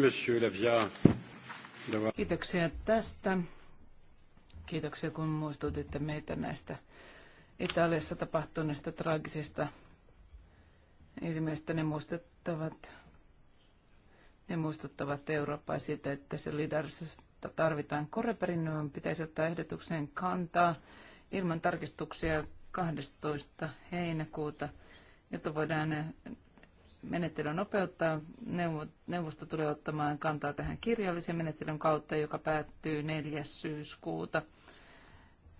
Merci, Kiitoksia tästä. Kiitoksia, kun muistutitte meitä näistä Italiassa tapahtuneista traagisista ilmiöistä. Ne muistuttavat, ne muistuttavat Eurooppaa siitä, että solidarisuutta tarvitaan. Koreperin pitäisi ottaa ehdotukseen kantaa ilman tarkistuksia 12. heinäkuuta, jotta voidaan menettelyä nopeuttaa. Neuvosto tulee ottamaan kantaa tähän kirjallisen menettelyn kautta, joka päättyy 4. syyskuuta.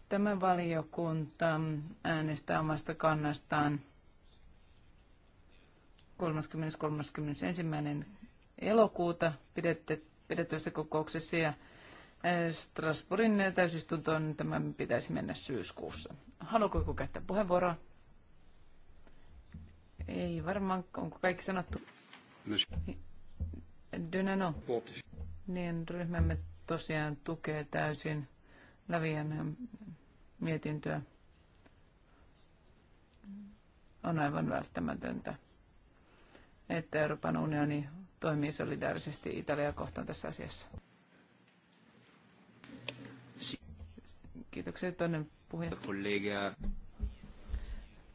Tämä valiokunta äänestää omasta kannastaan 30.31. elokuuta pidettävässä kokouksessa ja eh, Strasbourgin täysistuntoon tämän pitäisi mennä syyskuussa. Haluatko joku käyttää puheenvuoroa? Ei varmaan, onko kaikki sanottu? Dynano. Niin, ryhmämme tosiaan tukee täysin Lävien mietintöä. On aivan välttämätöntä, että Euroopan unioni toimii solidaarisesti Italia kohtaan tässä asiassa. Kiitoksia toinen puhuja. Kollega.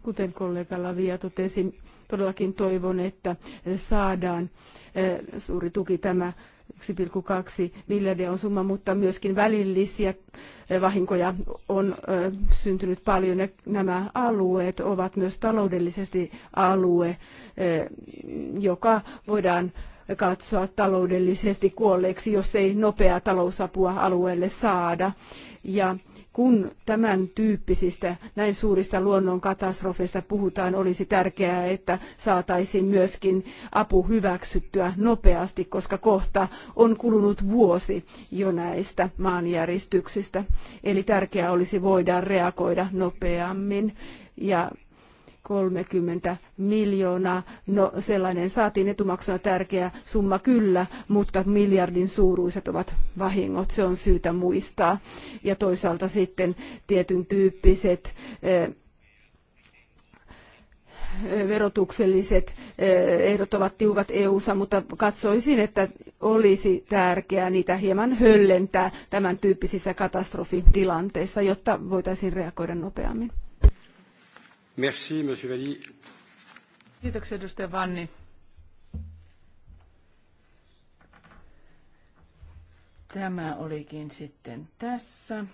Kuten kollega Lavia totesi, todellakin toivon, että saadaan eh, suuri tuki tämä 1,2 miljardia on summa, mutta myöskin välillisiä eh, vahinkoja on eh, syntynyt paljon ja nämä alueet ovat myös taloudellisesti alue, joka voidaan katsoa taloudellisesti kuolleeksi, jos ei nopeaa talousapua alueelle saada. Ja kun tämän tyyppisistä näin suurista luonnonkatastrofeista puhutaan, olisi tärkeää, että saataisiin myöskin apu hyväksyttyä nopeasti, koska kohta on kulunut vuosi jo näistä maanjäristyksistä. Eli tärkeää olisi voida reagoida nopeammin ja 30 miljoonaa. No sellainen saatiin etumaksuna tärkeä summa kyllä, mutta miljardin suuruiset ovat vahingot, se on syytä muistaa. Ja toisaalta sitten tietyn tyyppiset eh, verotukselliset eh, ehdot ovat tiukat EU-ssa, mutta katsoisin, että olisi tärkeää niitä hieman höllentää tämän tyyppisissä katastrofitilanteissa, jotta voitaisiin reagoida nopeammin. Merci, Monsieur Valli. Kiitoksia, edustaja Vanni. Tämä olikin sitten tässä.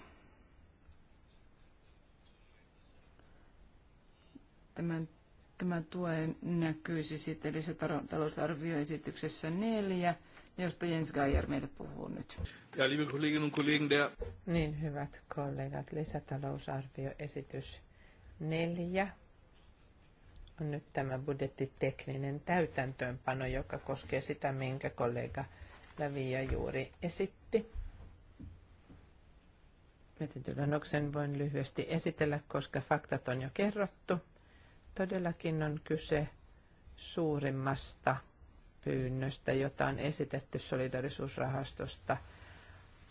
Tämän, tämän tuen näkyisi sitten lisätalousarvioesityksessä neljä, josta Jens Geier meille puhuu nyt. Ja, liebe Kolleginnen und Kollegen, der... Niin, hyvät kollegat, lisätalousarvioesitys neljä on nyt tämä budjettitekninen täytäntöönpano, joka koskee sitä, minkä kollega Lavia juuri esitti. Mietintölönoksen voin lyhyesti esitellä, koska faktat on jo kerrottu. Todellakin on kyse suurimmasta pyynnöstä, jota on esitetty solidarisuusrahastosta –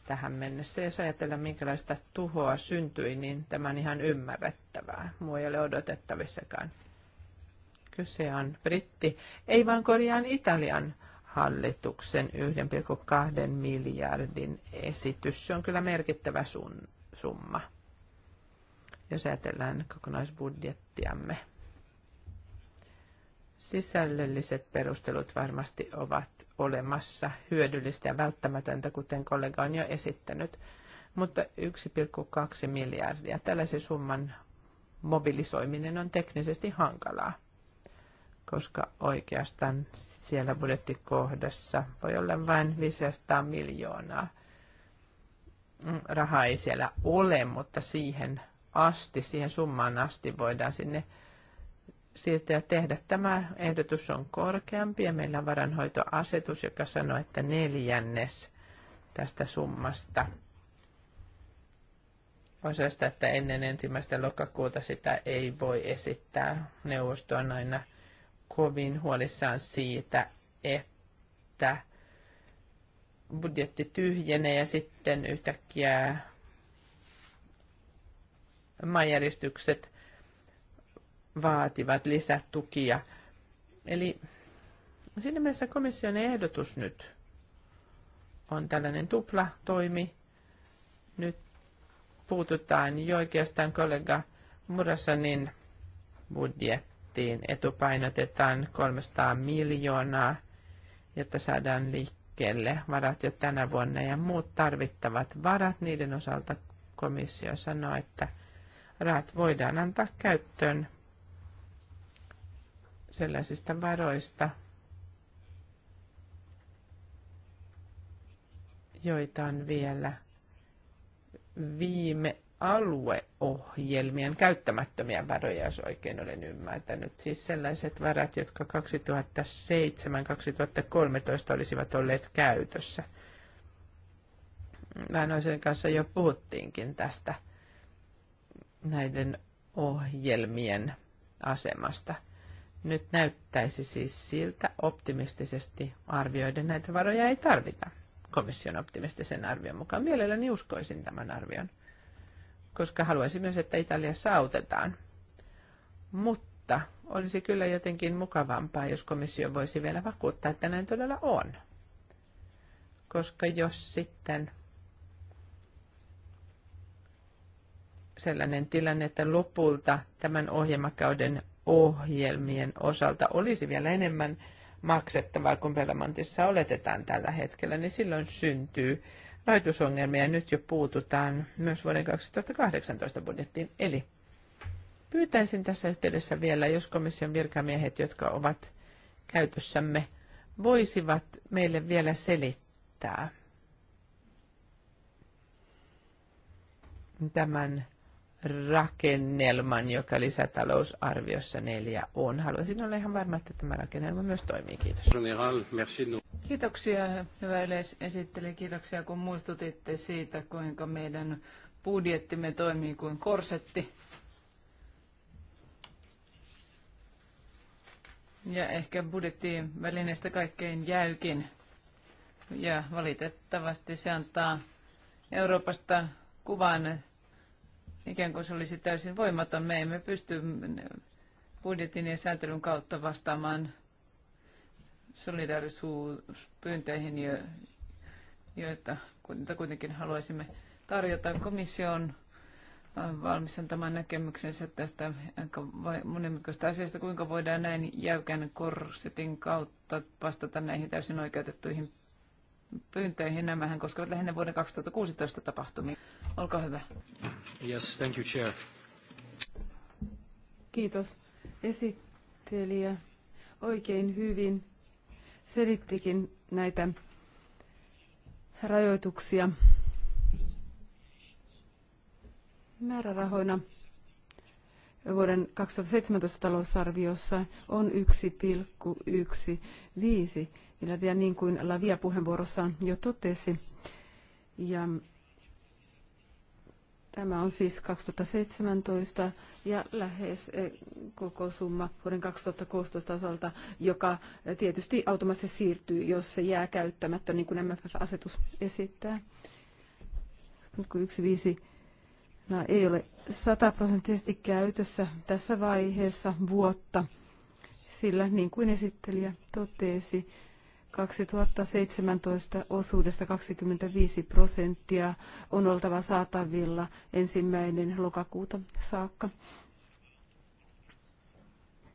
tähän mennessä. Jos ajatellaan, minkälaista tuhoa syntyi, niin tämä on ihan ymmärrettävää. Mua ei ole odotettavissakaan. Kyse on britti, ei vaan korjaan Italian hallituksen 1,2 miljardin esitys. Se on kyllä merkittävä sun, summa, jos ajatellaan kokonaisbudjettiamme sisällölliset perustelut varmasti ovat olemassa hyödyllistä ja välttämätöntä, kuten kollega on jo esittänyt. Mutta 1,2 miljardia, tällaisen summan mobilisoiminen on teknisesti hankalaa, koska oikeastaan siellä budjettikohdassa voi olla vain 500 miljoonaa. Rahaa ei siellä ole, mutta siihen asti, siihen summaan asti voidaan sinne siirtyä tehdä. Tämä ehdotus on korkeampi ja meillä on varanhoitoasetus, joka sanoo, että neljännes tästä summasta osasta, että ennen ensimmäistä lokakuuta sitä ei voi esittää. Neuvosto on aina kovin huolissaan siitä, että budjetti tyhjenee ja sitten yhtäkkiä maanjäristykset vaativat lisätukia. Eli siinä mielessä komission ehdotus nyt on tällainen tupla toimi. Nyt puututaan jo oikeastaan kollega Murasanin budjettiin. Etupainotetaan 300 miljoonaa, jotta saadaan liikkeelle varat jo tänä vuonna ja muut tarvittavat varat. Niiden osalta komissio sanoo, että rahat voidaan antaa käyttöön sellaisista varoista, joita on vielä viime alueohjelmien käyttämättömiä varoja, jos oikein olen ymmärtänyt. Siis sellaiset varat, jotka 2007-2013 olisivat olleet käytössä. Väinöisen kanssa jo puhuttiinkin tästä näiden ohjelmien asemasta – nyt näyttäisi siis siltä optimistisesti arvioiden näitä varoja ei tarvita. Komission optimistisen arvion mukaan mielelläni uskoisin tämän arvion, koska haluaisin myös, että Italiassa autetaan. Mutta olisi kyllä jotenkin mukavampaa, jos komissio voisi vielä vakuuttaa, että näin todella on. Koska jos sitten sellainen tilanne, että lopulta tämän ohjelmakauden ohjelmien osalta olisi vielä enemmän maksettavaa kuin Belamantissa oletetaan tällä hetkellä, niin silloin syntyy rajoitusongelmia. Nyt jo puututaan myös vuoden 2018 budjettiin. Eli pyytäisin tässä yhteydessä vielä, jos komission virkamiehet, jotka ovat käytössämme, voisivat meille vielä selittää tämän rakennelman, joka lisätalousarviossa neljä on. Haluaisin olla ihan varma, että tämä rakennelma myös toimii. Kiitos. Kiitoksia, hyvä yleisesittely. Kiitoksia, kun muistutitte siitä, kuinka meidän budjettimme toimii kuin korsetti. Ja ehkä budjettiin välineestä kaikkein jäykin. Ja valitettavasti se antaa Euroopasta kuvan ikään kuin se olisi täysin voimaton. Me emme pysty budjetin ja sääntelyn kautta vastaamaan solidaarisuuspyynteihin, joita kuitenkin haluaisimme tarjota. Komissio on äh, valmis antamaan näkemyksensä tästä aika monimutkaisesta asiasta, kuinka voidaan näin jäykän korsetin kautta vastata näihin täysin oikeutettuihin pyyntöihin. Nämähän koskevat lähinnä vuoden 2016 tapahtumia. Olkaa hyvä. Yes, thank you, Chair. Kiitos esittelijä. Oikein hyvin selittikin näitä rajoituksia määrärahoina vuoden 2017 talousarviossa on 1,15 vielä niin kuin Lavia puheenvuorossaan jo totesi. Ja tämä on siis 2017 ja lähes eh, koko summa vuoden 2016 osalta, joka eh, tietysti automaattisesti siirtyy, jos se jää käyttämättä, niin kuin MFF-asetus esittää. viisi, No, ei ole sataprosenttisesti käytössä tässä vaiheessa vuotta, sillä niin kuin esittelijä totesi, 2017 osuudesta 25 prosenttia on oltava saatavilla ensimmäinen lokakuuta saakka.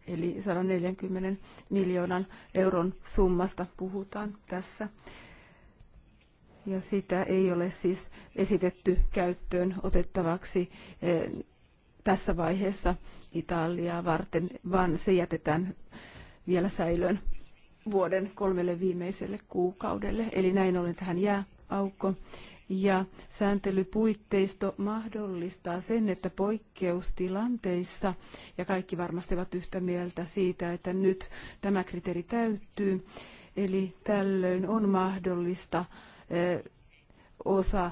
Eli 140 miljoonan euron summasta puhutaan tässä. Ja sitä ei ole siis esitetty käyttöön otettavaksi eh, tässä vaiheessa Italiaa varten, vaan se jätetään vielä säilöön vuoden kolmelle viimeiselle kuukaudelle. Eli näin ollen tähän jää aukko. Ja sääntelypuitteisto mahdollistaa sen, että poikkeustilanteissa, ja kaikki varmasti ovat yhtä mieltä siitä, että nyt tämä kriteeri täyttyy, eli tällöin on mahdollista eh, osa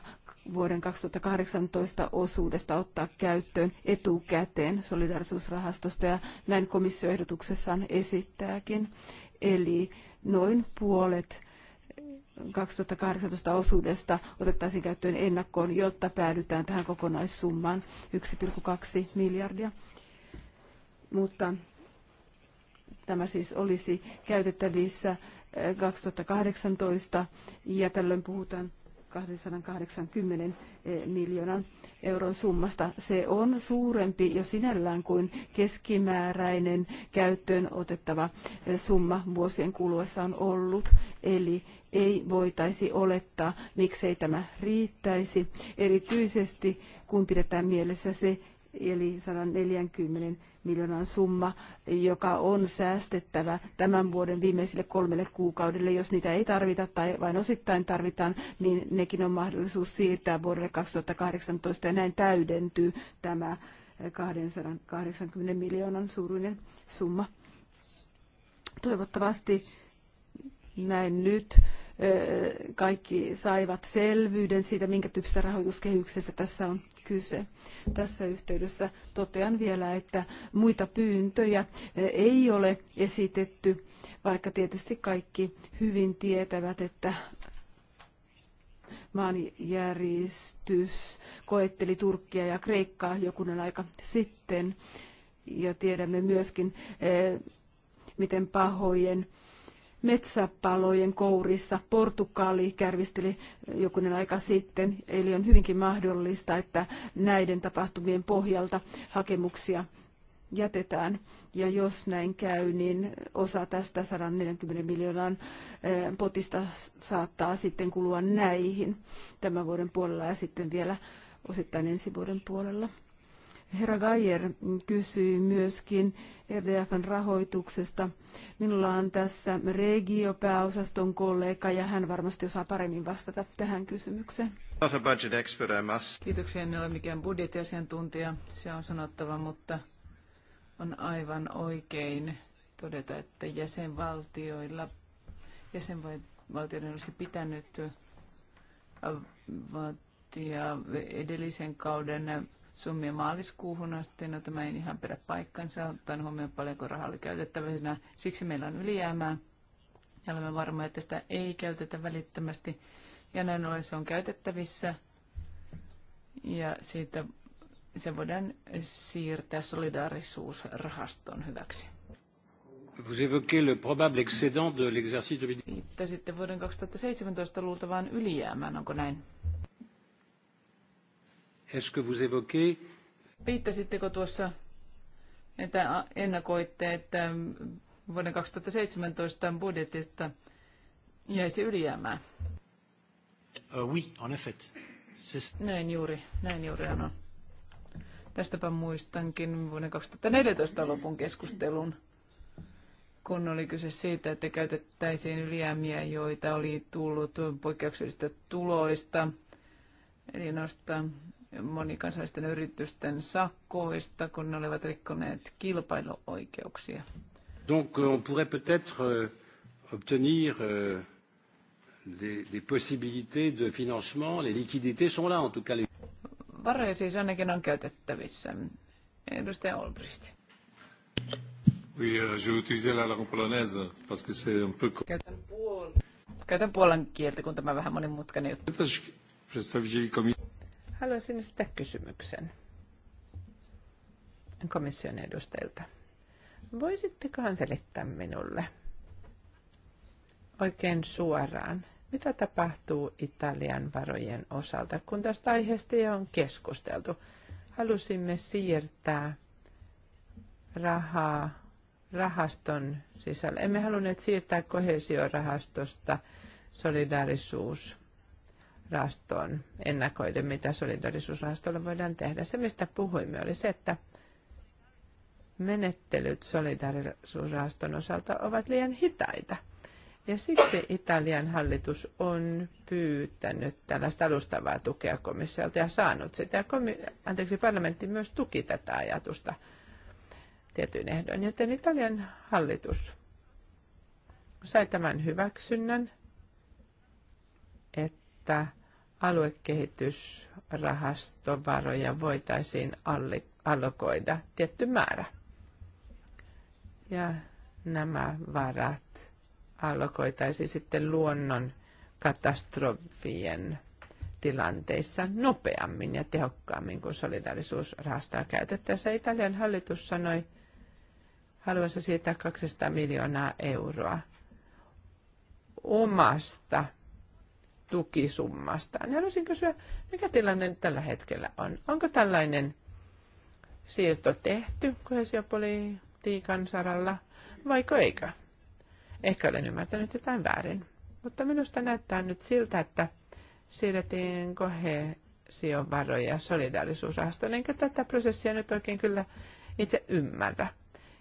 vuoden 2018 osuudesta ottaa käyttöön etukäteen solidarisuusrahastosta ja näin komissioehdotuksessaan esittääkin. Eli noin puolet 2018 osuudesta otettaisiin käyttöön ennakkoon, jotta päädytään tähän kokonaissummaan 1,2 miljardia. Mutta tämä siis olisi käytettävissä 2018 eh, ja tällöin puhutaan 280 eh, miljoonan euron summasta. Se on suurempi jo sinällään kuin keskimääräinen käyttöön otettava eh, summa vuosien kuluessa on ollut, eli ei voitaisi olettaa, miksei tämä riittäisi, erityisesti kun pidetään mielessä se, eli 140 miljoonan summa, joka on säästettävä tämän vuoden viimeisille kolmelle kuukaudelle. Jos niitä ei tarvita tai vain osittain tarvitaan, niin nekin on mahdollisuus siirtää vuodelle 2018 ja näin täydentyy tämä 280 miljoonan suuruinen summa. Toivottavasti näin nyt kaikki saivat selvyyden siitä, minkä tyyppisestä rahoituskehyksestä tässä on kyse. Tässä yhteydessä totean vielä, että muita pyyntöjä ei ole esitetty, vaikka tietysti kaikki hyvin tietävät, että maanjäristys koetteli Turkkia ja Kreikkaa jokunen aika sitten. Ja tiedämme myöskin, miten pahojen metsäpalojen kourissa. Portugali kärvisteli jokunen aika sitten, eli on hyvinkin mahdollista, että näiden tapahtumien pohjalta hakemuksia jätetään. Ja jos näin käy, niin osa tästä 140 miljoonan eh, potista saattaa sitten kulua näihin tämän vuoden puolella ja sitten vielä osittain ensi vuoden puolella. Herra Geier kysyi myöskin RDFn rahoituksesta. Minulla on tässä regiopääosaston kollega ja hän varmasti osaa paremmin vastata tähän kysymykseen. Kiitoksia, en ole mikään budjettiasiantuntija, se on sanottava, mutta on aivan oikein todeta, että jäsenvaltioilla, jäsenvaltioiden olisi pitänyt äh, vaatia edellisen kauden summia maaliskuuhun asti. No tämä ei ihan pidä paikkansa, ottaen huomioon paljonko rahaa oli käytettävänä. Siksi meillä on ylijäämää ja olemme varmoja, että sitä ei käytetä välittömästi. Ja näin ollen se on käytettävissä ja siitä se voidaan siirtää solidaarisuusrahaston hyväksi. Vous évoquez le probable excédent de l'exercice 2017. Viittasitte vuoden 2017 luultavaan ylijäämään, onko näin? Est-ce que vous évoquez... Viittasitteko tuossa, että ennakoitte, että mm, vuoden 2017 budjetista jäisi ylijäämää? Uh, oui, en effet. Näin juuri, näin juuri on. Tästäpä muistankin vuoden 2014 lopun keskustelun, kun oli kyse siitä, että käytettäisiin ylijäämiä, joita oli tullut poikkeuksellisista tuloista, eli noista monikansallisten yritysten sakkoista, kun ne olivat rikkoneet kilpailuoikeuksia. Donc on pourrait peut-être euh, obtenir euh, des, des possibilités de financement, les liquidités sont là en tout cas. Les... Varoja siis ainakin on käytettävissä. Edustaja Olbrist. Oui, euh, je vais utiliser la langue polonaise parce que c'est un peu... Käytän, puol... Käytän puolan kieltä, kun tämä vähän monimutkainen juttu. j'ai commis... Haluaisin esittää kysymyksen komission edustajilta. Voisittekohan selittää minulle oikein suoraan, mitä tapahtuu Italian varojen osalta, kun tästä aiheesta jo on keskusteltu. Halusimme siirtää rahaa rahaston sisällä. Emme halunneet siirtää kohesiorahastosta solidaarisuus rahastoon ennakoiden, mitä solidarisuusrahastolla voidaan tehdä. Se, mistä puhuimme, oli se, että menettelyt solidarisuusrahaston osalta ovat liian hitaita. Ja siksi Italian hallitus on pyytänyt tällaista alustavaa tukea komissiolta ja saanut sitä. Ja komi- anteeksi, parlamentti myös tuki tätä ajatusta tietyin ehdoin. Joten Italian hallitus sai tämän hyväksynnän, että että aluekehitysrahastovaroja voitaisiin allokoida tietty määrä. Ja nämä varat allokoitaisiin sitten luonnon katastrofien tilanteissa nopeammin ja tehokkaammin kuin solidarisuusrahastoa käytettäessä. Italian hallitus sanoi haluaisi siirtää 200 miljoonaa euroa omasta tukisummasta. Niin, haluaisin kysyä, mikä tilanne tällä hetkellä on? Onko tällainen siirto tehty kohesiopolitiikan saralla vaiko eikö? Ehkä olen ymmärtänyt jotain väärin. Mutta minusta näyttää nyt siltä, että siirrettiin kohesiovaroja solidaarisuusrahastoon, enkä tätä prosessia nyt oikein kyllä itse ymmärrä.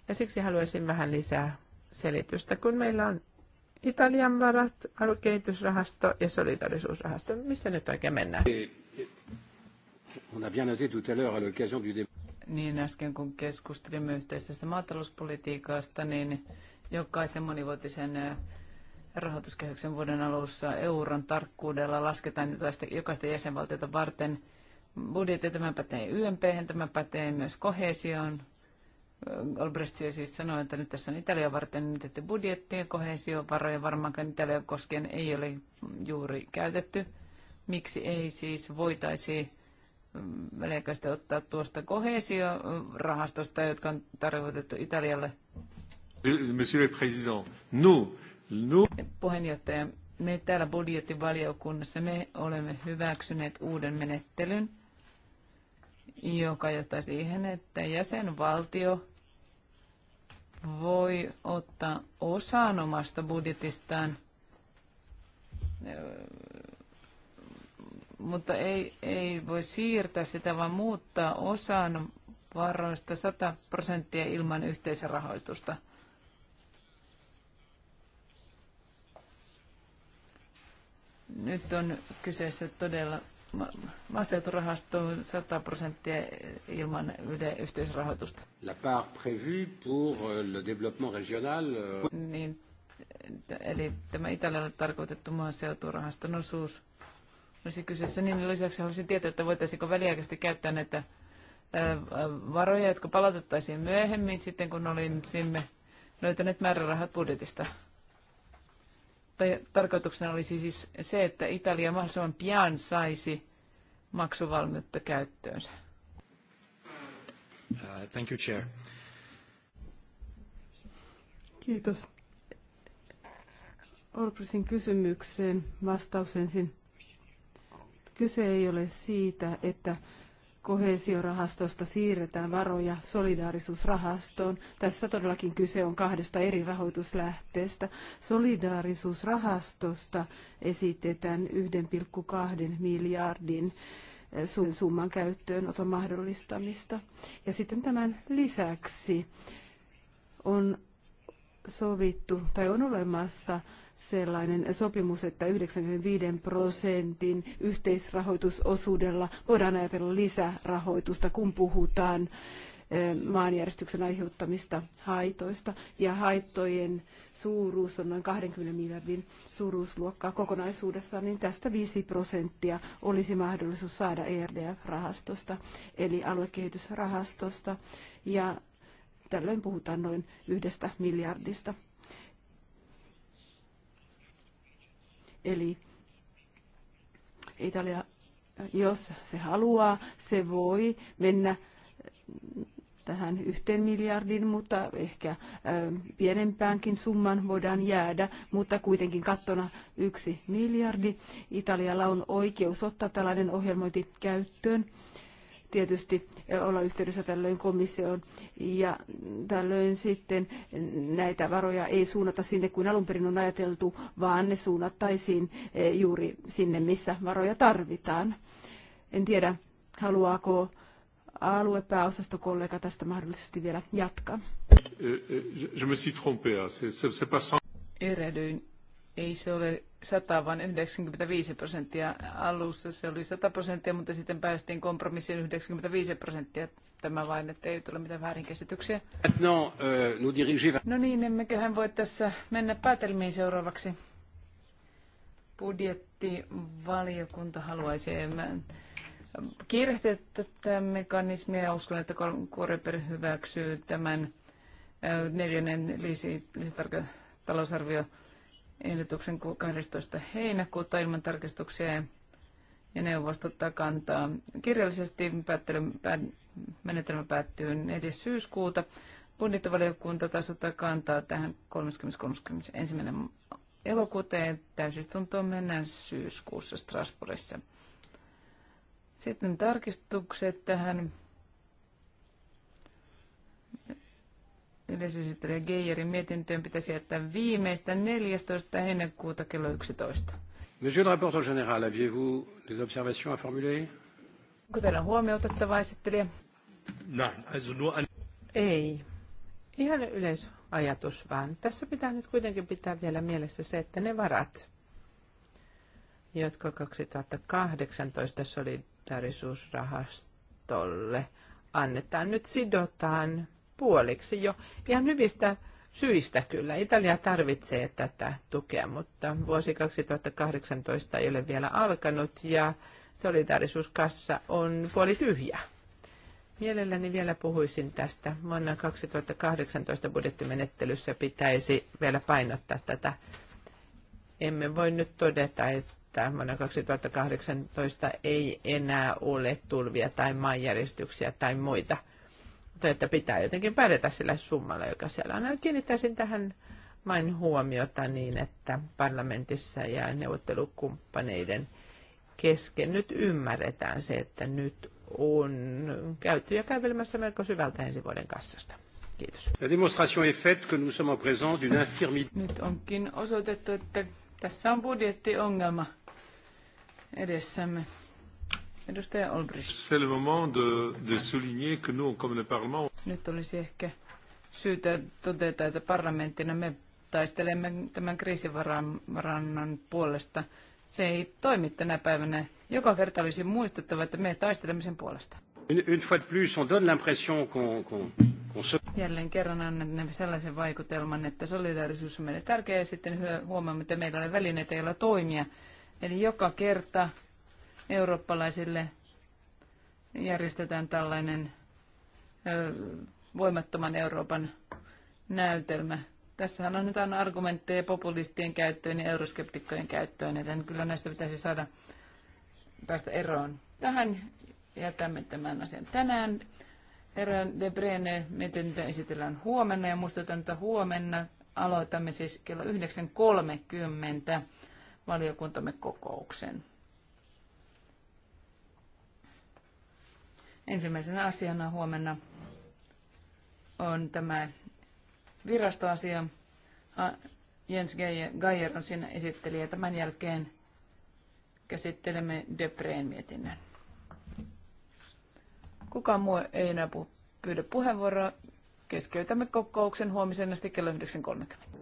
Ja siksi haluaisin vähän lisää selitystä, kun meillä on Italian varat, aluekehitysrahasto ja solidarisuusrahasto. Missä nyt oikein mennään? On a bien noté tout à l'heure à l'occasion du débat. Niin äsken kun keskustelimme yhteisestä maatalouspolitiikasta, niin jokaisen monivuotisen rahoituskehyksen vuoden alussa euron tarkkuudella lasketaan jokaista, jäsenvaltiota varten budjetti. Tämä pätee YMP, tämä pätee myös kohesioon, Albrecht siis sanoi, että nyt tässä on Italia varten niitetty budjetti ja kohesiovaroja varmaankaan Italia koskien ei ole juuri käytetty. Miksi ei siis voitaisi mm, väliaikaisesti ottaa tuosta kohesiorahastosta, jotka on tarkoitettu Italialle? Monsieur le Président, nous, nous... Puheenjohtaja, me täällä budjettivaliokunnassa me olemme hyväksyneet uuden menettelyn – joka johtaa siihen, että jäsenvaltio voi ottaa osan omasta budjetistaan, mutta ei, ei voi siirtää sitä, vaan muuttaa osan varoista 100 prosenttia ilman yhteisrahoitusta. Nyt on kyseessä todella maaseuturahastoon 100 prosenttia ilman yhteisrahoitusta. La part prévue pour euh, le développement régional... Euh, niin, eli tämä Italialle tarkoitettu maaseuturahaston osuus olisi kyseessä. Niin lisäksi haluaisin tietää, että voitaisiinko väliaikaisesti käyttää näitä varoja, jotka palautettaisiin myöhemmin sitten, kun olisimme löytäneet määrärahat budjetista tarkoituksena olisi siis se, että Italia mahdollisimman pian saisi maksuvalmiutta käyttöönsä. Uh, thank you, Chair. Kiitos. Orpresin kysymykseen vastaus ensin. Kyse ei ole siitä, että kohesiorahastosta siirretään varoja solidaarisuusrahastoon. Tässä todellakin kyse on kahdesta eri rahoituslähteestä. Solidaarisuusrahastosta esitetään 1,2 miljardin eh, summan käyttöönoton mahdollistamista. Ja sitten tämän lisäksi on sovittu tai on olemassa sellainen sopimus, että 95 prosentin yhteisrahoitusosuudella voidaan ajatella lisärahoitusta, kun puhutaan eh, maanjärjestyksen aiheuttamista haitoista. Ja haittojen suuruus on noin 20 miljardin suuruusluokkaa kokonaisuudessaan, niin tästä 5 prosenttia olisi mahdollisuus saada ERDF-rahastosta, eli aluekehitysrahastosta. Ja tällöin puhutaan noin yhdestä miljardista Eli Italia, jos se haluaa, se voi mennä tähän yhteen miljardin, mutta ehkä pienempäänkin summan voidaan jäädä, mutta kuitenkin kattona yksi miljardi. Italialla on oikeus ottaa tällainen ohjelmointi käyttöön tietysti olla yhteydessä tällöin komissioon ja tällöin sitten näitä varoja ei suunnata sinne kuin alun perin on ajateltu, vaan ne suunnattaisiin juuri sinne, missä varoja tarvitaan. En tiedä, haluaako aluepääosastokollega tästä mahdollisesti vielä jatkaa. Euh, euh, Erehdyin ei se ole 100, vaan 95 prosenttia. Alussa se oli 100 prosenttia, mutta sitten päästiin kompromissiin 95 prosenttia. Tämä vain, että ei tule mitään väärinkäsityksiä. Euh, no niin, emmeköhän voi tässä mennä päätelmiin seuraavaksi. Budjettivaliokunta haluaisi kiirehtiä tätä mekanismia ja uskon, että Koreper hyväksyy tämän neljännen lisätalousarvio. Lisi- ehdotuksen 12. heinäkuuta ilman tarkistuksia ja neuvosto ottaa kantaa. Kirjallisesti menetelmä päättyy 4. syyskuuta. Budjettivaliokunta taas ottaa kantaa tähän 30.31. elokuuta ja täysistuntoon mennään syyskuussa Strasbourgissa. Sitten tarkistukset tähän yleisesittelijä Geijerin mietintöön pitäisi jättää viimeistä 14. heinäkuuta kello 11. Monsieur le rapporteur général, aviez-vous des observations à formuler? Onko teillä huomioitettavaa esittelijä? Nein, also no nur an... Ei. Ihan yleisajatus vaan. Tässä pitää nyt kuitenkin pitää vielä mielessä se, että ne varat, jotka 2018 solidarisuusrahastolle annetaan, nyt sidotaan puoliksi jo ihan hyvistä syistä kyllä. Italia tarvitsee tätä tukea, mutta vuosi 2018 ei ole vielä alkanut ja solidaarisuuskassa on puoli tyhjä. Mielelläni vielä puhuisin tästä. Vuonna 2018 budjettimenettelyssä pitäisi vielä painottaa tätä. Emme voi nyt todeta, että vuonna 2018 ei enää ole tulvia tai maanjäristyksiä tai muita – mutta että pitää jotenkin pärjätä sillä summalla, joka siellä on. Kiinnittäisin tähän vain huomiota niin, että parlamentissa ja neuvottelukumppaneiden kesken nyt ymmärretään se, että nyt on käyty ja kävelemässä melko syvältä ensi vuoden kassasta. Kiitos. La démonstration est faite que nous sommes en présence d'une infirmité. Nyt onkin osoitettu, että tässä on budjettiongelma edessämme. Edustaja Olbrich. Nyt olisi ehkä syytä todeta, että parlamenttina me taistelemme tämän kriisivarannan puolesta. Se ei toimi tänä päivänä. Joka kerta olisi muistettava, että me taistelemme sen puolesta. Jälleen kerran annan sellaisen vaikutelman, että solidaarisuus on meille tärkeää ja sitten huomaamme, että meillä on välineitä, joilla toimia. Eli joka kerta eurooppalaisille järjestetään tällainen voimattoman Euroopan näytelmä. Tässähän annetaan argumentteja populistien käyttöön ja euroskeptikkojen käyttöön, joten kyllä näistä pitäisi saada päästä eroon. Tähän jätämme tämän asian tänään. Herra De Brene, mietintö esitellään huomenna ja muistutan, että huomenna aloitamme siis kello 9.30 valiokuntamme kokouksen. Ensimmäisenä asiana huomenna on tämä virastoasia. Jens Geier on siinä esittelijä. Tämän jälkeen käsittelemme Depreen mietinnän. Kukaan muu ei enää pyydä puheenvuoroa. Keskeytämme kokouksen huomisen asti kello 9.30.